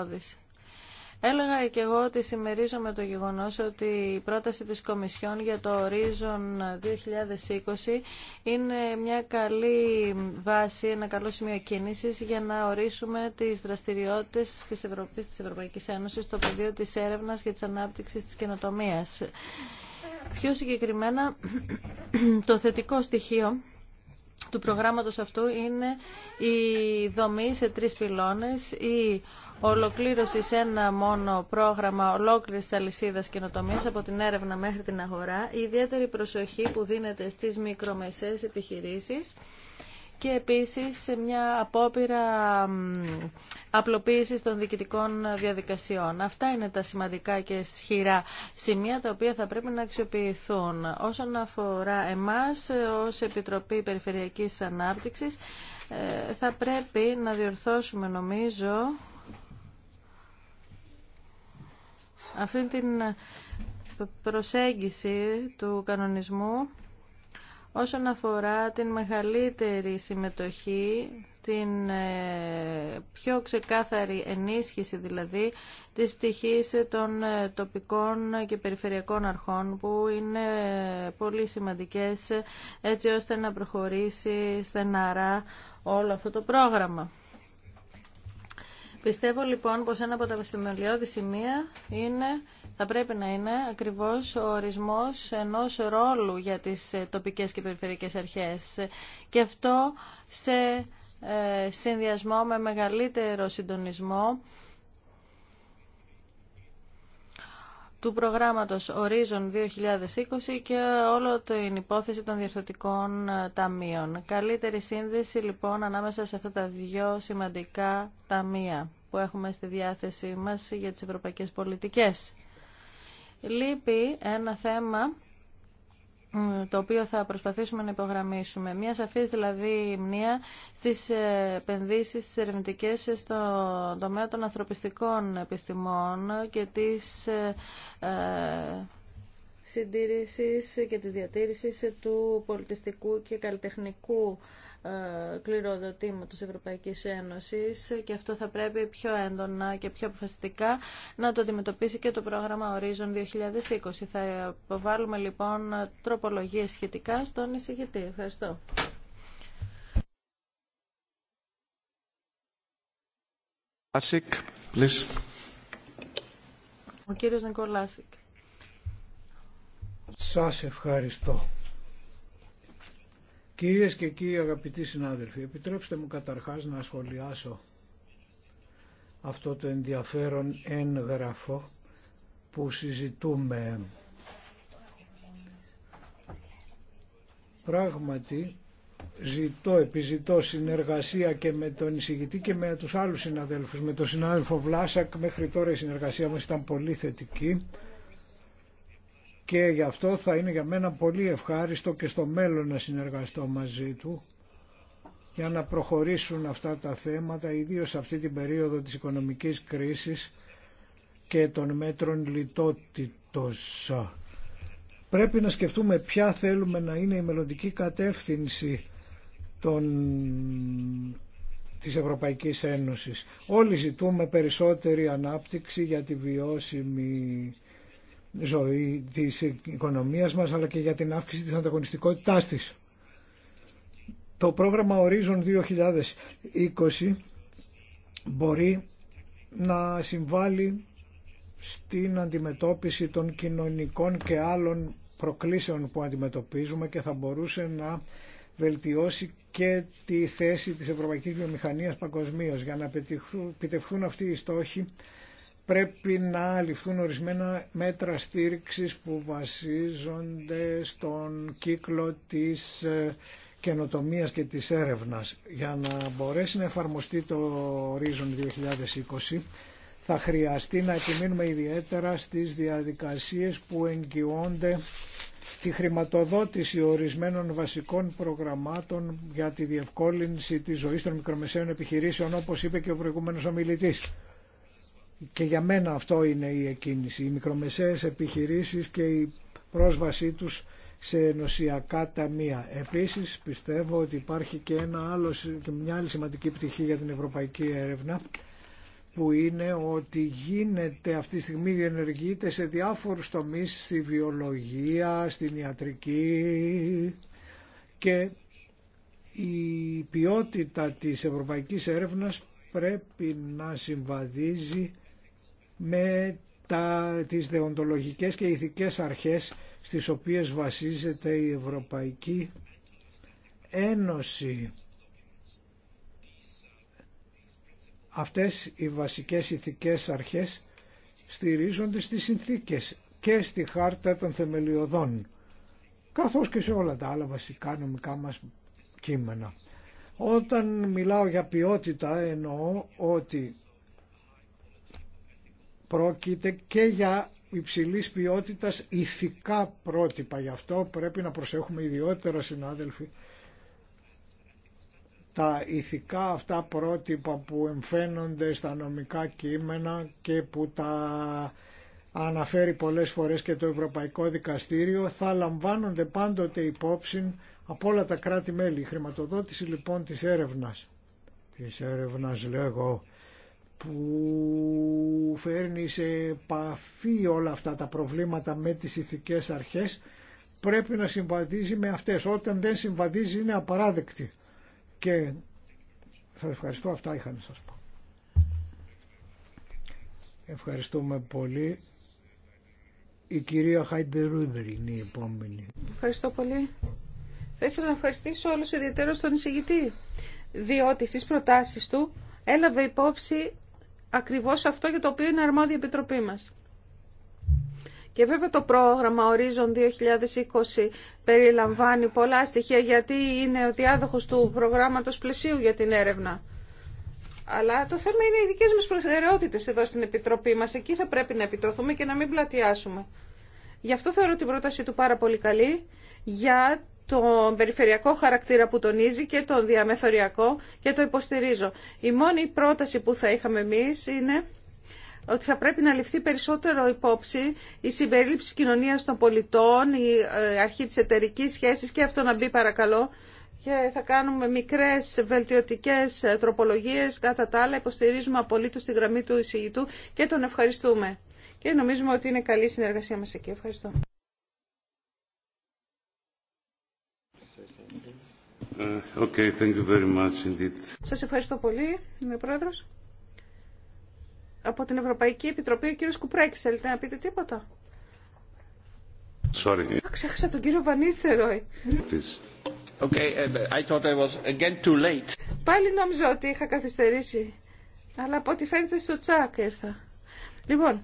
S5: Έλεγα και εγώ ότι συμμερίζομαι το γεγονός ότι η πρόταση της Κομισιόν για το ορίζον 2020 είναι μια καλή βάση, ένα καλό σημείο κίνηση για να ορίσουμε τις δραστηριότητες της, Ευρωπαϊκή της Ευρωπαϊκής Ένωσης στο πεδίο της έρευνας και της ανάπτυξης της καινοτομίας. Πιο συγκεκριμένα, το θετικό στοιχείο του προγράμματος αυτού είναι η δομή σε τρεις πυλώνες, η ολοκλήρωση σε ένα μόνο πρόγραμμα ολόκληρη αλυσίδας καινοτομίας από την έρευνα μέχρι την αγορά, η ιδιαίτερη προσοχή που δίνεται στις μικρομεσαίες επιχειρήσεις και επίσης σε μια απόπειρα απλοποίηση των διοικητικών διαδικασιών. Αυτά είναι τα σημαντικά και ισχυρά σημεία τα οποία θα πρέπει να αξιοποιηθούν. Όσον αφορά εμάς ως Επιτροπή Περιφερειακής Ανάπτυξης ε, θα πρέπει να διορθώσουμε νομίζω Αυτή την ε, προσέγγιση του κανονισμού όσον αφορά την μεγαλύτερη συμμετοχή, την ε, πιο ξεκάθαρη ενίσχυση δηλαδή της πτυχής των ε, τοπικών και περιφερειακών αρχών που είναι πολύ σημαντικές έτσι ώστε να προχωρήσει στεναρά όλο αυτό το πρόγραμμα. Πιστεύω λοιπόν πως ένα από τα βασιμελιώδη σημεία είναι, θα πρέπει να είναι ακριβώς ο ορισμός ενός ρόλου για τις ε, τοπικές και περιφερειακές αρχές και αυτό σε ε, συνδυασμό με μεγαλύτερο συντονισμό του προγράμματος Horizon 2020 και όλο την υπόθεση των διορθωτικών ε, ταμείων. Καλύτερη σύνδεση λοιπόν ανάμεσα σε αυτά τα δύο σημαντικά ταμεία που έχουμε στη διάθεσή μας για τις ευρωπαϊκές πολιτικές. Λείπει ένα θέμα το οποίο θα προσπαθήσουμε να υπογραμμίσουμε. Μια σαφής δηλαδή μνήμα στις ε, επενδύσεις στις ερευνητικές ε, στον τομέα των ανθρωπιστικών επιστημών και της ε, συντήρησης και της διατήρησης του πολιτιστικού και καλλιτεχνικού ε, κληροδοτήματος Ευρωπαϊκής Ένωσης και αυτό θα πρέπει πιο έντονα και πιο αποφασιστικά να το αντιμετωπίσει και το πρόγραμμα Horizon 2020. Θα υποβάλουμε λοιπόν τροπολογίες σχετικά στον εισηγητή. Ευχαριστώ. Ο κύριος Νικολάσικ.
S1: Σας ευχαριστώ. Κυρίες και κύριοι αγαπητοί συνάδελφοι, επιτρέψτε μου καταρχάς να σχολιάσω αυτό το ενδιαφέρον έγγραφο που συζητούμε. Πράγματι, ζητώ, επιζητώ συνεργασία και με τον εισηγητή και με τους άλλους συναδέλφους. Με τον συνάδελφο Βλάσακ μέχρι τώρα η συνεργασία μας ήταν πολύ θετική και γι' αυτό θα είναι για μένα πολύ ευχάριστο και στο μέλλον να συνεργαστώ μαζί του για να προχωρήσουν αυτά τα θέματα, ιδίως αυτή την περίοδο της οικονομικής κρίσης και των μέτρων λιτότητος. Πρέπει να σκεφτούμε ποια θέλουμε να είναι η μελλοντική κατεύθυνση των... της Ευρωπαϊκής Ένωσης. Όλοι ζητούμε περισσότερη ανάπτυξη για τη βιώσιμη ζωή της οικονομίας μας αλλά και για την αύξηση της ανταγωνιστικότητάς της. Το πρόγραμμα Horizon 2020 μπορεί να συμβάλλει στην αντιμετώπιση των κοινωνικών και άλλων προκλήσεων που αντιμετωπίζουμε και θα μπορούσε να βελτιώσει και τη θέση της ευρωπαϊκής βιομηχανίας παγκοσμίω. Για να επιτευχθούν αυτοί οι στόχοι πρέπει να ληφθούν ορισμένα μέτρα στήριξης που βασίζονται στον κύκλο της ε, καινοτομίας και της έρευνας. Για να μπορέσει να εφαρμοστεί το Horizon 2020 θα χρειαστεί να επιμείνουμε ιδιαίτερα στις διαδικασίες που εγκυώνται τη χρηματοδότηση ορισμένων βασικών προγραμμάτων για τη διευκόλυνση της ζωής των μικρομεσαίων επιχειρήσεων όπως είπε και ο προηγούμενος ομιλητής και για μένα αυτό είναι η εκκίνηση. Οι μικρομεσαίες επιχειρήσεις και η πρόσβασή τους σε ενωσιακά ταμεία. Επίσης πιστεύω ότι υπάρχει και, ένα άλλο, και μια άλλη σημαντική πτυχή για την ευρωπαϊκή έρευνα που είναι ότι γίνεται αυτή τη στιγμή διενεργείται σε διάφορους τομείς στη βιολογία, στην ιατρική και η ποιότητα της ευρωπαϊκής έρευνας πρέπει να συμβαδίζει με τα, τις δεοντολογικές και ηθικές αρχές στις οποίες βασίζεται η Ευρωπαϊκή Ένωση. Αυτές οι βασικές ηθικές αρχές στηρίζονται στις συνθήκες και στη χάρτα των θεμελιωδών καθώς και σε όλα τα άλλα βασικά νομικά μας κείμενα. Όταν μιλάω για ποιότητα εννοώ ότι Πρόκειται και για υψηλή ποιότητα ηθικά πρότυπα. Γι' αυτό πρέπει να προσέχουμε ιδιότερα συνάδελφοι τα ηθικά αυτά πρότυπα που εμφαίνονται στα νομικά κείμενα και που τα αναφέρει πολλές φορές και το Ευρωπαϊκό Δικαστήριο θα λαμβάνονται πάντοτε υπόψη από όλα τα κράτη-μέλη. Η χρηματοδότηση λοιπόν της έρευνας, της έρευνας λέω που φέρνει σε επαφή όλα αυτά τα προβλήματα με τις ηθικές αρχές πρέπει να συμβαδίζει με αυτές. Όταν δεν συμβαδίζει είναι απαράδεκτη. Και θα ευχαριστώ. Αυτά είχα να σας πω. Ευχαριστούμε πολύ. Η κυρία Χάιντερούδερ είναι η επόμενη. Ευχαριστώ πολύ. Θα ήθελα
S3: να ευχαριστήσω όλους ιδιαίτερα τον εισηγητή, διότι στις προτάσεις του έλαβε υπόψη ακριβώς αυτό για το οποίο είναι αρμόδια η Επιτροπή μας. Και βέβαια το πρόγραμμα Horizon 2020 περιλαμβάνει πολλά στοιχεία γιατί είναι ο διάδοχος του προγράμματος πλαισίου για την έρευνα. Αλλά το θέμα είναι οι δικέ μας προτεραιότητες εδώ στην Επιτροπή μας. Εκεί θα πρέπει να επιτροθούμε και να μην πλατιάσουμε. Γι' αυτό θεωρώ την πρότασή του πάρα πολύ καλή για τον περιφερειακό χαρακτήρα που τονίζει και τον διαμεθοριακό και το υποστηρίζω. Η μόνη πρόταση που θα είχαμε εμείς είναι ότι θα πρέπει να ληφθεί περισσότερο υπόψη η συμπερίληψη κοινωνίας των πολιτών, η ε, αρχή της εταιρική σχέσης και αυτό να μπει παρακαλώ και θα κάνουμε μικρές βελτιωτικές ε, τροπολογίες. Κατά τα άλλα υποστηρίζουμε απολύτως τη γραμμή του εισηγητού και τον ευχαριστούμε. Και νομίζουμε ότι είναι καλή συνεργασία μας εκεί. Ευχαριστώ.
S7: Uh,
S3: Σας ευχαριστώ πολύ, είμαι πρόεδρος. Από την Ευρωπαϊκή Επιτροπή, ο κύριος Κουπρέκης, θέλετε να πείτε τίποτα. Sorry. Ξέχασα τον κύριο Βανίστεροι.
S2: Okay, uh, I
S3: Πάλι νόμιζα ότι είχα καθυστερήσει. Αλλά από ό,τι φαίνεται στο τσάκ ήρθα. Λοιπόν,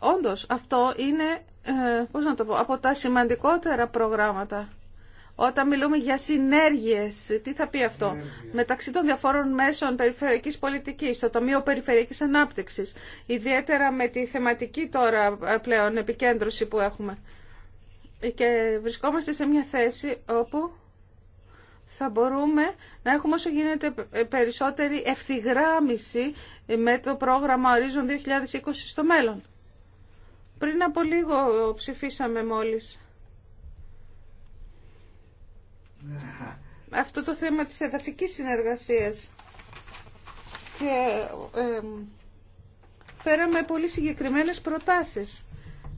S3: όντως αυτό είναι ε, πώς να το πω, από τα σημαντικότερα προγράμματα. Όταν μιλούμε για συνέργειες, τι θα πει αυτό, μεταξύ των διαφόρων μέσων περιφερειακής πολιτικής, το Ταμείο Περιφερειακής Ανάπτυξης, ιδιαίτερα με τη θεματική τώρα ε, πλέον επικέντρωση που έχουμε. Και βρισκόμαστε σε μια θέση όπου θα μπορούμε να έχουμε όσο γίνεται περισσότερη ευθυγράμμιση με το πρόγραμμα Horizon 2020 στο μέλλον. Πριν από λίγο ψηφίσαμε μόλις. Αυτό το θέμα της εδαφικής συνεργασίας. Και φέραμε πολύ συγκεκριμένες προτάσεις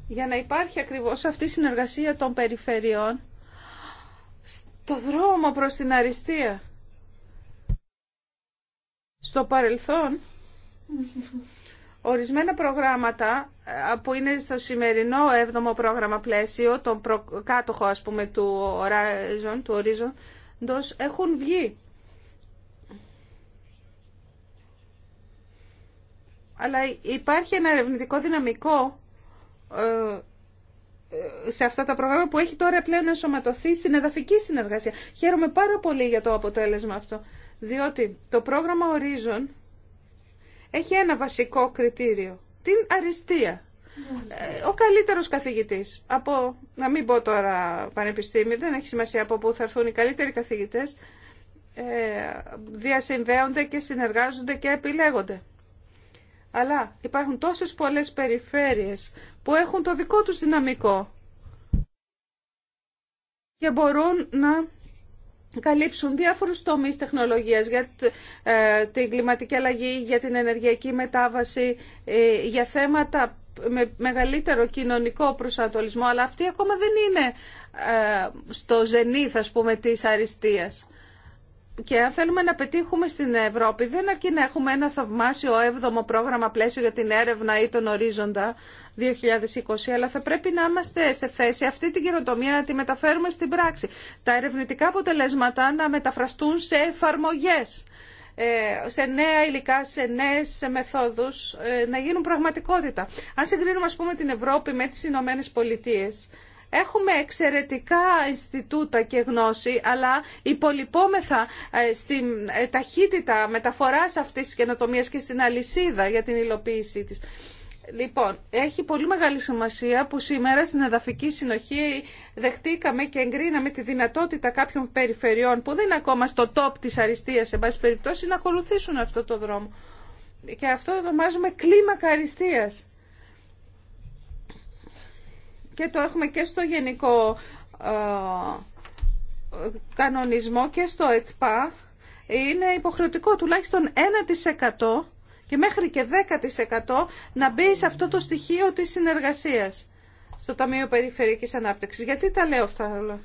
S3: για να υπάρχει ακριβώς αυτή η συνεργασία των περιφερειών στο δρόμο προς την αριστεία. Στο παρελθόν Ορισμένα προγράμματα ε, που είναι στο σημερινό 7ο πρόγραμμα πλαίσιο, τον κάτοχο ας πούμε του Horizon, του Horizon έχουν βγει. Αλλά υπάρχει ένα ερευνητικό δυναμικό ε, ε, σε αυτά τα προγράμματα που έχει τώρα πλέον ενσωματωθεί στην εδαφική συνεργασία. Χαίρομαι πάρα πολύ για το αποτέλεσμα αυτό, διότι το πρόγραμμα Horizon έχει ένα βασικό κριτήριο. Την αριστεία. Ε, ο καλύτερος καθηγητής. Από, να μην πω τώρα πανεπιστήμιο, δεν έχει σημασία από πού θα έρθουν οι καλύτεροι καθηγητές. Ε, διασυνδέονται και συνεργάζονται και επιλέγονται. Αλλά υπάρχουν τόσες πολλές περιφέρειες που έχουν το δικό τους δυναμικό και μπορούν να καλύψουν διάφορους τομείς τεχνολογίας για ε, την κλιματική αλλαγή, για την ενεργειακή μετάβαση, ε, για θέματα με μεγαλύτερο κοινωνικό προσανατολισμό, αλλά αυτή ακόμα δεν είναι ε, στο ζενή, θα πούμε, της αριστείας. Και αν θέλουμε να πετύχουμε στην Ευρώπη, δεν αρκεί να έχουμε ένα θαυμάσιο έβδομο πρόγραμμα πλαίσιο για την έρευνα ή τον ορίζοντα, 2020, αλλά θα πρέπει να είμαστε σε θέση αυτή την καινοτομία να τη μεταφέρουμε στην πράξη. Τα ερευνητικά αποτελέσματα να μεταφραστούν σε εφαρμογές, ε, σε νέα υλικά, σε νέες μεθόδους, ε, να γίνουν πραγματικότητα. Αν συγκρίνουμε, ας πούμε, την Ευρώπη με τις Ηνωμένε Πολιτείε, Έχουμε εξαιρετικά Ινστιτούτα και γνώση, αλλά υπολοιπόμεθα ε, στην ταχύτητα μεταφοράς αυτής της καινοτομίας και στην αλυσίδα για την υλοποίησή της. Λοιπόν, έχει πολύ μεγάλη σημασία που σήμερα στην εδαφική συνοχή δεχτήκαμε και εγκρίναμε τη δυνατότητα κάποιων περιφερειών που δεν είναι ακόμα στο top της αριστείας, σε πάση περιπτώσει, να ακολουθήσουν αυτό το δρόμο. Και αυτό ονομάζουμε κλίμακα αριστείας. Και το έχουμε και στο γενικό ε, κανονισμό και στο ΕΤΠΑ. Είναι υποχρεωτικό τουλάχιστον 1% και μέχρι και 10% να μπει σε αυτό το στοιχείο της συνεργασίας στο Ταμείο Περιφερειακής Ανάπτυξης. Γιατί τα λέω αυτά όλα.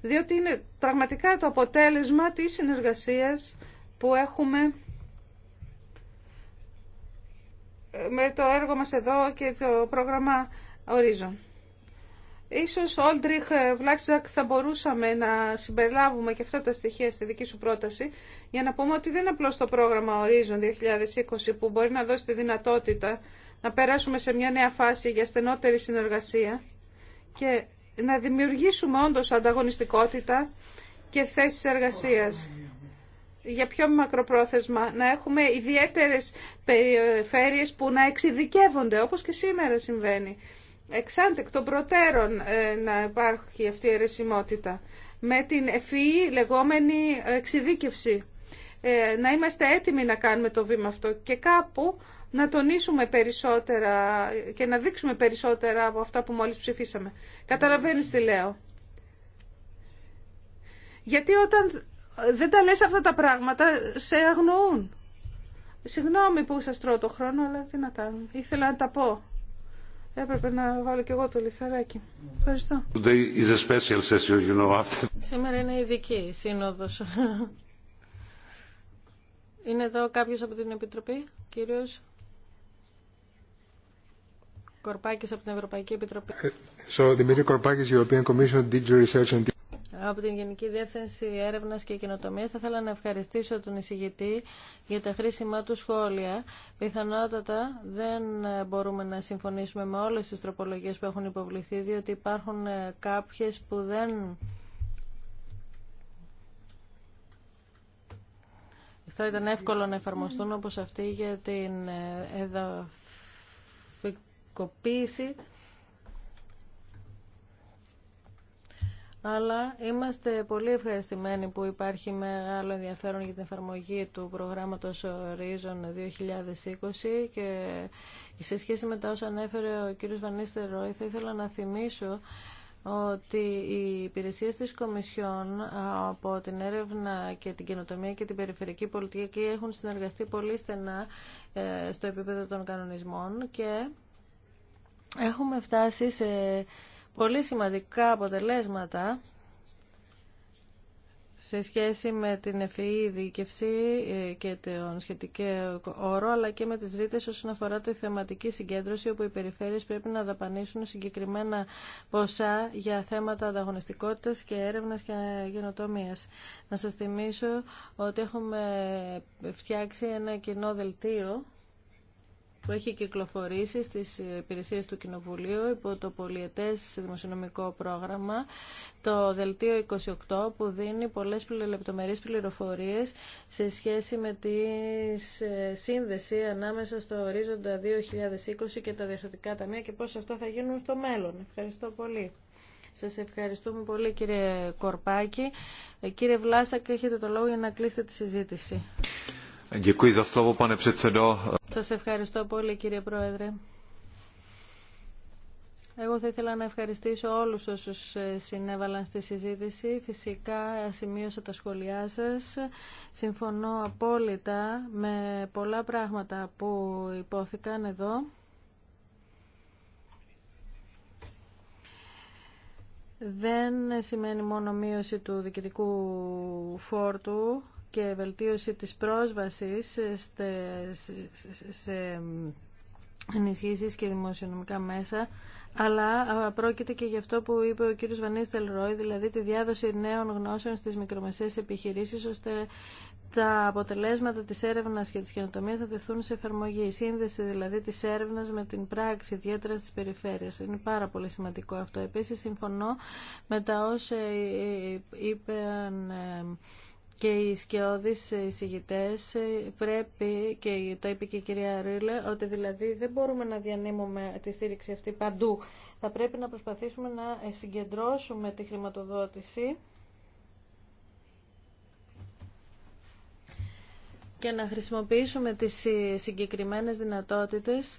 S3: Διότι είναι πραγματικά το αποτέλεσμα της συνεργασίας που έχουμε ε, με το έργο μας εδώ και το πρόγραμμα ορίζον. Ίσως, Όλτριχ ε, Βλάξακ, θα μπορούσαμε να συμπεριλάβουμε και αυτά τα στοιχεία στη δική σου πρόταση για να πούμε ότι δεν είναι απλώς το πρόγραμμα Horizon 2020 που μπορεί να δώσει τη δυνατότητα να περάσουμε σε μια νέα φάση για στενότερη συνεργασία και να δημιουργήσουμε όντως ανταγωνιστικότητα και θέσεις εργασίας για πιο μακροπρόθεσμα, να έχουμε ιδιαίτερες περιφέρειες που να εξειδικεύονται, όπως και σήμερα συμβαίνει εξάντεκ των προτέρων ε, να υπάρχει αυτή η αιρεσιμότητα με την ευφυή e e λεγόμενη εξειδίκευση. Ε, να είμαστε έτοιμοι να κάνουμε το βήμα αυτό και κάπου να τονίσουμε περισσότερα και να δείξουμε περισσότερα από αυτά που μόλις ψηφίσαμε. Καταλαβαίνεις τι λέω. Γιατί όταν δεν τα λες αυτά τα πράγματα, σε αγνοούν. Συγγνώμη που σας τρώω το χρόνο, αλλά τι να κάνω.
S5: Ήθελα να τα πω. Έπρεπε να βάλω και εγώ το λιθαράκι. Ευχαριστώ.
S7: Is a special session, you know, after.
S5: Σήμερα είναι ειδική σύνοδος. Είναι εδώ κάποιος από την Επιτροπή, κύριος Κορπάκης από την Ευρωπαϊκή Επιτροπή. Ε,
S1: so, Δημήτρη Κορπάκης, European Commission, Digital Research and
S5: από την Γενική Διεύθυνση Έρευνα και Κοινοτομία. Θα ήθελα να ευχαριστήσω τον εισηγητή για τα χρήσιμά του σχόλια. Πιθανότατα δεν μπορούμε να συμφωνήσουμε με όλε τι τροπολογίε που έχουν υποβληθεί, διότι υπάρχουν ε, κάποιε που δεν. Θα ήταν εύκολο να εφαρμοστούν όπως αυτή για την ε, εδαφικοποίηση αλλά είμαστε πολύ ευχαριστημένοι που υπάρχει μεγάλο ενδιαφέρον για την εφαρμογή του προγράμματος Horizon 2020 και σε σχέση με τα όσα ανέφερε ο κ. Βανίστερ Ρόι θα ήθελα να θυμίσω ότι οι υπηρεσίε της Κομισιόν από την έρευνα και την καινοτομία και την περιφερική πολιτική έχουν συνεργαστεί πολύ στενά ε, στο επίπεδο των κανονισμών και έχουμε φτάσει πολύ σημαντικά αποτελέσματα σε σχέση με την ευφυή e διοικευσή ε, και τον σχετικό όρο, αλλά και με τις ρήτες όσον αφορά τη θεματική συγκέντρωση, όπου οι περιφέρειες πρέπει να δαπανίσουν συγκεκριμένα ποσά για θέματα ανταγωνιστικότητας και έρευνας και γενοτομίας. Να σας θυμίσω ότι έχουμε φτιάξει ένα κοινό δελτίο που έχει κυκλοφορήσει στις υπηρεσίες του Κοινοβουλίου υπό το πολιετές δημοσιονομικό πρόγραμμα, το Δελτίο 28 που δίνει πολλές λεπτομερείς πληροφορίες σε σχέση με τη ε, σύνδεση ανάμεσα στο ορίζοντα 2020 και τα διευθυντικά ταμεία και πώς αυτά θα γίνουν στο μέλλον. Ευχαριστώ πολύ. Σας ευχαριστούμε πολύ κύριε Κορπάκη. Ε, κύριε Βλάσακ, έχετε το λόγο για να κλείσετε τη συζήτηση. Σας ευχαριστώ πολύ κύριε Πρόεδρε. Εγώ θα ήθελα να ευχαριστήσω όλους όσους ε, συνέβαλαν στη συζήτηση. Φυσικά σημείωσα τα σχόλιά σας. Συμφωνώ απόλυτα με πολλά πράγματα που υπόθηκαν εδώ. Δεν σημαίνει μόνο μείωση του διοικητικού φόρτου, και βελτίωση της πρόσβασης σε ενισχύσεις και δημοσιονομικά μέσα, αλλά πρόκειται και γι' αυτό που είπε ο κύριος Βανίστελ Ρόι, δηλαδή τη διάδοση νέων γνώσεων στις μικρομεσαίες επιχειρήσεις, ώστε τα αποτελέσματα της έρευνας και της καινοτομίας να τεθούν σε εφαρμογή. Η σύνδεση δηλαδή της έρευνας με την πράξη, ιδιαίτερα στις περιφέρειες. Είναι πάρα πολύ σημαντικό αυτό. Επίσης, συμφωνώ με τα όσα ε, ε, ε, είπαν και οι σκιώδεις εισηγητέ ε, πρέπει, και το είπε και η κυρία Ρίλε, ότι δηλαδή δεν μπορούμε να διανύμουμε τη στήριξη αυτή παντού. Θα πρέπει να προσπαθήσουμε να ε, συγκεντρώσουμε τη χρηματοδότηση και να χρησιμοποιήσουμε τις ε, συγκεκριμένες δυνατότητες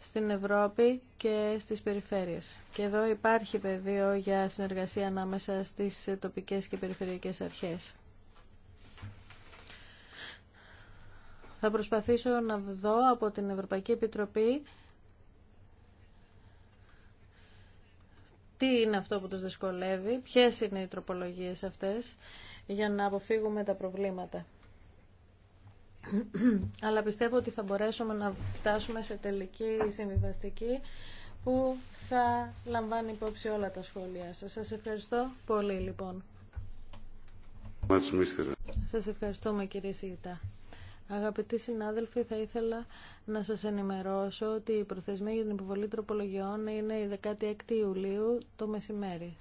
S5: στην Ευρώπη και στις περιφέρειες. Και εδώ υπάρχει πεδίο για συνεργασία ανάμεσα στις τοπικές και περιφερειακές αρχές. Θα προσπαθήσω να δω από την Ευρωπαϊκή Επιτροπή τι είναι αυτό που τους δυσκολεύει, ποιες είναι οι τροπολογίες αυτές για να αποφύγουμε τα προβλήματα. Αλλά πιστεύω ότι θα μπορέσουμε να φτάσουμε σε τελική συμβιβαστική που θα λαμβάνει υπόψη όλα τα σχόλια σας. Σας ευχαριστώ πολύ λοιπόν. Σας ευχαριστούμε κύριε Σιγητά. Αγαπητοί συνάδελφοι, θα ήθελα να σας ενημερώσω ότι η προθεσμία για την υποβολή τροπολογιών είναι η 16 Ιουλίου το μεσημέρι.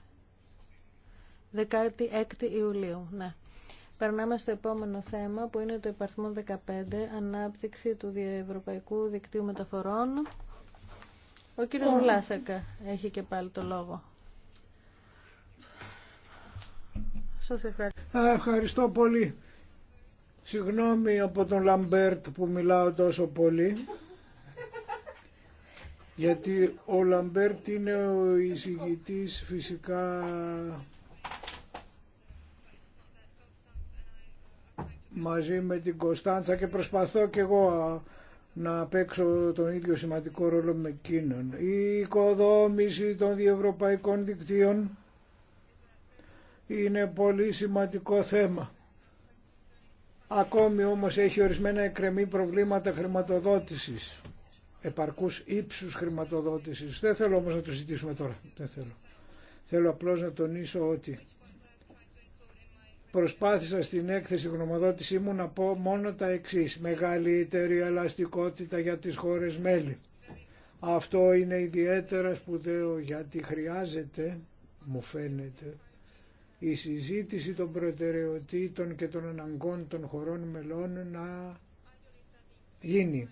S5: 16η Ιουλίου, ναι. Περνάμε στο επόμενο θέμα που είναι το υπαρθμό 15, ανάπτυξη του Διευρωπαϊκού Δικτύου Μεταφορών. Ο κύριος Βλάσακα έχει και πάλι το λόγο. Σας ευχαριστώ.
S1: Ευχαριστώ πολύ. Συγγνώμη από τον Λαμπέρτ που μιλάω τόσο πολύ. Γιατί ο Λαμπέρτ είναι ο εισηγητής φυσικά μαζί με την Κωνσταντσα και προσπαθώ και εγώ να παίξω τον ίδιο σημαντικό ρόλο με εκείνον. Η οικοδόμηση των διευρωπαϊκών δικτύων είναι πολύ σημαντικό θέμα. Ακόμη όμως έχει ορισμένα εκκρεμή προβλήματα χρηματοδότησης, επαρκούς ύψους χρηματοδότησης. Δεν θέλω όμως να το ζητήσουμε τώρα, δεν θέλω. Θέλω απλώς να τονίσω ότι προσπάθησα στην έκθεση γνωμοδότησή μου να πω μόνο τα εξής. Μεγαλύτερη ελαστικότητα για τις χώρες μέλη. Αυτό είναι ιδιαίτερα σπουδαίο γιατί χρειάζεται, μου φαίνεται, η συζήτηση των προτεραιοτήτων και των αναγκών των χωρών μελών να γίνει.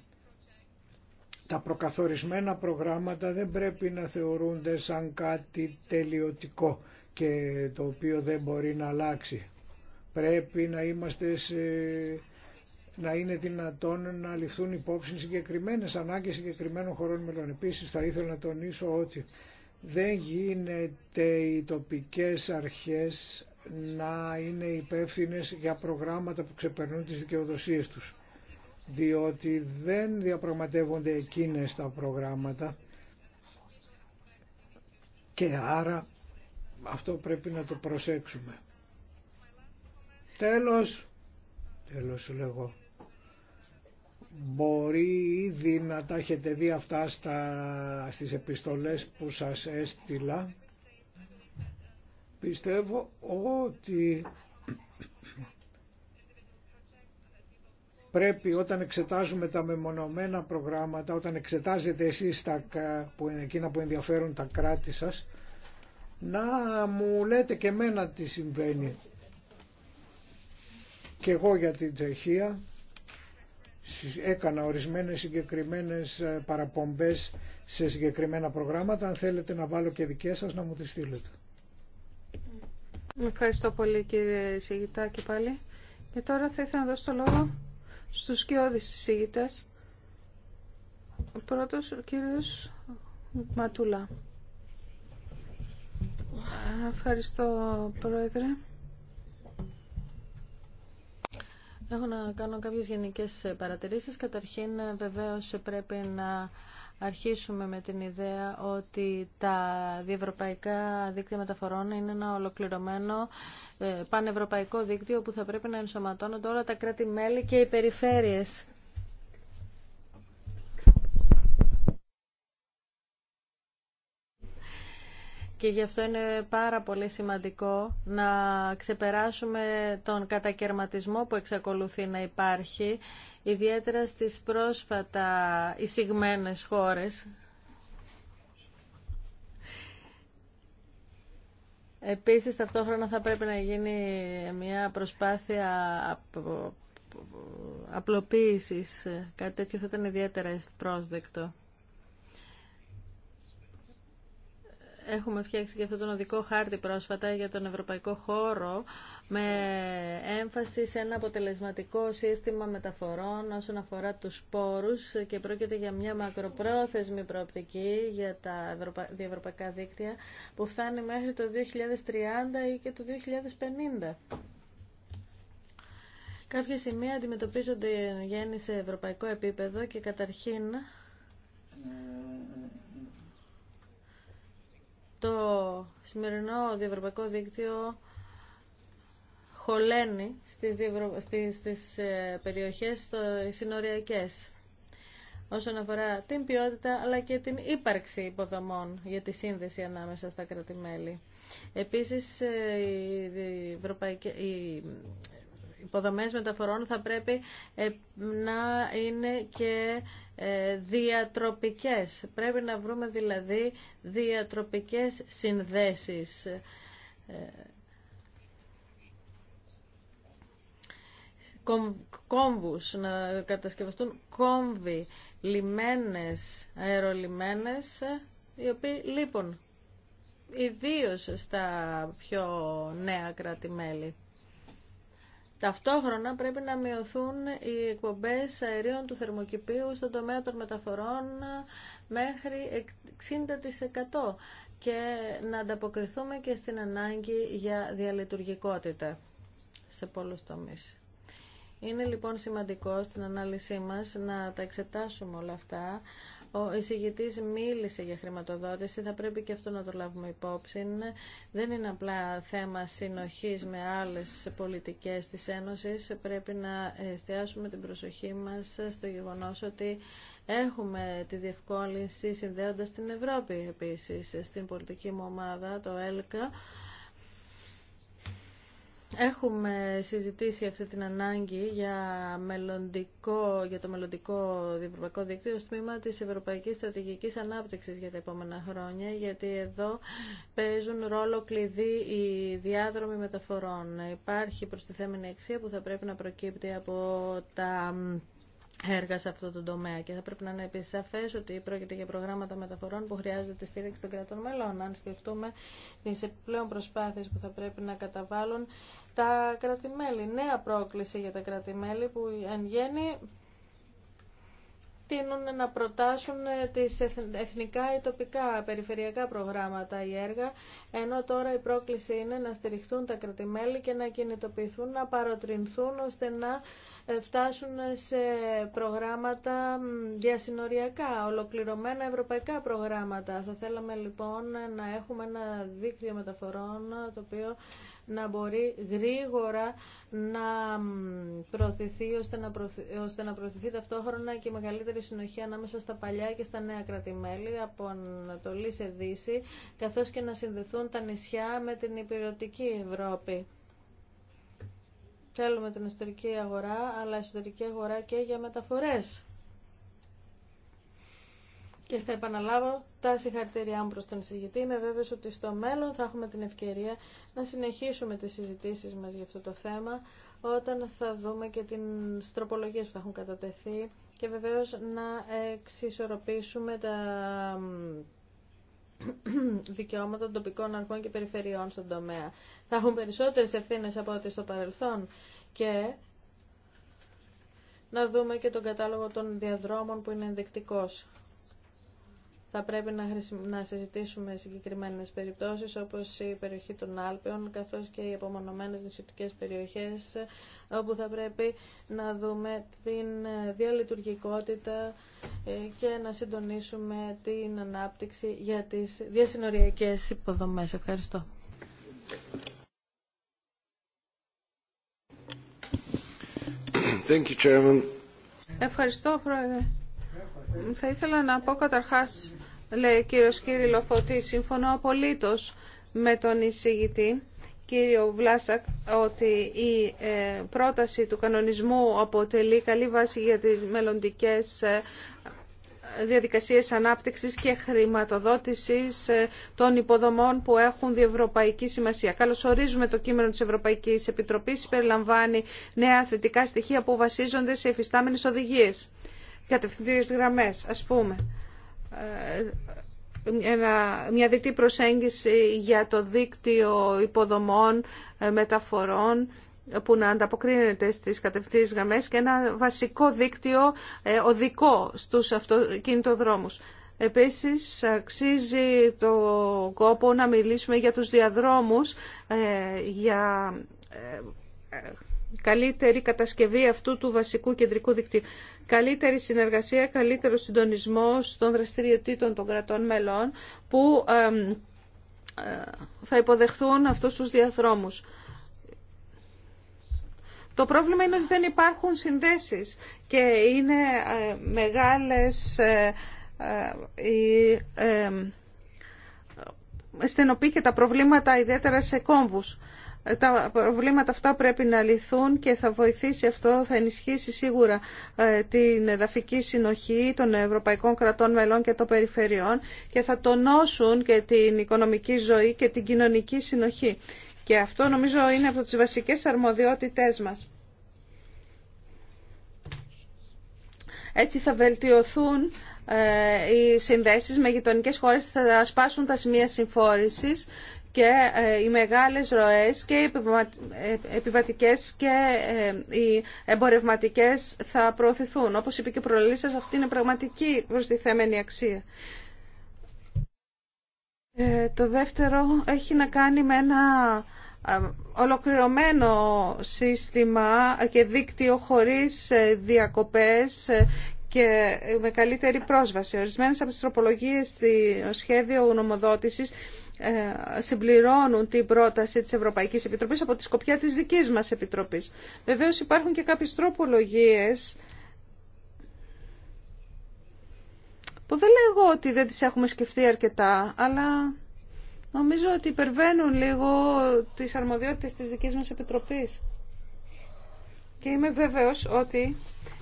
S1: Τα προκαθορισμένα προγράμματα δεν πρέπει να θεωρούνται σαν κάτι τελειωτικό και το οποίο δεν μπορεί να αλλάξει. Πρέπει να είμαστε να είναι δυνατόν να ληφθούν υπόψη συγκεκριμένες ανάγκες συγκεκριμένων χωρών μελών. Επίσης θα ήθελα να τονίσω ότι δεν γίνεται οι τοπικές αρχές να είναι υπεύθυνε για προγράμματα που ξεπερνούν τις δικαιοδοσίες τους διότι δεν διαπραγματεύονται εκείνες τα προγράμματα και άρα αυτό πρέπει να το προσέξουμε. Τέλος, τέλος λέγω, μπορεί ήδη να τα έχετε δει αυτά στα, στις επιστολές που σας έστειλα. Πιστεύω ότι πρέπει όταν εξετάζουμε τα μεμονωμένα προγράμματα, όταν εξετάζετε εσείς τα, που εκείνα που ενδιαφέρουν τα κράτη σας, να μου λέτε και μένα τι συμβαίνει. Και εγώ για την Τσεχία έκανα ορισμένες συγκεκριμένες ε, παραπομπές σε συγκεκριμένα προγράμματα. Αν θέλετε να βάλω και δικές σας να μου τις στείλετε.
S3: Ευχαριστώ πολύ κύριε και πάλι. Και τώρα θα ήθελα να δώσω το λόγο στους σκιώδεις συζήτητες. Ο πρώτος, ο κύριος Ματούλα. Ευχαριστώ, Πρόεδρε.
S5: Έχω να κάνω κάποιες γενικές παρατηρήσεις. Καταρχήν, βεβαίως, πρέπει να αρχίσουμε με την ιδέα ότι τα διευρωπαϊκά δίκτυα μεταφορών είναι ένα ολοκληρωμένο ε, πανευρωπαϊκό δίκτυο που θα πρέπει να ενσωματώνονται όλα τα κράτη-μέλη και οι περιφέρειες. και γι' αυτό είναι πάρα πολύ σημαντικό να ξεπεράσουμε τον κατακαιρματισμό που εξακολουθεί να υπάρχει, ιδιαίτερα στις πρόσφατα εισηγμένες χώρες. Επίσης, ταυτόχρονα θα πρέπει να γίνει μια προσπάθεια απλοποίησης. Κάτι τέτοιο θα ήταν ιδιαίτερα πρόσδεκτο. έχουμε φτιάξει και αυτόν τον οδικό χάρτη πρόσφατα για τον ευρωπαϊκό χώρο με έμφαση σε ένα αποτελεσματικό σύστημα μεταφορών όσον αφορά τους πόρους και πρόκειται για μια μακροπρόθεσμη προοπτική για τα διευρωπαϊκά δίκτυα που φτάνει μέχρι το 2030 ή και το 2050. Κάποια σημεία αντιμετωπίζονται γέννη σε ευρωπαϊκό επίπεδο και καταρχήν το σημερινό διευρωπαϊκό δίκτυο χωλαίνει στις, διευρω... στις, στις ε, περιοχές συνοριακές όσον αφορά την ποιότητα αλλά και την ύπαρξη υποδομών για τη σύνδεση ανάμεσα στα κρατημέλη. Επίσης, ε, η, υποδομές μεταφορών θα πρέπει ε, να είναι και ε, διατροπικές. Πρέπει να βρούμε δηλαδή διατροπικές συνδέσεις. Ε, κόμβους, να κατασκευαστούν κόμβοι, λιμένες, αερολιμένες, οι οποίοι λείπουν, ιδίως στα πιο νέα κράτη-μέλη. Ταυτόχρονα πρέπει να μειωθούν οι εκπομπές αερίων του θερμοκηπίου στον τομέα των μεταφορών μέχρι 60% και να ανταποκριθούμε και στην ανάγκη για διαλειτουργικότητα σε πολλούς τομείς. Είναι λοιπόν σημαντικό στην ανάλυση μας να τα εξετάσουμε όλα αυτά ο εισηγητής μίλησε για χρηματοδότηση, θα πρέπει και αυτό να το λάβουμε υπόψη. Δεν είναι απλά θέμα συνοχής με άλλες πολιτικές της Ένωσης. Πρέπει να εστιάσουμε την προσοχή μας στο γεγονός ότι Έχουμε τη διευκόλυνση συνδέοντας την Ευρώπη επίσης στην πολιτική μου ομάδα, το ΕΛΚΑ, Έχουμε συζητήσει αυτή την ανάγκη για, μελλοντικό, για το μελλοντικό διευρωπαϊκό δίκτυο στο τμήμα της Ευρωπαϊκής Στρατηγικής Ανάπτυξης για τα επόμενα χρόνια, γιατί εδώ παίζουν ρόλο κλειδί οι διάδρομοι μεταφορών. Υπάρχει προστιθέμενη αξία που θα πρέπει να προκύπτει από τα έργα σε αυτό το τομέα. Και θα πρέπει να είναι επίση σαφέ ότι πρόκειται για προγράμματα μεταφορών που χρειάζεται τη στήριξη των κρατών μελών. Αν σκεφτούμε τι επιπλέον προσπάθειε που θα πρέπει να καταβάλουν τα κρατημέλη. Νέα πρόκληση για τα κρατημέλη που εν γέννη τείνουν να προτάσουν ε, τις εθνικά ή τοπικά περιφερειακά προγράμματα ή έργα, ενώ τώρα η πρόκληση είναι να στηριχθούν τα κρατημέλη και να κινητοποιηθούν, να παροτρινθούν ώστε να φτάσουν σε προγράμματα διασυνοριακά, ολοκληρωμένα ευρωπαϊκά προγράμματα. Θα θέλαμε λοιπόν να έχουμε ένα δίκτυο μεταφορών το οποίο να μπορεί γρήγορα να προωθηθεί ώστε να, προωθηθεί, ώστε να προωθηθεί ταυτόχρονα και μεγαλύτερη συνοχή ανάμεσα στα παλιά και στα νέα κρατημέλη από Ανατολή σε Δύση καθώς και να συνδεθούν τα νησιά με την υπηρετική Ευρώπη. Θέλουμε την εσωτερική αγορά, αλλά εσωτερική αγορά και για μεταφορές. Και θα επαναλάβω τα συγχαρητήριά μου προς τον εισηγητή. Είμαι βέβαιος ότι στο μέλλον θα έχουμε την ευκαιρία να συνεχίσουμε τις συζητήσεις μας για αυτό το θέμα, όταν θα δούμε και την τροπολογίες που θα έχουν κατατεθεί και βεβαίως να εξισορροπήσουμε τα δικαιώματα των τοπικών αρχών και περιφερειών στον τομέα. Θα έχουν περισσότερες ευθύνε από ό,τι στο παρελθόν και να δούμε και τον κατάλογο των διαδρόμων που είναι ενδεικτικό θα πρέπει να, να συζητήσουμε συγκεκριμένες περιπτώσεις όπως η περιοχή των Άλπαιων καθώς και οι απομονωμένες νησιωτικές περιοχές όπου θα πρέπει να δούμε την ε, διαλειτουργικότητα ε, και να συντονίσουμε την ανάπτυξη για τις διασυνοριακές υποδομές. Ευχαριστώ.
S1: Thank you,
S3: Ευχαριστώ, Πρόεδρε. Θα ήθελα να πω καταρχάς, λέει κύριος Κύριλο Φωτή, συμφωνώ απολύτως με τον εισηγητή κύριο Βλάσακ ότι η ε, πρόταση του κανονισμού αποτελεί καλή βάση για τις μελλοντικές ε, διαδικασίες ανάπτυξης και χρηματοδότησης ε, των υποδομών που έχουν διευρωπαϊκή σημασία. ορίζουμε το κείμενο της Ευρωπαϊκής Επιτροπής, περιλαμβάνει νέα θετικά στοιχεία που βασίζονται σε εφιστάμενες οδηγίες κατευθυντήριες γραμμές, ας πούμε. Ε, μια δίκτυη προσέγγιση για το δίκτυο υποδομών, ε, μεταφορών που να ανταποκρίνεται στις κατευθύνσεις γραμμές και ένα βασικό δίκτυο ε, οδικό στους αυτοκινητοδρόμους. Επίσης, αξίζει το κόπο να μιλήσουμε για τους διαδρόμους, για καλύτερη κατασκευή αυτού του βασικού κεντρικού δικτύου καλύτερη συνεργασία, καλύτερο συντονισμό των δραστηριοτήτων των κρατών μελών που ε, θα υποδεχθούν αυτούς τους διαθρόμους. Το πρόβλημα είναι ότι δεν υπάρχουν συνδέσεις και είναι ε, μεγάλες ε, οι στενοποί και τα προβλήματα ιδιαίτερα σε κόμβους τα προβλήματα αυτά πρέπει να λυθούν και θα βοηθήσει αυτό, θα ενισχύσει σίγουρα ε, την εδαφική συνοχή των ευρωπαϊκών κρατών μελών και των περιφερειών και θα τονώσουν και την οικονομική ζωή και την κοινωνική συνοχή. Και αυτό νομίζω είναι από τις βασικές αρμοδιότητές μας. Έτσι θα βελτιωθούν ε, οι συνδέσεις με γειτονικέ χώρες, θα σπάσουν τα σημεία συμφόρησης και ε, οι μεγάλες ροές και οι ε, επιβατικές και ε, οι εμπορευματικές θα προωθηθούν. Όπως είπε και η σα, αυτή είναι πραγματική προστιθέμενη αξία. Το δεύτερο έχει να κάνει με ένα ολοκληρωμένο σύστημα και δίκτυο χωρίς διακοπές και με καλύτερη πρόσβαση. Ορισμένες από τις τροπολογίες στο σχέδιο νομοδότησης ε, συμπληρώνουν την πρόταση της Ευρωπαϊκής Επιτροπής από τη σκοπιά της δικής μας Επιτροπής. Βεβαίως υπάρχουν και κάποιες τροπολογίες που δεν λέγω ότι δεν τις έχουμε σκεφτεί αρκετά, αλλά νομίζω ότι υπερβαίνουν λίγο τις αρμοδιότητες της δικής μας Επιτροπής. Και είμαι βέβαιος ότι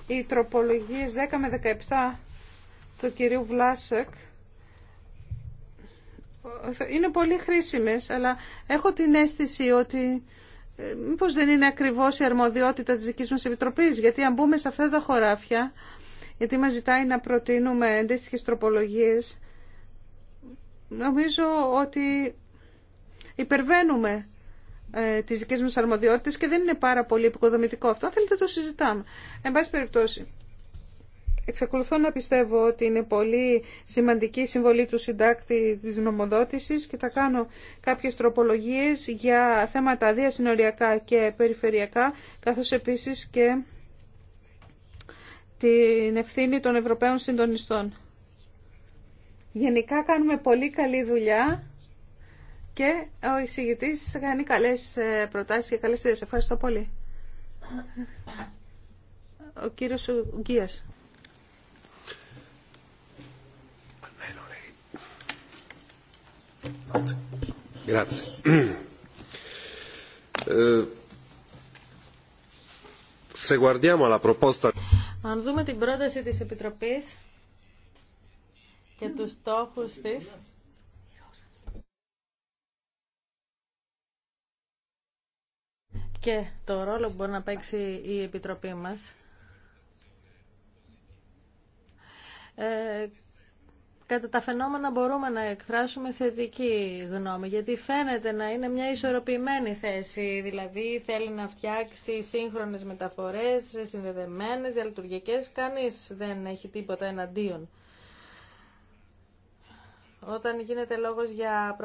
S3: οι τροπολογίες 10 με 17 του κυρίου Βλάσεκ είναι πολύ χρήσιμες, αλλά έχω την αίσθηση ότι ε, μήπως δεν είναι ακριβώς η αρμοδιότητα της δικής μας Επιτροπής, γιατί αν μπούμε σε αυτά τα χωράφια, γιατί μας ζητάει να προτείνουμε αντίστοιχε τροπολογίες, νομίζω ότι υπερβαίνουμε ε, τις δικές μας αρμοδιότητες και δεν είναι πάρα πολύ επικοδομητικό αυτό. Αν θέλετε το συζητάμε. Εν πάση περιπτώσει, εξακολουθώ να πιστεύω ότι είναι πολύ σημαντική η συμβολή του συντάκτη της νομοδότησης και θα κάνω κάποιες τροπολογίες για θέματα διασυνοριακά και περιφερειακά, καθώς επίσης και την ευθύνη των Ευρωπαίων Συντονιστών. Γενικά κάνουμε πολύ καλή δουλειά και ο εισηγητής κάνει καλές ε, προτάσεις και καλές ιδέες. Ευχαριστώ πολύ. Ο κύριος Γκίας.
S5: Ε, Αν δούμε την πρόταση της Επιτροπής και τους στόχους της, και το ρόλο που μπορεί να παίξει η Επιτροπή μας. Ε, κατά τα φαινόμενα μπορούμε να εκφράσουμε θετική γνώμη, γιατί φαίνεται να είναι μια ισορροπημένη θέση, δηλαδή θέλει να φτιάξει σύγχρονες μεταφορές, συνδεδεμένες, διαλειτουργικές, κανείς δεν έχει τίποτα εναντίον. Όταν γίνεται λόγος για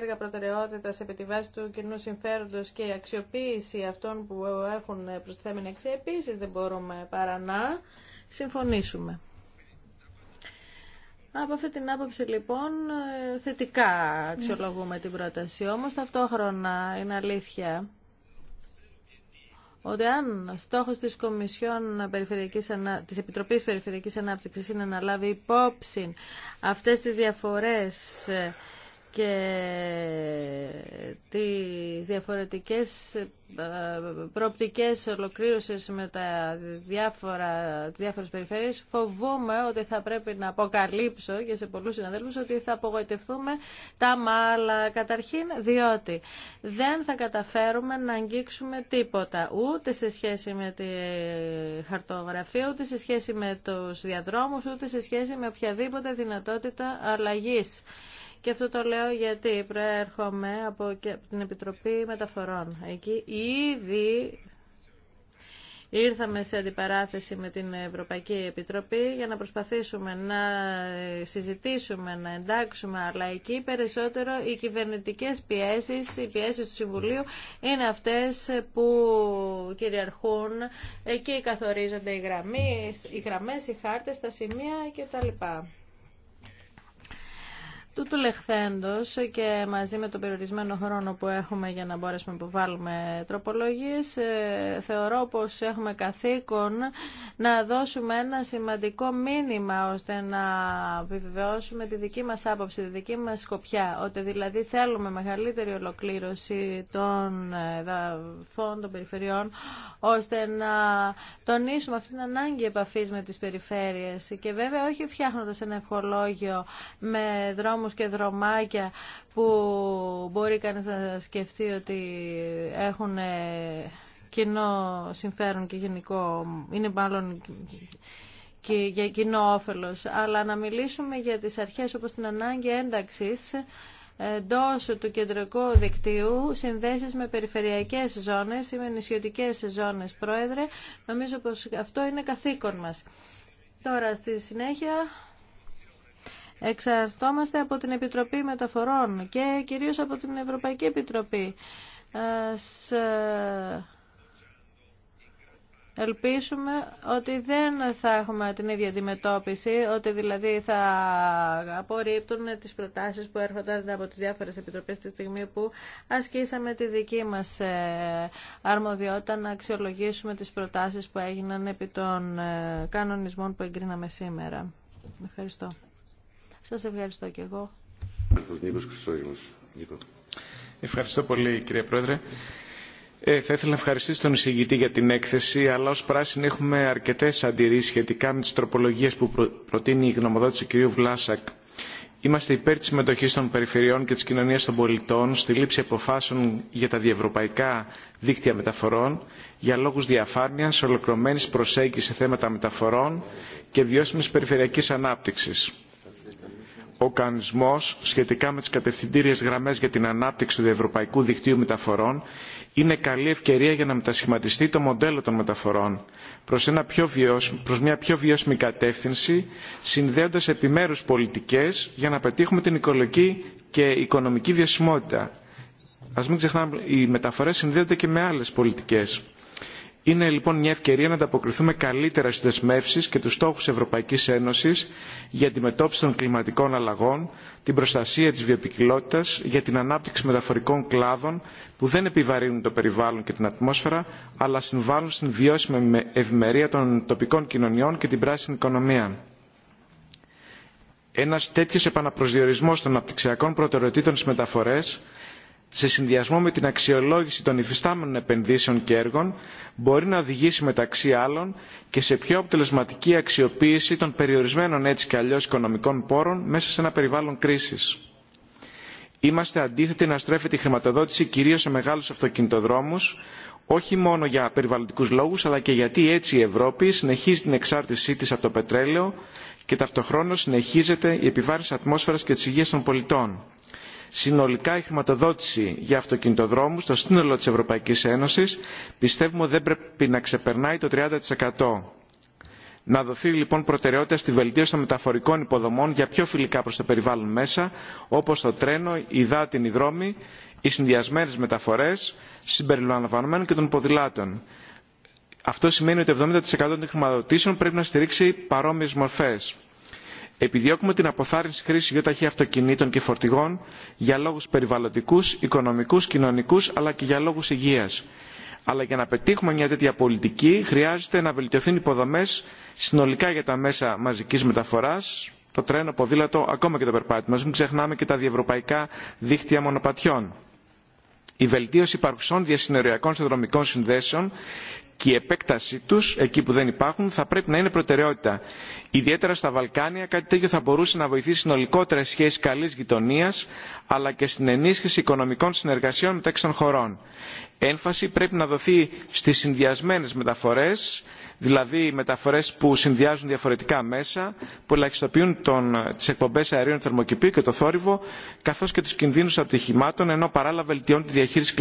S5: έργα προτεραιότητας επί τη βάση του κοινού συμφέροντος και αξιοποίηση αυτών που έχουν προσθέμενη αξία, επίσης δεν μπορούμε παρά να συμφωνήσουμε. Από αυτή την άποψη λοιπόν ε, θετικά αξιολογούμε την πρόταση. Όμως ταυτόχρονα είναι αλήθεια ότι αν στόχος της Κομισιόν Περιφερειακής, της Επιτροπής Περιφερειακής Ανάπτυξης είναι να λάβει υπόψη αυτές τις διαφορές ε, και τις διαφορετικές ε, προοπτικές ολοκλήρωσης με τα διάφορα, τις διάφορες περιφέρειες φοβούμαι ότι θα πρέπει να αποκαλύψω και σε πολλούς συναδέλφους ότι θα απογοητευτούμε τα μάλα καταρχήν διότι δεν θα καταφέρουμε να αγγίξουμε τίποτα ούτε σε σχέση με τη χαρτογραφία ούτε σε σχέση με τους διαδρόμους ούτε σε σχέση με οποιαδήποτε δυνατότητα αλλαγής. Και αυτό το λέω γιατί προέρχομαι από, την Επιτροπή Μεταφορών. Εκεί ήδη Ήρθαμε σε αντιπαράθεση με την Ευρωπαϊκή Επιτροπή για να προσπαθήσουμε να συζητήσουμε, να εντάξουμε, αλλά εκεί περισσότερο οι κυβερνητικές πιέσεις, οι πιέσεις του Συμβουλίου είναι αυτές που κυριαρχούν. Εκεί καθορίζονται οι, γραμμές, οι χάρτες, τα σημεία κτλ. Τούτου λεχθέντος και μαζί με τον περιορισμένο χρόνο που έχουμε για να μπορέσουμε να υποβάλουμε τροπολογίες, ε, θεωρώ πως έχουμε καθήκον να δώσουμε ένα σημαντικό μήνυμα ώστε να επιβεβαιώσουμε τη δική μας άποψη, τη δική μας σκοπιά, ότι δηλαδή θέλουμε μεγαλύτερη ολοκλήρωση των ε, δαφών, των περιφερειών, ώστε να τονίσουμε αυτήν την ανάγκη επαφή με τις περιφέρειες και βέβαια όχι φτιάχνοντας ένα ευχολόγιο με και δρομάκια που μπορεί κανείς να σκεφτεί ότι έχουν ε, κοινό συμφέρον και γενικό, είναι μάλλον και για κοινό όφελος, αλλά να μιλήσουμε για τις αρχές όπως την ανάγκη ένταξης εντό του κεντρικού δικτύου συνδέσει με περιφερειακέ ζώνε ή με νησιωτικέ ζώνε, Πρόεδρε. Νομίζω πω αυτό είναι καθήκον μα. Τώρα, στη συνέχεια, Εξαρτώμαστε από την Επιτροπή Μεταφορών και κυρίως από την Ευρωπαϊκή Επιτροπή. Ε, ελπίσουμε ότι δεν θα έχουμε την ίδια αντιμετώπιση, ότι δηλαδή θα απορρίπτουν τις προτάσεις που έρχονταν από τις διάφορες επιτροπές τη στιγμή που ασκήσαμε τη δική μας ε, αρμοδιότητα να αξιολογήσουμε τις προτάσεις που έγιναν επί των ε, κανονισμών που εγκρίναμε σήμερα. Ευχαριστώ. Σας ευχαριστώ και εγώ.
S6: Ευχαριστώ πολύ κύριε Πρόεδρε. Ε, θα ήθελα να ευχαριστήσω τον εισηγητή για την έκθεση, αλλά ως πράσινοι έχουμε αρκετές αντιρρήσεις σχετικά με τις τροπολογίες που προτείνει η γνωμοδότηση του κυρίου Βλάσακ. Είμαστε υπέρ της συμμετοχής των περιφερειών και της κοινωνίας των πολιτών στη λήψη αποφάσεων για τα διευρωπαϊκά δίκτυα μεταφορών για λόγους διαφάνειας, ολοκληρωμένης προσέγγισης σε θέματα μεταφορών και βιώσιμης περιφερειακής ανάπτυξης ο κανονισμός σχετικά με τις κατευθυντήριες γραμμές για την ανάπτυξη του ευρωπαϊκού δικτύου μεταφορών είναι καλή ευκαιρία για να μετασχηματιστεί το μοντέλο των μεταφορών προς, μια πιο βιώσιμη κατεύθυνση συνδέοντας επιμέρους πολιτικές για να πετύχουμε την οικολογική και οικονομική βιωσιμότητα. Α μην ξεχνάμε, οι μεταφορέ συνδέονται και με άλλε πολιτικέ. Είναι λοιπόν μια ευκαιρία να ανταποκριθούμε καλύτερα στι δεσμεύσει και του στόχου Ευρωπαϊκή Ένωση για αντιμετώπιση των κλιματικών αλλαγών, την προστασία τη βιοπικιλότητα, για την ανάπτυξη μεταφορικών κλάδων που δεν επιβαρύνουν το περιβάλλον και την ατμόσφαιρα, αλλά συμβάλλουν στην βιώσιμη ευημερία των τοπικών κοινωνιών και την πράσινη οικονομία. Ένα τέτοιο επαναπροσδιορισμό των αναπτυξιακών προτεραιοτήτων στι μεταφορέ σε συνδυασμό με την αξιολόγηση των υφιστάμενων επενδύσεων και έργων μπορεί να οδηγήσει μεταξύ άλλων και σε πιο αποτελεσματική αξιοποίηση των περιορισμένων έτσι και αλλιώς οικονομικών πόρων μέσα σε ένα περιβάλλον κρίσης. Είμαστε αντίθετοι να στρέφεται η χρηματοδότηση κυρίως σε μεγάλους αυτοκινητοδρόμους, όχι μόνο για περιβαλλοντικούς λόγους, αλλά και γιατί έτσι η Ευρώπη συνεχίζει την εξάρτησή της από το πετρέλαιο και ταυτοχρόνως συνεχίζεται η επιβάρυνση ατμόσφαιρας και της υγείας των πολιτών συνολικά η χρηματοδότηση για αυτοκινητοδρόμους στο σύνολο της Ευρωπαϊκής Ένωσης πιστεύουμε δεν πρέπει να ξεπερνάει το 30%. Να δοθεί λοιπόν προτεραιότητα στη βελτίωση των μεταφορικών υποδομών για πιο φιλικά προς το περιβάλλον μέσα, όπως το τρένο, η δάτινη δρόμη, οι συνδυασμένες μεταφορές, συμπεριλαμβανομένων και των ποδηλάτων. Αυτό σημαίνει ότι το 70% των χρηματοδοτήσεων πρέπει να στηρίξει παρόμοιες μορφές επιδιώκουμε την αποθάρρυνση χρήση γιοταχή αυτοκινήτων και φορτηγών για λόγους περιβαλλοντικούς, οικονομικούς, κοινωνικούς αλλά και για λόγους υγείας. Αλλά για να πετύχουμε μια τέτοια πολιτική χρειάζεται να βελτιωθούν υποδομές συνολικά για τα μέσα μαζικής μεταφοράς, το τρένο, ποδήλατο, ακόμα και το περπάτημα. Μην ξεχνάμε και τα διευρωπαϊκά δίκτυα μονοπατιών. Η βελτίωση υπαρχουσών διασυνοριακών συνδρομικών συνδέσεων και η επέκτασή του, εκεί που δεν υπάρχουν θα πρέπει να είναι προτεραιότητα. Ιδιαίτερα στα Βαλκάνια κάτι τέτοιο θα μπορούσε να βοηθήσει συνολικότερα σχέσει καλή γειτονία, αλλά και στην ενίσχυση οικονομικών συνεργασιών μεταξύ των χωρών. Έμφαση πρέπει να δοθεί στι συνδυασμένε μεταφορέ, δηλαδή μεταφορέ που συνδυάζουν διαφορετικά μέσα, που ελαχιστοποιούν τι εκπομπέ αερίων θερμοκηπίου και το θόρυβο, καθώ και του κινδύνου ατυχημάτων, ενώ παράλληλα βελτιώνουν τη διαχείριση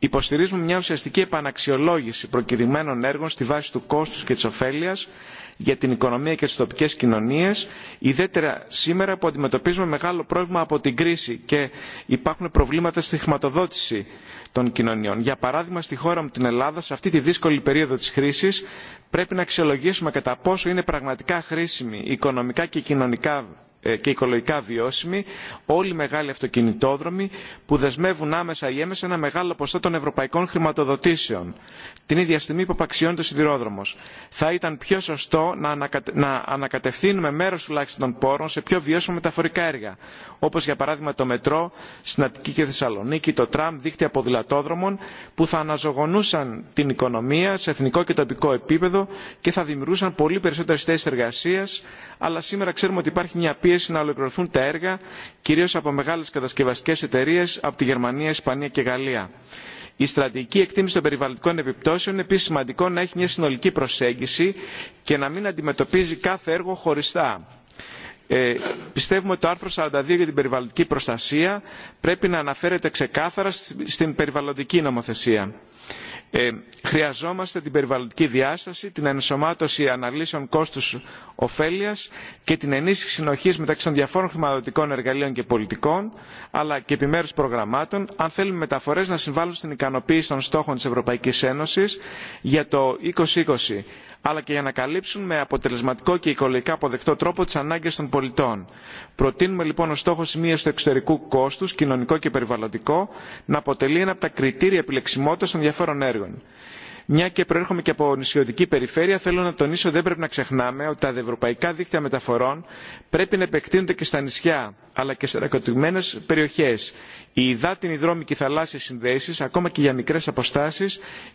S6: Υποστηρίζουμε μια ουσιαστική επαναξιολόγηση προκειμένων έργων στη βάση του κόστους και της ωφέλειας για την οικονομία και τις τοπικές κοινωνίες, ιδιαίτερα σήμερα που αντιμετωπίζουμε μεγάλο πρόβλημα από την κρίση και υπάρχουν προβλήματα στη χρηματοδότηση των κοινωνιών. Για παράδειγμα, στη χώρα μου την Ελλάδα, σε αυτή τη δύσκολη περίοδο της χρήσης, πρέπει να αξιολογήσουμε κατά πόσο είναι πραγματικά χρήσιμη οικονομικά και κοινωνικά ε, και οικολογικά βιώσιμη όλοι οι μεγάλοι αυτοκινητόδρομοι που δεσμεύουν άμεσα ή έμεσα ένα μεγάλο ποσό των ευρωπαϊκών χρηματοδοτήσεων την ίδια στιγμή που απαξιώνεται ο σιδηρόδρομο. Θα ήταν πιο σωστό να, ανακατε... να ανακατευθύνουμε μέρο τουλάχιστον των πόρων σε πιο βιώσιμα μεταφορικά έργα, όπω για παράδειγμα το μετρό στην Αττική και Θεσσαλονίκη, το τραμ, δίκτυα ποδηλατόδρομων, που θα αναζωογονούσαν την οικονομία σε εθνικό και τοπικό επίπεδο και θα δημιουργούσαν πολύ περισσότερε θέσει εργασία, αλλά σήμερα ξέρουμε ότι υπάρχει μια πίεση να ολοκληρωθούν τα έργα, κυρίως από μεγάλε κατασκευαστικές εταιρείε από τη Γερμανία, Ισπανία και Γαλλία. Η στρατηγική εκτίμηση των περιβαλλοντικών επιπτώσεων είναι επίση σημαντικό να έχει μια συνολική προσέγγιση και να μην αντιμετωπίζει κάθε έργο χωριστά. Ε, πιστεύουμε ότι το άρθρο 42 για την περιβαλλοντική προστασία πρέπει να αναφέρεται ξεκάθαρα στην περιβαλλοντική νομοθεσία. Ε, χρειαζόμαστε την περιβαλλοντική διάσταση την ενσωμάτωση αναλύσεων κόστους ωφέλειας και την ενίσχυση συνοχής μεταξύ των διαφόρων χρηματοδοτικών εργαλείων και πολιτικών αλλά και επιμέρους προγραμμάτων αν θέλουμε μεταφορές να συμβάλλουν στην ικανοποίηση των στόχων της ευρωπαϊκής ένωσης για το 2020 αλλά και για να καλύψουν με αποτελεσματικό και οικολογικά αποδεκτό τρόπο τις ανάγκες των πολιτών. Προτείνουμε λοιπόν ο στόχος σημείας του εξωτερικού κόστους, κοινωνικό και περιβαλλοντικό, να αποτελεί ένα από τα κριτήρια επιλεξιμότητας έργων. Μια και προέρχομαι και από νησιωτική περιφέρεια, θέλω να τονίσω δεν πρέπει να ξεχνάμε ότι τα ευρωπαϊκά δίκτυα μεταφορών πρέπει να επεκτείνονται και στα νησιά, αλλά και σε ρακοτυγμένε περιοχέ. Οι υδάτινοι δρόμοι και οι θαλάσσιε συνδέσει, ακόμα και για μικρέ αποστάσει,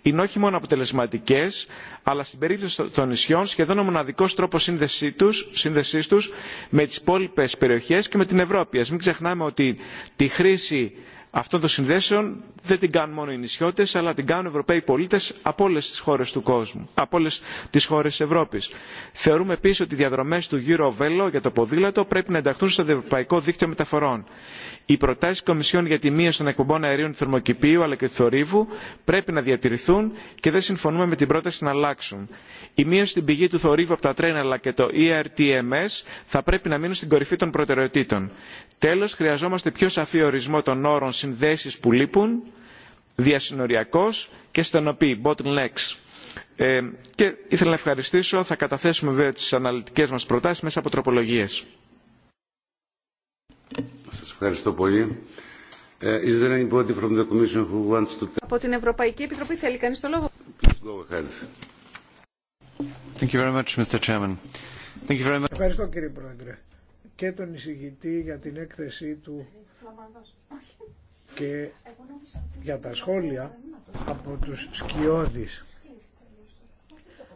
S6: είναι όχι μόνο αποτελεσματικέ, αλλά στην περίπτωση των νησιών σχεδόν ο μοναδικό τρόπο σύνδεσή του με τι υπόλοιπε περιοχέ και με την Ευρώπη. Α μην ξεχνάμε ότι τη χρήση αυτών των συνδέσεων δεν την κάνουν μόνο οι νησιώτες αλλά την κάνουν Ευρωπαίοι πολίτες από όλες τις χώρες του κόσμου, από όλες τις χώρες της Ευρώπης. Θεωρούμε επίσης ότι οι διαδρομές του γύρω Βέλο για το ποδήλατο πρέπει να ενταχθούν στο Ευρωπαϊκό Δίκτυο Μεταφορών. Οι προτάσει Κομισιόν για τη μείωση των εκπομπών αερίων θερμοκηπίου αλλά και του θορύβου πρέπει να διατηρηθούν και δεν συμφωνούμε με την πρόταση να αλλάξουν. Η μείωση στην πηγή του θορύβου από τα τρένα αλλά και το ERTMS θα πρέπει να μείνουν στην κορυφή των προτεραιοτήτων. Τέλος, χρειαζόμαστε πιο σαφή ορισμό των όρων συνδέσεις που λείπουν, διασυνοριακός και στενοπή, bottlenecks. Ε, και ήθελα να ευχαριστήσω, θα καταθέσουμε βέβαια τις αναλυτικές μας προτάσεις μέσα από τροπολογίες.
S7: Σας ευχαριστώ πολύ. Ε, is there Commission who wants to...
S3: Από την Ευρωπαϊκή Επιτροπή θέλει κανείς το λόγο.
S7: Thank you very much, Mr. Chairman. Thank you very much.
S1: Ευχαριστώ κύριε Πρόεδρε και τον εισηγητή για την έκθεσή του και για τα σχόλια από τους σκιώδεις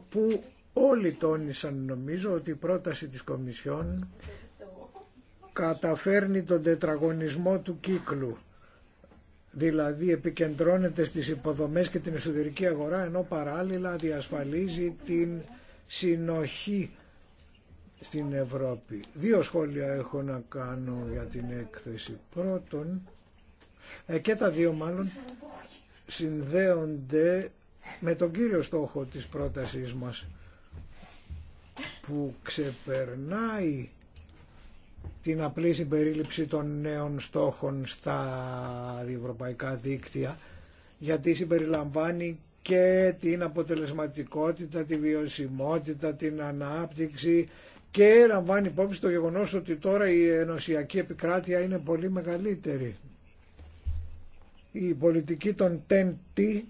S1: που όλοι τόνισαν νομίζω ότι η πρόταση της Κομισιόν καταφέρνει τον τετραγωνισμό του κύκλου δηλαδή επικεντρώνεται στις υποδομές και την εσωτερική αγορά ενώ παράλληλα διασφαλίζει την συνοχή στην Ευρώπη. Δύο σχόλια έχω να κάνω για την έκθεση. Πρώτον, ε, και τα δύο μάλλον συνδέονται με τον κύριο στόχο της πρότασής μας που ξεπερνάει την απλή συμπερίληψη των νέων στόχων στα διευρωπαϊκά δίκτυα γιατί συμπεριλαμβάνει και την αποτελεσματικότητα, τη βιωσιμότητα, την ανάπτυξη, και λαμβάνει υπόψη το γεγονός ότι τώρα η ενωσιακή επικράτεια είναι πολύ μεγαλύτερη. Η πολιτική των TEN-T,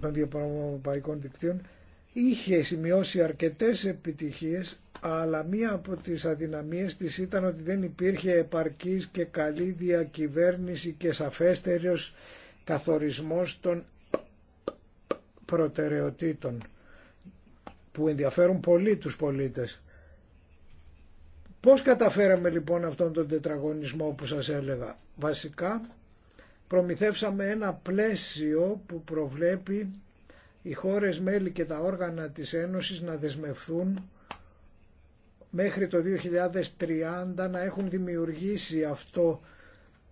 S1: των διευρωπαϊκών δικτύων, είχε σημειώσει αρκετές επιτυχίες, αλλά μία από τις αδυναμίες της ήταν ότι δεν υπήρχε επαρκής και καλή διακυβέρνηση και σαφέστερος καθορισμός των προτεραιοτήτων που ενδιαφέρουν πολύ τους πολίτες. Πώς καταφέραμε λοιπόν αυτόν τον τετραγωνισμό που σας έλεγα. Βασικά προμηθεύσαμε ένα πλαίσιο που προβλέπει οι χώρες μέλη και τα όργανα της Ένωσης να δεσμευθούν μέχρι το 2030 να έχουν δημιουργήσει αυτό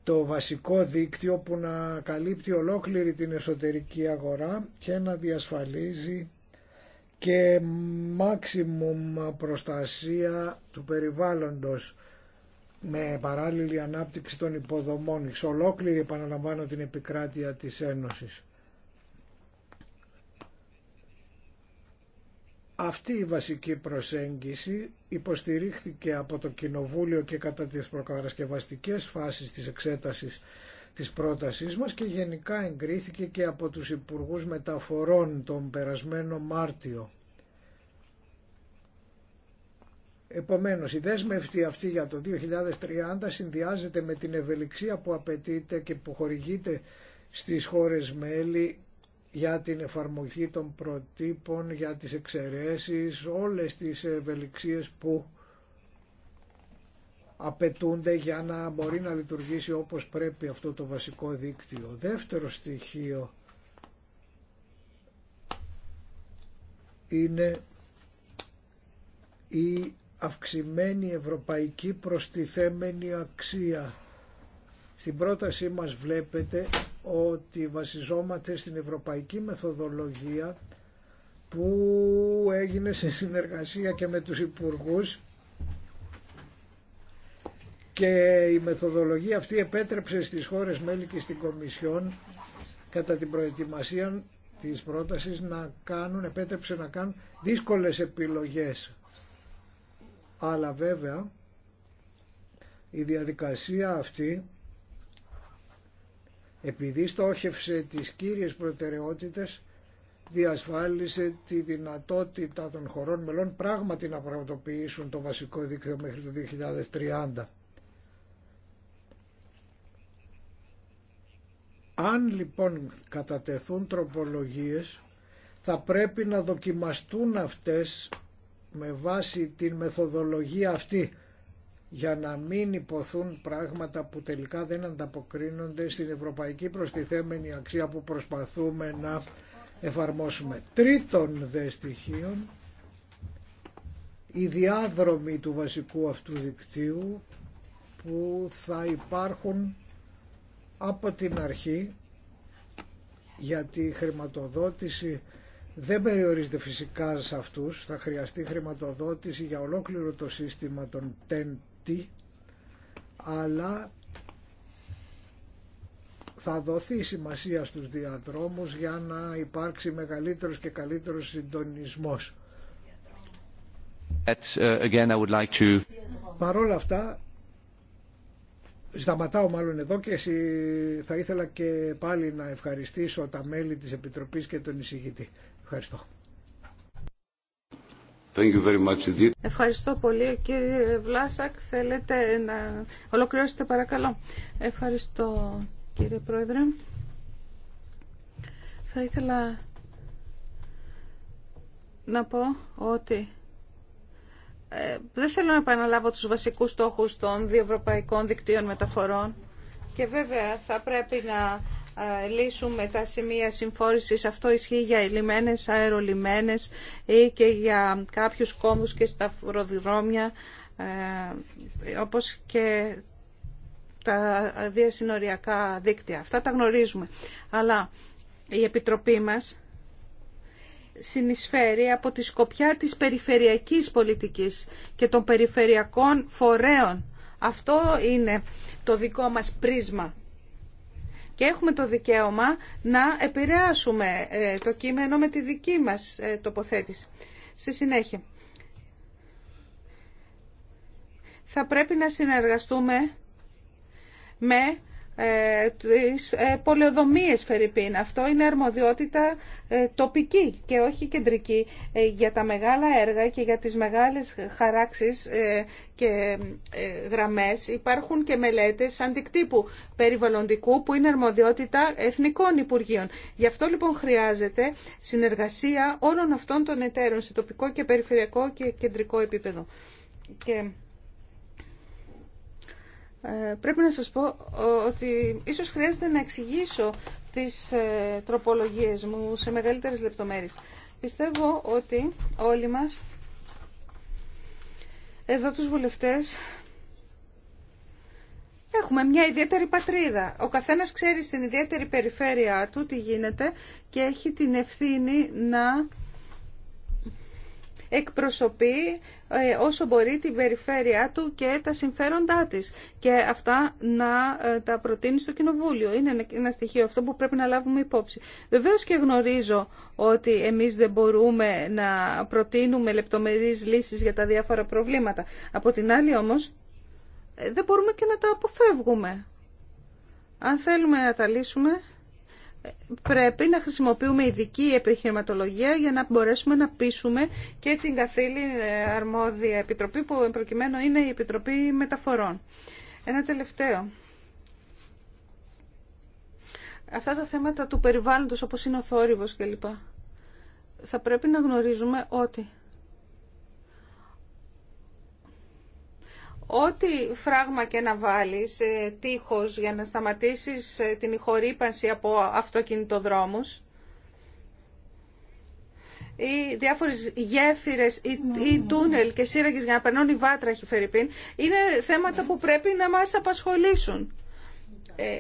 S1: το βασικό δίκτυο που να καλύπτει ολόκληρη την εσωτερική αγορά και να διασφαλίζει και maximum προστασία του περιβάλλοντος με παράλληλη ανάπτυξη των υποδομών. Εξ ολόκληρη επαναλαμβάνω την επικράτεια της Ένωσης. Αυτή η βασική προσέγγιση υποστηρίχθηκε από το Κοινοβούλιο και κατά τις προκατασκευαστικές φάσεις της εξέτασης της πρότασής μας και γενικά εγκρίθηκε και από τους Υπουργούς Μεταφορών τον περασμένο Μάρτιο. Επομένως, η δέσμευτη αυτή για το 2030 συνδυάζεται με την ευελιξία που απαιτείται και που χορηγείται στις χώρες μέλη για την εφαρμογή των προτύπων, για τις εξαιρέσεις, όλες τις ευελιξίες που απαιτούνται για να μπορεί να λειτουργήσει όπως πρέπει αυτό το βασικό δίκτυο. Δεύτερο στοιχείο είναι η αυξημένη ευρωπαϊκή προστιθέμενη αξία. Στην πρότασή μας βλέπετε ότι βασιζόμαστε στην ευρωπαϊκή μεθοδολογία που έγινε σε συνεργασία και με τους υπουργούς και η μεθοδολογία αυτή επέτρεψε στις χώρες μέλη και στην Κομισιόν κατά την προετοιμασία της πρότασης να κάνουν, επέτρεψε να κάνουν δύσκολες επιλογές. Αλλά βέβαια η διαδικασία αυτή επειδή στόχευσε τις κύριες προτεραιότητες διασφάλισε τη δυνατότητα των χωρών μελών πράγματι να πραγματοποιήσουν το βασικό δίκαιο μέχρι το 2030. Αν λοιπόν κατατεθούν τροπολογίες θα πρέπει να δοκιμαστούν αυτές με βάση την μεθοδολογία αυτή για να μην υποθούν πράγματα που τελικά δεν ανταποκρίνονται στην ευρωπαϊκή προστιθέμενη αξία που προσπαθούμε να εφαρμόσουμε. Τρίτον δε στοιχείων, η διάδρομη του βασικού αυτού δικτύου που θα υπάρχουν από την αρχή γιατί η χρηματοδότηση δεν περιορίζεται φυσικά σε αυτούς, θα χρειαστεί χρηματοδότηση για ολόκληρο το σύστημα των TEN-T, αλλά θα δοθεί σημασία στους διαδρόμους για να υπάρξει μεγαλύτερος και καλύτερος συντονισμός.
S7: Uh,
S1: Παρ' όλα αυτά Σταματάω μάλλον εδώ και θα ήθελα και πάλι να ευχαριστήσω τα μέλη της Επιτροπής και τον εισηγητή. Ευχαριστώ.
S7: Thank you very much
S1: Ευχαριστώ πολύ κύριε Βλάσακ. Θέλετε
S3: να ολοκληρώσετε παρακαλώ. Ευχαριστώ κύριε Πρόεδρε. Θα ήθελα να πω ότι ε, δεν θέλω να επαναλάβω τους βασικούς στόχους των διευρωπαϊκών δικτύων μεταφορών και βέβαια θα πρέπει να ε, λύσουμε τα σημεία συμφόρησης. Αυτό ισχύει για λιμένες, αερολιμένες ή και για κάποιους κόμβους και σταυροδρόμια ε, όπως και τα διασυνοριακά δίκτυα. Αυτά τα γνωρίζουμε. Αλλά η Επιτροπή μας συνεισφέρει από τη σκοπιά της περιφερειακής πολιτικής και των περιφερειακών φορέων. Αυτό είναι το δικό μας πρίσμα. Και έχουμε το δικαίωμα να επηρεάσουμε ε, το κείμενο με τη δική μας ε, τοποθέτηση. Στη συνέχεια, θα πρέπει να συνεργαστούμε με ε, τις ε, πολεοδομίες φεριπίν. Αυτό είναι αρμοδιότητα ε, τοπική και όχι κεντρική ε, για τα μεγάλα έργα και για τις μεγάλες χαράξεις και γραμμές. Υπάρχουν και μελέτες αντικτύπου περιβαλλοντικού που είναι αρμοδιότητα εθνικών υπουργείων. Γι' αυτό λοιπόν χρειάζεται συνεργασία όλων αυτών των εταίρων σε τοπικό και περιφερειακό και κεντρικό επίπεδο. Και ε, πρέπει να σας πω ότι ίσως χρειάζεται να εξηγήσω τις ε, τροπολογίες μου σε μεγαλύτερες λεπτομέρειες. Πιστεύω ότι όλοι μας, εδώ τους βουλευτές, έχουμε μια ιδιαίτερη πατρίδα. Ο καθένας ξέρει στην ιδιαίτερη περιφέρεια του τι γίνεται και έχει την ευθύνη να εκπροσωπεί ε, όσο μπορεί την περιφέρειά του και τα συμφέροντά της και αυτά να ε, τα προτείνει στο Κοινοβούλιο. Είναι ένα στοιχείο αυτό που πρέπει να λάβουμε υπόψη. Βεβαίως και γνωρίζω ότι εμείς δεν μπορούμε να προτείνουμε λεπτομερείς λύσεις για τα διάφορα προβλήματα. Από την άλλη όμως ε, δεν μπορούμε και να τα αποφεύγουμε. Αν θέλουμε να τα λύσουμε πρέπει να χρησιμοποιούμε ειδική επιχειρηματολογία για να μπορέσουμε να πείσουμε και την καθήλη ε, αρμόδια επιτροπή που προκειμένου είναι η Επιτροπή Μεταφορών. Ένα τελευταίο. Αυτά τα θέματα του περιβάλλοντος όπως είναι ο θόρυβος κλπ. Θα πρέπει να γνωρίζουμε ότι Ό,τι φράγμα και να βάλεις, ε, τείχος για να σταματήσεις ε, την ηχορύπανση από αυτοκινητοδρόμους ή διάφορες γέφυρες ή, τούνελ και σύραγγες για να περνούν οι βάτραχοι Φερρυπίν, είναι θέματα που πρέπει να μας απασχολήσουν. Ε,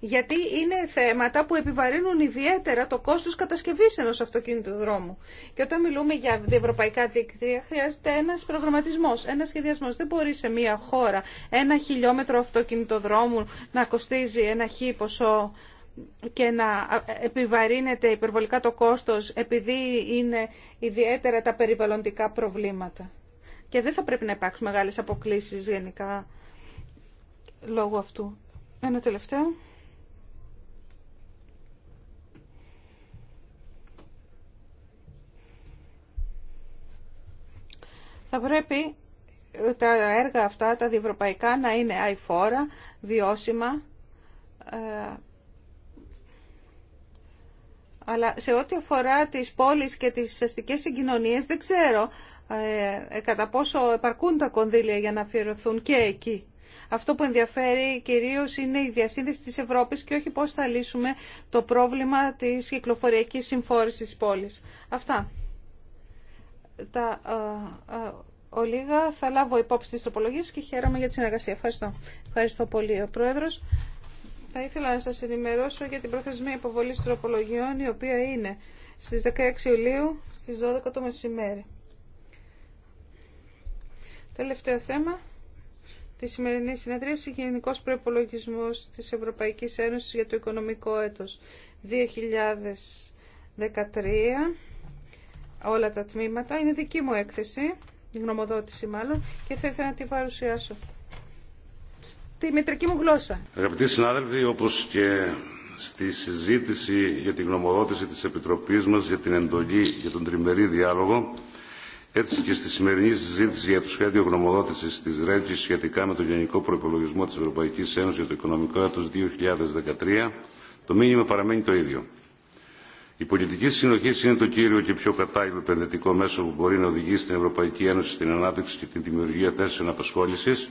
S3: γιατί είναι θέματα που επιβαρύνουν ιδιαίτερα το κόστος κατασκευής ενός αυτοκίνητου δρόμου. Και όταν μιλούμε για διευρωπαϊκά δίκτυα, χρειάζεται ένας προγραμματισμός, ένας σχεδιασμός. Δεν μπορεί σε μια χώρα ένα χιλιόμετρο αυτοκίνητο δρόμου να κοστίζει ένα χι και να επιβαρύνεται υπερβολικά το κόστος επειδή είναι ιδιαίτερα τα περιβαλλοντικά προβλήματα. Και δεν θα πρέπει να υπάρξουν μεγάλες αποκλήσεις γενικά λόγω αυτού. Ένα τελευταίο. Θα πρέπει ε, τα έργα αυτά, τα διευρωπαϊκά, να είναι αηφόρα, βιώσιμα, ε, αλλά σε ό,τι αφορά τις πόλεις και τις αστικές συγκοινωνίες δεν ξέρω ε, κατά πόσο επαρκούν τα κονδύλια για να αφιερωθούν και εκεί. Αυτό που ενδιαφέρει κυρίως είναι η διασύνδεση της Ευρώπης και όχι πώς θα λύσουμε το πρόβλημα της κυκλοφοριακής συμφόρησης της πόλης. Αυτά τα ε, ε, ολίγα θα λάβω υπόψη τη τροπολογίες και χαίρομαι για τη συνεργασία. Ευχαριστώ. Ευχαριστώ πολύ ο Πρόεδρος. Θα ήθελα να σας ενημερώσω για την προθεσμία υποβολής τροπολογιών η οποία είναι στις 16 Ιουλίου στις 12 το μεσημέρι. Τελευταίο θέμα τη σημερινή συνεδρία ο Γενικό Προπολογισμό τη Ευρωπαϊκή Ένωση για το Οικονομικό Έτος 2013 όλα τα τμήματα. Είναι δική μου έκθεση, γνωμοδότηση μάλλον, και θα ήθελα να την παρουσιάσω στη μητρική μου γλώσσα.
S7: Αγαπητοί συνάδελφοι, όπως και στη συζήτηση για τη γνωμοδότηση της Επιτροπής μας για την εντολή για τον τριμερή διάλογο, έτσι και στη σημερινή συζήτηση για το σχέδιο γνωμοδότηση τη ΡΕΤΖΙ σχετικά με τον Γενικό Προπολογισμό τη Ευρωπαϊκή Ένωση για το Οικονομικό Έτο 2013, το μήνυμα παραμένει το ίδιο. Η πολιτική συνοχή είναι το κύριο και πιο κατάλληλο επενδυτικό μέσο που μπορεί να οδηγήσει την Ευρωπαϊκή Ένωση στην ανάπτυξη και την δημιουργία θέσεων απασχόληση,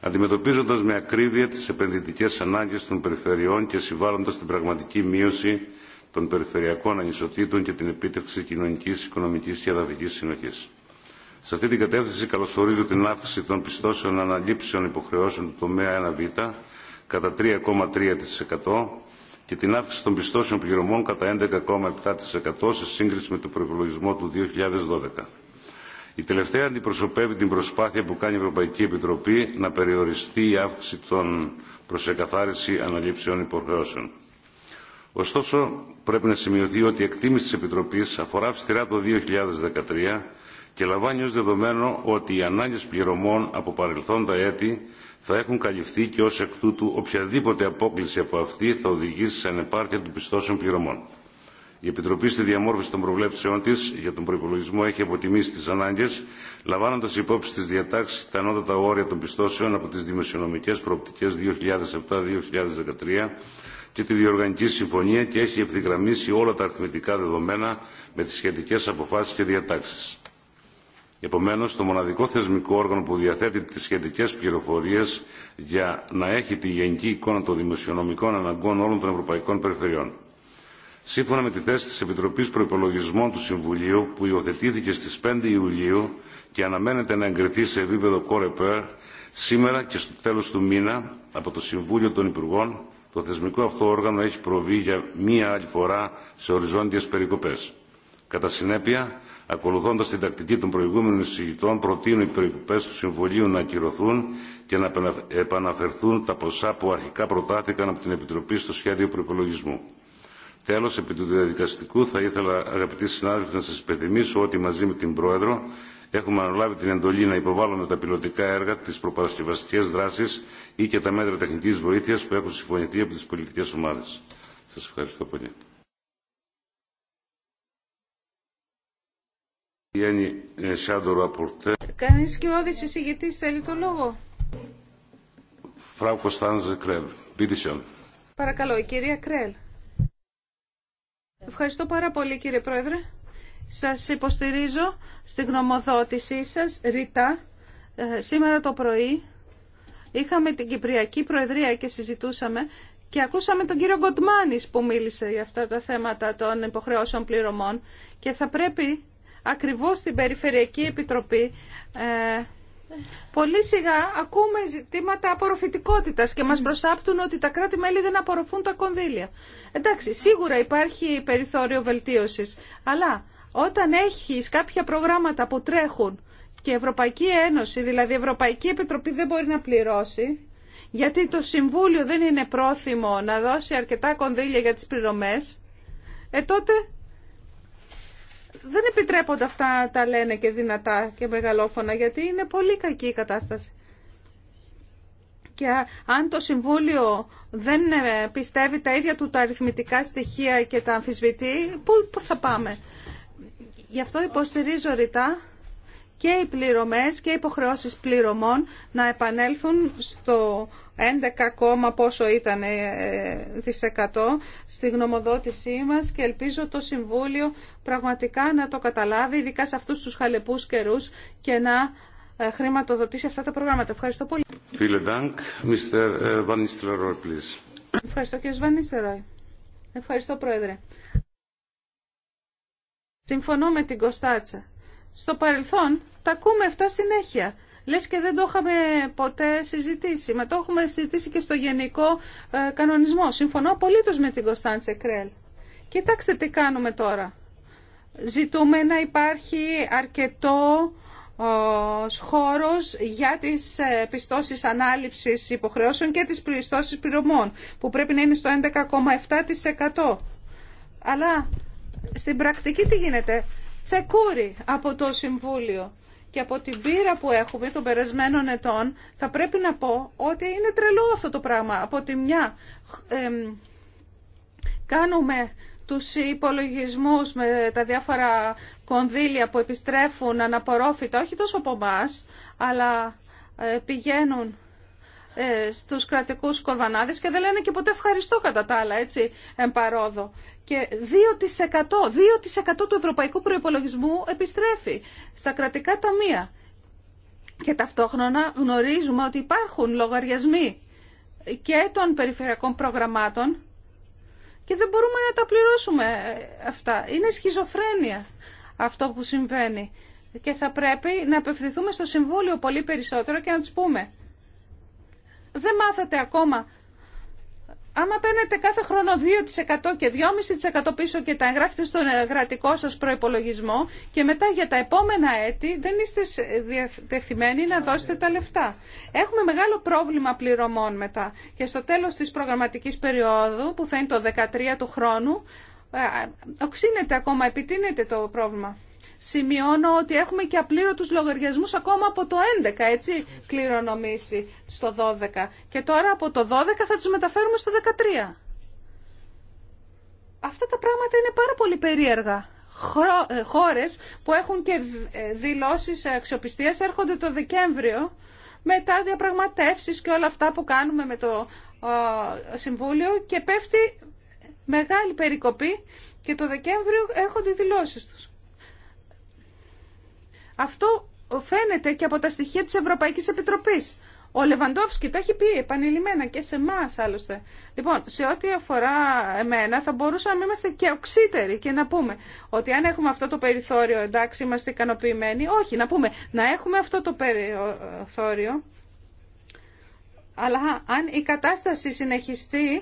S7: αντιμετωπίζοντα με ακρίβεια τι επενδυτικέ ανάγκε των περιφερειών και συμβάλλοντα την πραγματική μείωση των περιφερειακών ανισοτήτων και την επίτευξη κοινωνική, οικονομική και εδαφική συνοχή. Σε αυτή την κατεύθυνση καλωσορίζω την αύξηση των πιστώσεων αναλήψεων υποχρεώσεων του τομέα 1β κατά 3,3% και την αύξηση των πιστώσεων πληρωμών κατά 11,7% σε σύγκριση με τον προπολογισμό του 2012. Η τελευταία αντιπροσωπεύει την προσπάθεια που κάνει η Ευρωπαϊκή Επιτροπή να περιοριστεί η αύξηση των προσεκαθάριση αναλήψεων υποχρεώσεων. Ωστόσο, πρέπει να σημειωθεί ότι η εκτίμηση της Επιτροπής αφορά αυστηρά το 2013 και λαμβάνει ως δεδομένο ότι οι ανάγκες πληρωμών από παρελθόντα έτη θα έχουν καλυφθεί και ως εκ τούτου οποιαδήποτε απόκληση από αυτή θα οδηγήσει σε ανεπάρκεια των πιστώσεων πληρωμών. Η Επιτροπή στη διαμόρφωση των προβλέψεών τη για τον προπολογισμό έχει αποτιμήσει τι ανάγκε, λαμβάνοντα υπόψη τι διατάξει τα ανώτατα όρια των πιστώσεων από τι δημοσιονομικέ προοπτικέ 2007-2013 και τη διοργανική συμφωνία και έχει ευθυγραμμίσει όλα τα αριθμητικά δεδομένα με τι σχετικέ αποφάσει και διατάξει Επομένω, το μοναδικό θεσμικό όργανο που διαθέτει τι σχετικέ πληροφορίε για να έχει τη γενική εικόνα των δημοσιονομικών αναγκών όλων των ευρωπαϊκών περιφερειών. Σύμφωνα με τη θέση τη Επιτροπή Προπολογισμών του Συμβουλίου, που υιοθετήθηκε στι 5 Ιουλίου και αναμένεται να εγκριθεί σε επίπεδο COREPER, σήμερα και στο τέλο του μήνα από το Συμβούλιο των Υπουργών, το θεσμικό αυτό όργανο έχει προβεί για μία άλλη φορά σε οριζόντιε περικοπέ. Κατά συνέπεια, Ακολουθώντας την τακτική των προηγούμενων εισηγητών, προτείνω οι περικοπές του Συμβουλίου να ακυρωθούν και να επαναφερθούν τα ποσά που αρχικά προτάθηκαν από την Επιτροπή στο σχέδιο προπολογισμού. Τέλο, επί του διαδικαστικού, θα ήθελα, αγαπητοί συνάδελφοι, να σα υπενθυμίσω ότι μαζί με την Πρόεδρο έχουμε αναλάβει την εντολή να υποβάλουμε τα πιλωτικά έργα, τι προπαρασκευαστικέ δράσει ή και τα μέτρα τεχνική βοήθεια που έχουν συμφωνηθεί από τι πολιτικέ ομάδε. Σα ευχαριστώ πολύ. Ε,
S3: Κανείς και ο εισηγητής θέλει το λόγο. Κρέλ. Παρακαλώ, η κυρία Κρέλ. Ευχαριστώ πάρα πολύ κύριε Πρόεδρε. Σας υποστηρίζω στην γνωμοδότησή σας, Ρίτα. Ε, σήμερα το πρωί είχαμε την Κυπριακή Προεδρία και συζητούσαμε και ακούσαμε τον κύριο Γκοντμάνης που μίλησε για αυτά τα θέματα των υποχρεώσεων πληρωμών και θα πρέπει ακριβώς στην Περιφερειακή Επιτροπή ε, πολύ σιγά ακούμε ζητήματα απορροφητικότητας και μας mm. προσάπτουν ότι τα κράτη-μέλη δεν απορροφούν τα κονδύλια. Εντάξει, σίγουρα υπάρχει περιθώριο βελτίωσης, αλλά όταν έχεις κάποια προγράμματα που τρέχουν και η Ευρωπαϊκή Ένωση, δηλαδή η Ευρωπαϊκή Επιτροπή δεν μπορεί να πληρώσει, γιατί το Συμβούλιο δεν είναι πρόθυμο να δώσει αρκετά κονδύλια για τις πληρωμές, ε, τότε δεν επιτρέπονται αυτά τα λένε και δυνατά και μεγαλόφωνα γιατί είναι πολύ κακή η κατάσταση. Και αν το Συμβούλιο δεν ε, πιστεύει τα ίδια του τα αριθμητικά στοιχεία και τα αμφισβητεί, πού θα πάμε. Γι' αυτό υποστηρίζω ρητά και οι πληρωμές και οι υποχρεώσεις πληρωμών να επανέλθουν στο 11, πόσο ήταν ε, στη γνωμοδότησή μας και ελπίζω το Συμβούλιο πραγματικά να το καταλάβει, ειδικά σε αυτούς τους χαλεπούς καιρούς και να ε, χρηματοδοτήσει αυτά τα προγράμματα. Ευχαριστώ πολύ. Ε, Ευχαριστώ κύριε Βανίστεροι. Ευχαριστώ Πρόεδρε. Συμφωνώ με την Κωνστάτσα. Στο παρελθόν τα ακούμε αυτά συνέχεια. Λες και δεν το είχαμε ποτέ συζητήσει. Μα το έχουμε συζητήσει και στο γενικό ε, κανονισμό. Συμφωνώ απολύτω με την Κωνσταντσε Κρέλ. Κοιτάξτε τι κάνουμε τώρα. Ζητούμε να υπάρχει αρκετό χώρος για τις ε, πιστώσεις ανάληψης υποχρεώσεων και τις πιστώσεις πληρωμών που πρέπει να είναι στο 11,7%. Αλλά στην πρακτική τι γίνεται. Τσεκούρι από το Συμβούλιο και από την πείρα που έχουμε των περασμένων ετών θα πρέπει να πω ότι είναι τρελό αυτό το πράγμα. Από τη μια κάνουμε τους υπολογισμούς με τα διάφορα κονδύλια που επιστρέφουν αναπορόφητα, όχι τόσο από εμά, αλλά ε, πηγαίνουν ε, Στου κρατικού κορβανάδε και δεν λένε και ποτέ ευχαριστώ κατά τα άλλα, έτσι, εμπαρόδο. Και 2%, 2 του ευρωπαϊκού προπολογισμού επιστρέφει στα κρατικά ταμεία. Και ταυτόχρονα γνωρίζουμε ότι υπάρχουν λογαριασμοί και των περιφερειακών προγραμμάτων και δεν μπορούμε να τα πληρώσουμε αυτά. Είναι σχιζοφρένεια αυτό που συμβαίνει. Και θα πρέπει να απευθυνθούμε στο Συμβούλιο πολύ περισσότερο και να τους πούμε δεν μάθατε ακόμα. Άμα παίρνετε κάθε χρόνο 2% και 2,5% πίσω και τα εγγράφετε στον εγγρατικό σας προϋπολογισμό και μετά για τα επόμενα έτη δεν είστε διατεθειμένοι να δώσετε τα λεφτά. Έχουμε μεγάλο πρόβλημα πληρωμών μετά και στο τέλος της προγραμματικής περίοδου που θα είναι το 13 του χρόνου ε, οξύνεται ακόμα, επιτείνεται το πρόβλημα σημειώνω ότι έχουμε και απλήρωτους λογαριασμούς ακόμα από το 11, έτσι, κληρονομήσει στο 12. Και τώρα από το 12 θα τους μεταφέρουμε στο 13. Αυτά τα πράγματα είναι πάρα πολύ περίεργα. Ε, χώρες που έχουν και ε, δηλώσεις αξιοπιστίας έρχονται το Δεκέμβριο μετά διαπραγματεύσεις και όλα αυτά που κάνουμε με το Συμβούλιο και πέφτει μεγάλη περικοπή και το Δεκέμβριο έρχονται οι δηλώσεις τους. Αυτό φαίνεται και από τα στοιχεία της Ευρωπαϊκής Επιτροπής. Ο Λεβαντόφσκι το έχει πει επανειλημμένα και σε εμά άλλωστε. Λοιπόν, σε ό,τι αφορά εμένα, θα μπορούσαμε να είμαστε και οξύτεροι και να πούμε ότι αν έχουμε αυτό το περιθώριο, εντάξει, είμαστε ικανοποιημένοι. Όχι, να πούμε να έχουμε αυτό το περιθώριο. Αλλά αν η κατάσταση συνεχιστεί,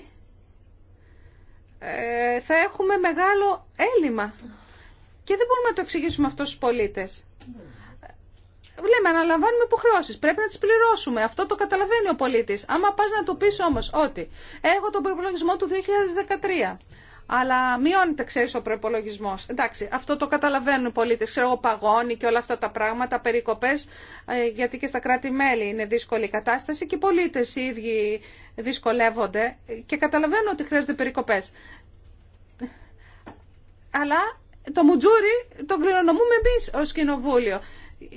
S3: ε, θα έχουμε μεγάλο έλλειμμα. Και δεν μπορούμε να το εξηγήσουμε αυτό στους πολίτες λέμε αναλαμβάνουμε υποχρεώσει. Πρέπει να τι πληρώσουμε. Αυτό το καταλαβαίνει ο πολίτη. Άμα πα να του πει όμω ότι έχω τον προπολογισμό του 2013. Αλλά μειώνεται, ξέρει, ο προπολογισμό. Εντάξει, αυτό το καταλαβαίνουν οι πολίτε. Ξέρω εγώ, παγώνει και όλα αυτά τα πράγματα, περικοπέ, ε, γιατί και στα κράτη-μέλη είναι δύσκολη η κατάσταση και οι πολίτε οι ίδιοι δυσκολεύονται και καταλαβαίνουν ότι χρειάζονται περικοπέ. Αλλά το μουτζούρι το κληρονομούμε εμεί ω κοινοβούλιο.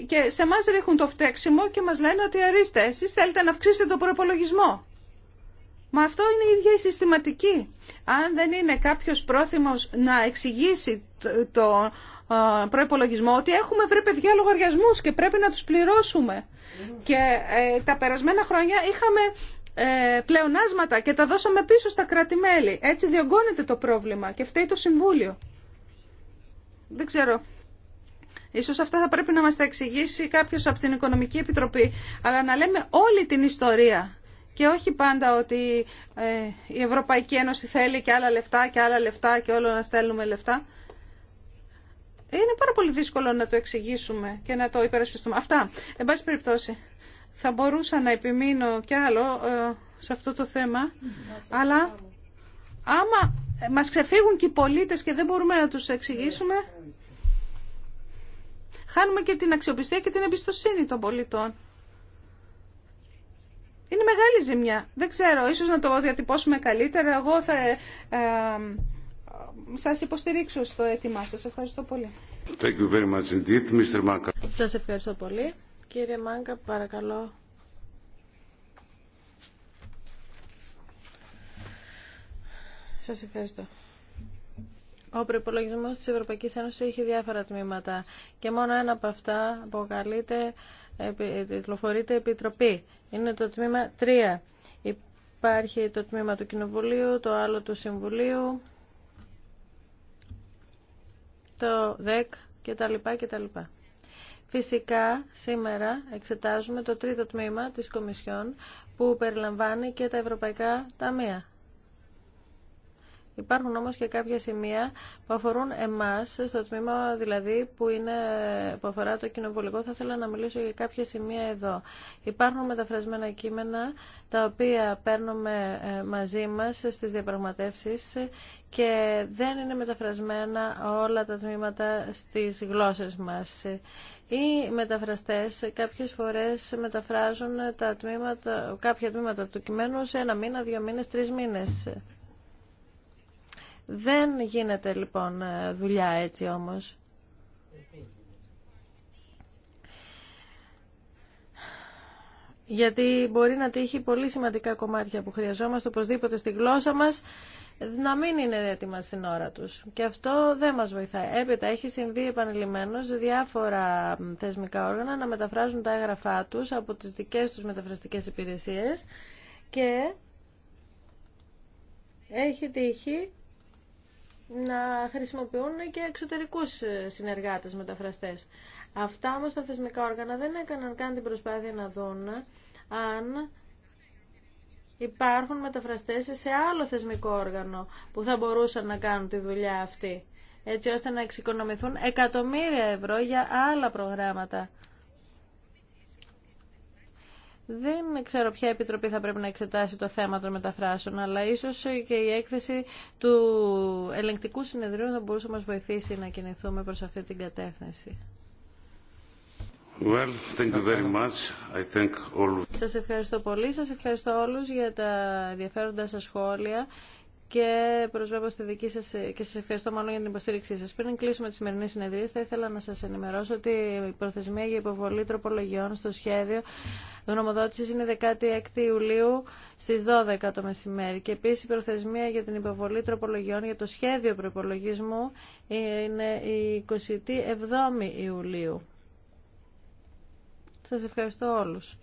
S3: Και σε εμά ρίχνουν το φταίξιμο και μα λένε ότι ορίστε, εσεί θέλετε να αυξήσετε το προπολογισμό. Μα αυτό είναι η ίδια η συστηματική. Αν δεν είναι κάποιο πρόθυμο να εξηγήσει το προπολογισμό ότι έχουμε βρει παιδιά λογαριασμού και πρέπει να του πληρώσουμε. Και ε, τα περασμένα χρόνια είχαμε ε, πλεονάσματα και τα δώσαμε πίσω στα κράτη-μέλη. Έτσι διωγγώνεται το πρόβλημα και φταίει το Συμβούλιο. Δεν ξέρω. Ίσως αυτά θα πρέπει να μας τα εξηγήσει κάποιος από την Οικονομική Επιτροπή. Αλλά να λέμε όλη την ιστορία και όχι πάντα ότι ε, η Ευρωπαϊκή Ένωση θέλει και άλλα λεφτά και άλλα λεφτά και όλο να στέλνουμε λεφτά. Είναι πάρα πολύ δύσκολο να το εξηγήσουμε και να το υπερασπιστούμε. Αυτά, εν πάση περιπτώσει, θα μπορούσα να επιμείνω κι άλλο ε, σε αυτό το θέμα, αλλά άμα ε, μας ξεφύγουν και οι πολίτες και δεν μπορούμε να τους εξηγήσουμε. Χάνουμε και την αξιοπιστία και την εμπιστοσύνη των πολιτών. Είναι μεγάλη ζημιά. Δεν ξέρω, ίσως να το διατυπώσουμε καλύτερα. Εγώ θα ε, ε σας υποστηρίξω στο αίτημά σας. Ευχαριστώ
S5: πολύ. Thank Σας ευχαριστώ πολύ. Κύριε Μάγκα, παρακαλώ Σας ευχαριστώ. Ο προπολογισμό της Ευρωπαϊκής Ένωσης έχει διάφορα τμήματα και μόνο ένα από αυτά αποκαλείται, τυλοφορείται Επιτροπή. Είναι το τμήμα 3. Υπάρχει το τμήμα του Κοινοβουλίου, το άλλο του Συμβουλίου, το ΔΕΚ τα κτλ. Φυσικά, σήμερα εξετάζουμε το τρίτο τμήμα της Κομισιόν που περιλαμβάνει και τα Ευρωπαϊκά Ταμεία. Υπάρχουν όμως και κάποια σημεία που αφορούν εμάς, στο τμήμα δηλαδή που, είναι, αφορά το κοινοβουλικό. Θα ήθελα να μιλήσω για κάποια σημεία εδώ. Υπάρχουν μεταφρασμένα κείμενα τα οποία παίρνουμε ε, μαζί μας στις διαπραγματεύσεις και δεν είναι μεταφρασμένα όλα τα τμήματα στις γλώσσες μας. Οι μεταφραστές κάποιες φορές μεταφράζουν τα κάποια τμήματα του κειμένου σε ένα μήνα, δύο μήνες, τρεις μήνες. Δεν γίνεται λοιπόν ε, δουλειά έτσι όμως. Γιατί μπορεί να τύχει πολύ σημαντικά κομμάτια που χρειαζόμαστε οπωσδήποτε στη γλώσσα μας να μην είναι έτοιμα στην ώρα τους. Και αυτό δεν μας βοηθάει. Έπειτα έχει συμβεί επανειλημμένως διάφορα θεσμικά όργανα να μεταφράζουν τα έγγραφά τους από τις δικές τους μεταφραστικές υπηρεσίες και έχει τύχει να χρησιμοποιούν και εξωτερικούς ε, συνεργάτες μεταφραστές. Αυτά όμως τα θεσμικά όργανα δεν έκαναν καν την προσπάθεια να δουν αν υπάρχουν μεταφραστές σε άλλο θεσμικό όργανο που θα μπορούσαν να κάνουν τη δουλειά αυτή, έτσι ώστε να εξοικονομηθούν εκατομμύρια ευρώ για άλλα προγράμματα. Δεν ξέρω ποια επιτροπή θα πρέπει να εξετάσει το θέμα των μεταφράσεων, αλλά ίσως και η έκθεση του ελεγκτικού συνεδρίου θα μπορούσε να μας βοηθήσει να κινηθούμε προς αυτή την κατεύθυνση.
S7: Well, thank you very much. I thank all...
S5: Σας ευχαριστώ πολύ. Σας ευχαριστώ όλους για τα ενδιαφέροντα σας σχόλια και προσβλέπω στη δική σας και σας ευχαριστώ μόνο για την υποστήριξή σας. Πριν κλείσουμε τη σημερινή συνεδρία, θα ήθελα να σας ενημερώσω ότι η προθεσμία για υποβολή τροπολογιών στο σχέδιο γνωμοδότησης είναι 16 Ιουλίου στις 12 το μεσημέρι και επίσης η προθεσμία για την υποβολή τροπολογιών για το σχέδιο προπολογισμού είναι η 27 Ιουλίου. Σας ευχαριστώ όλους.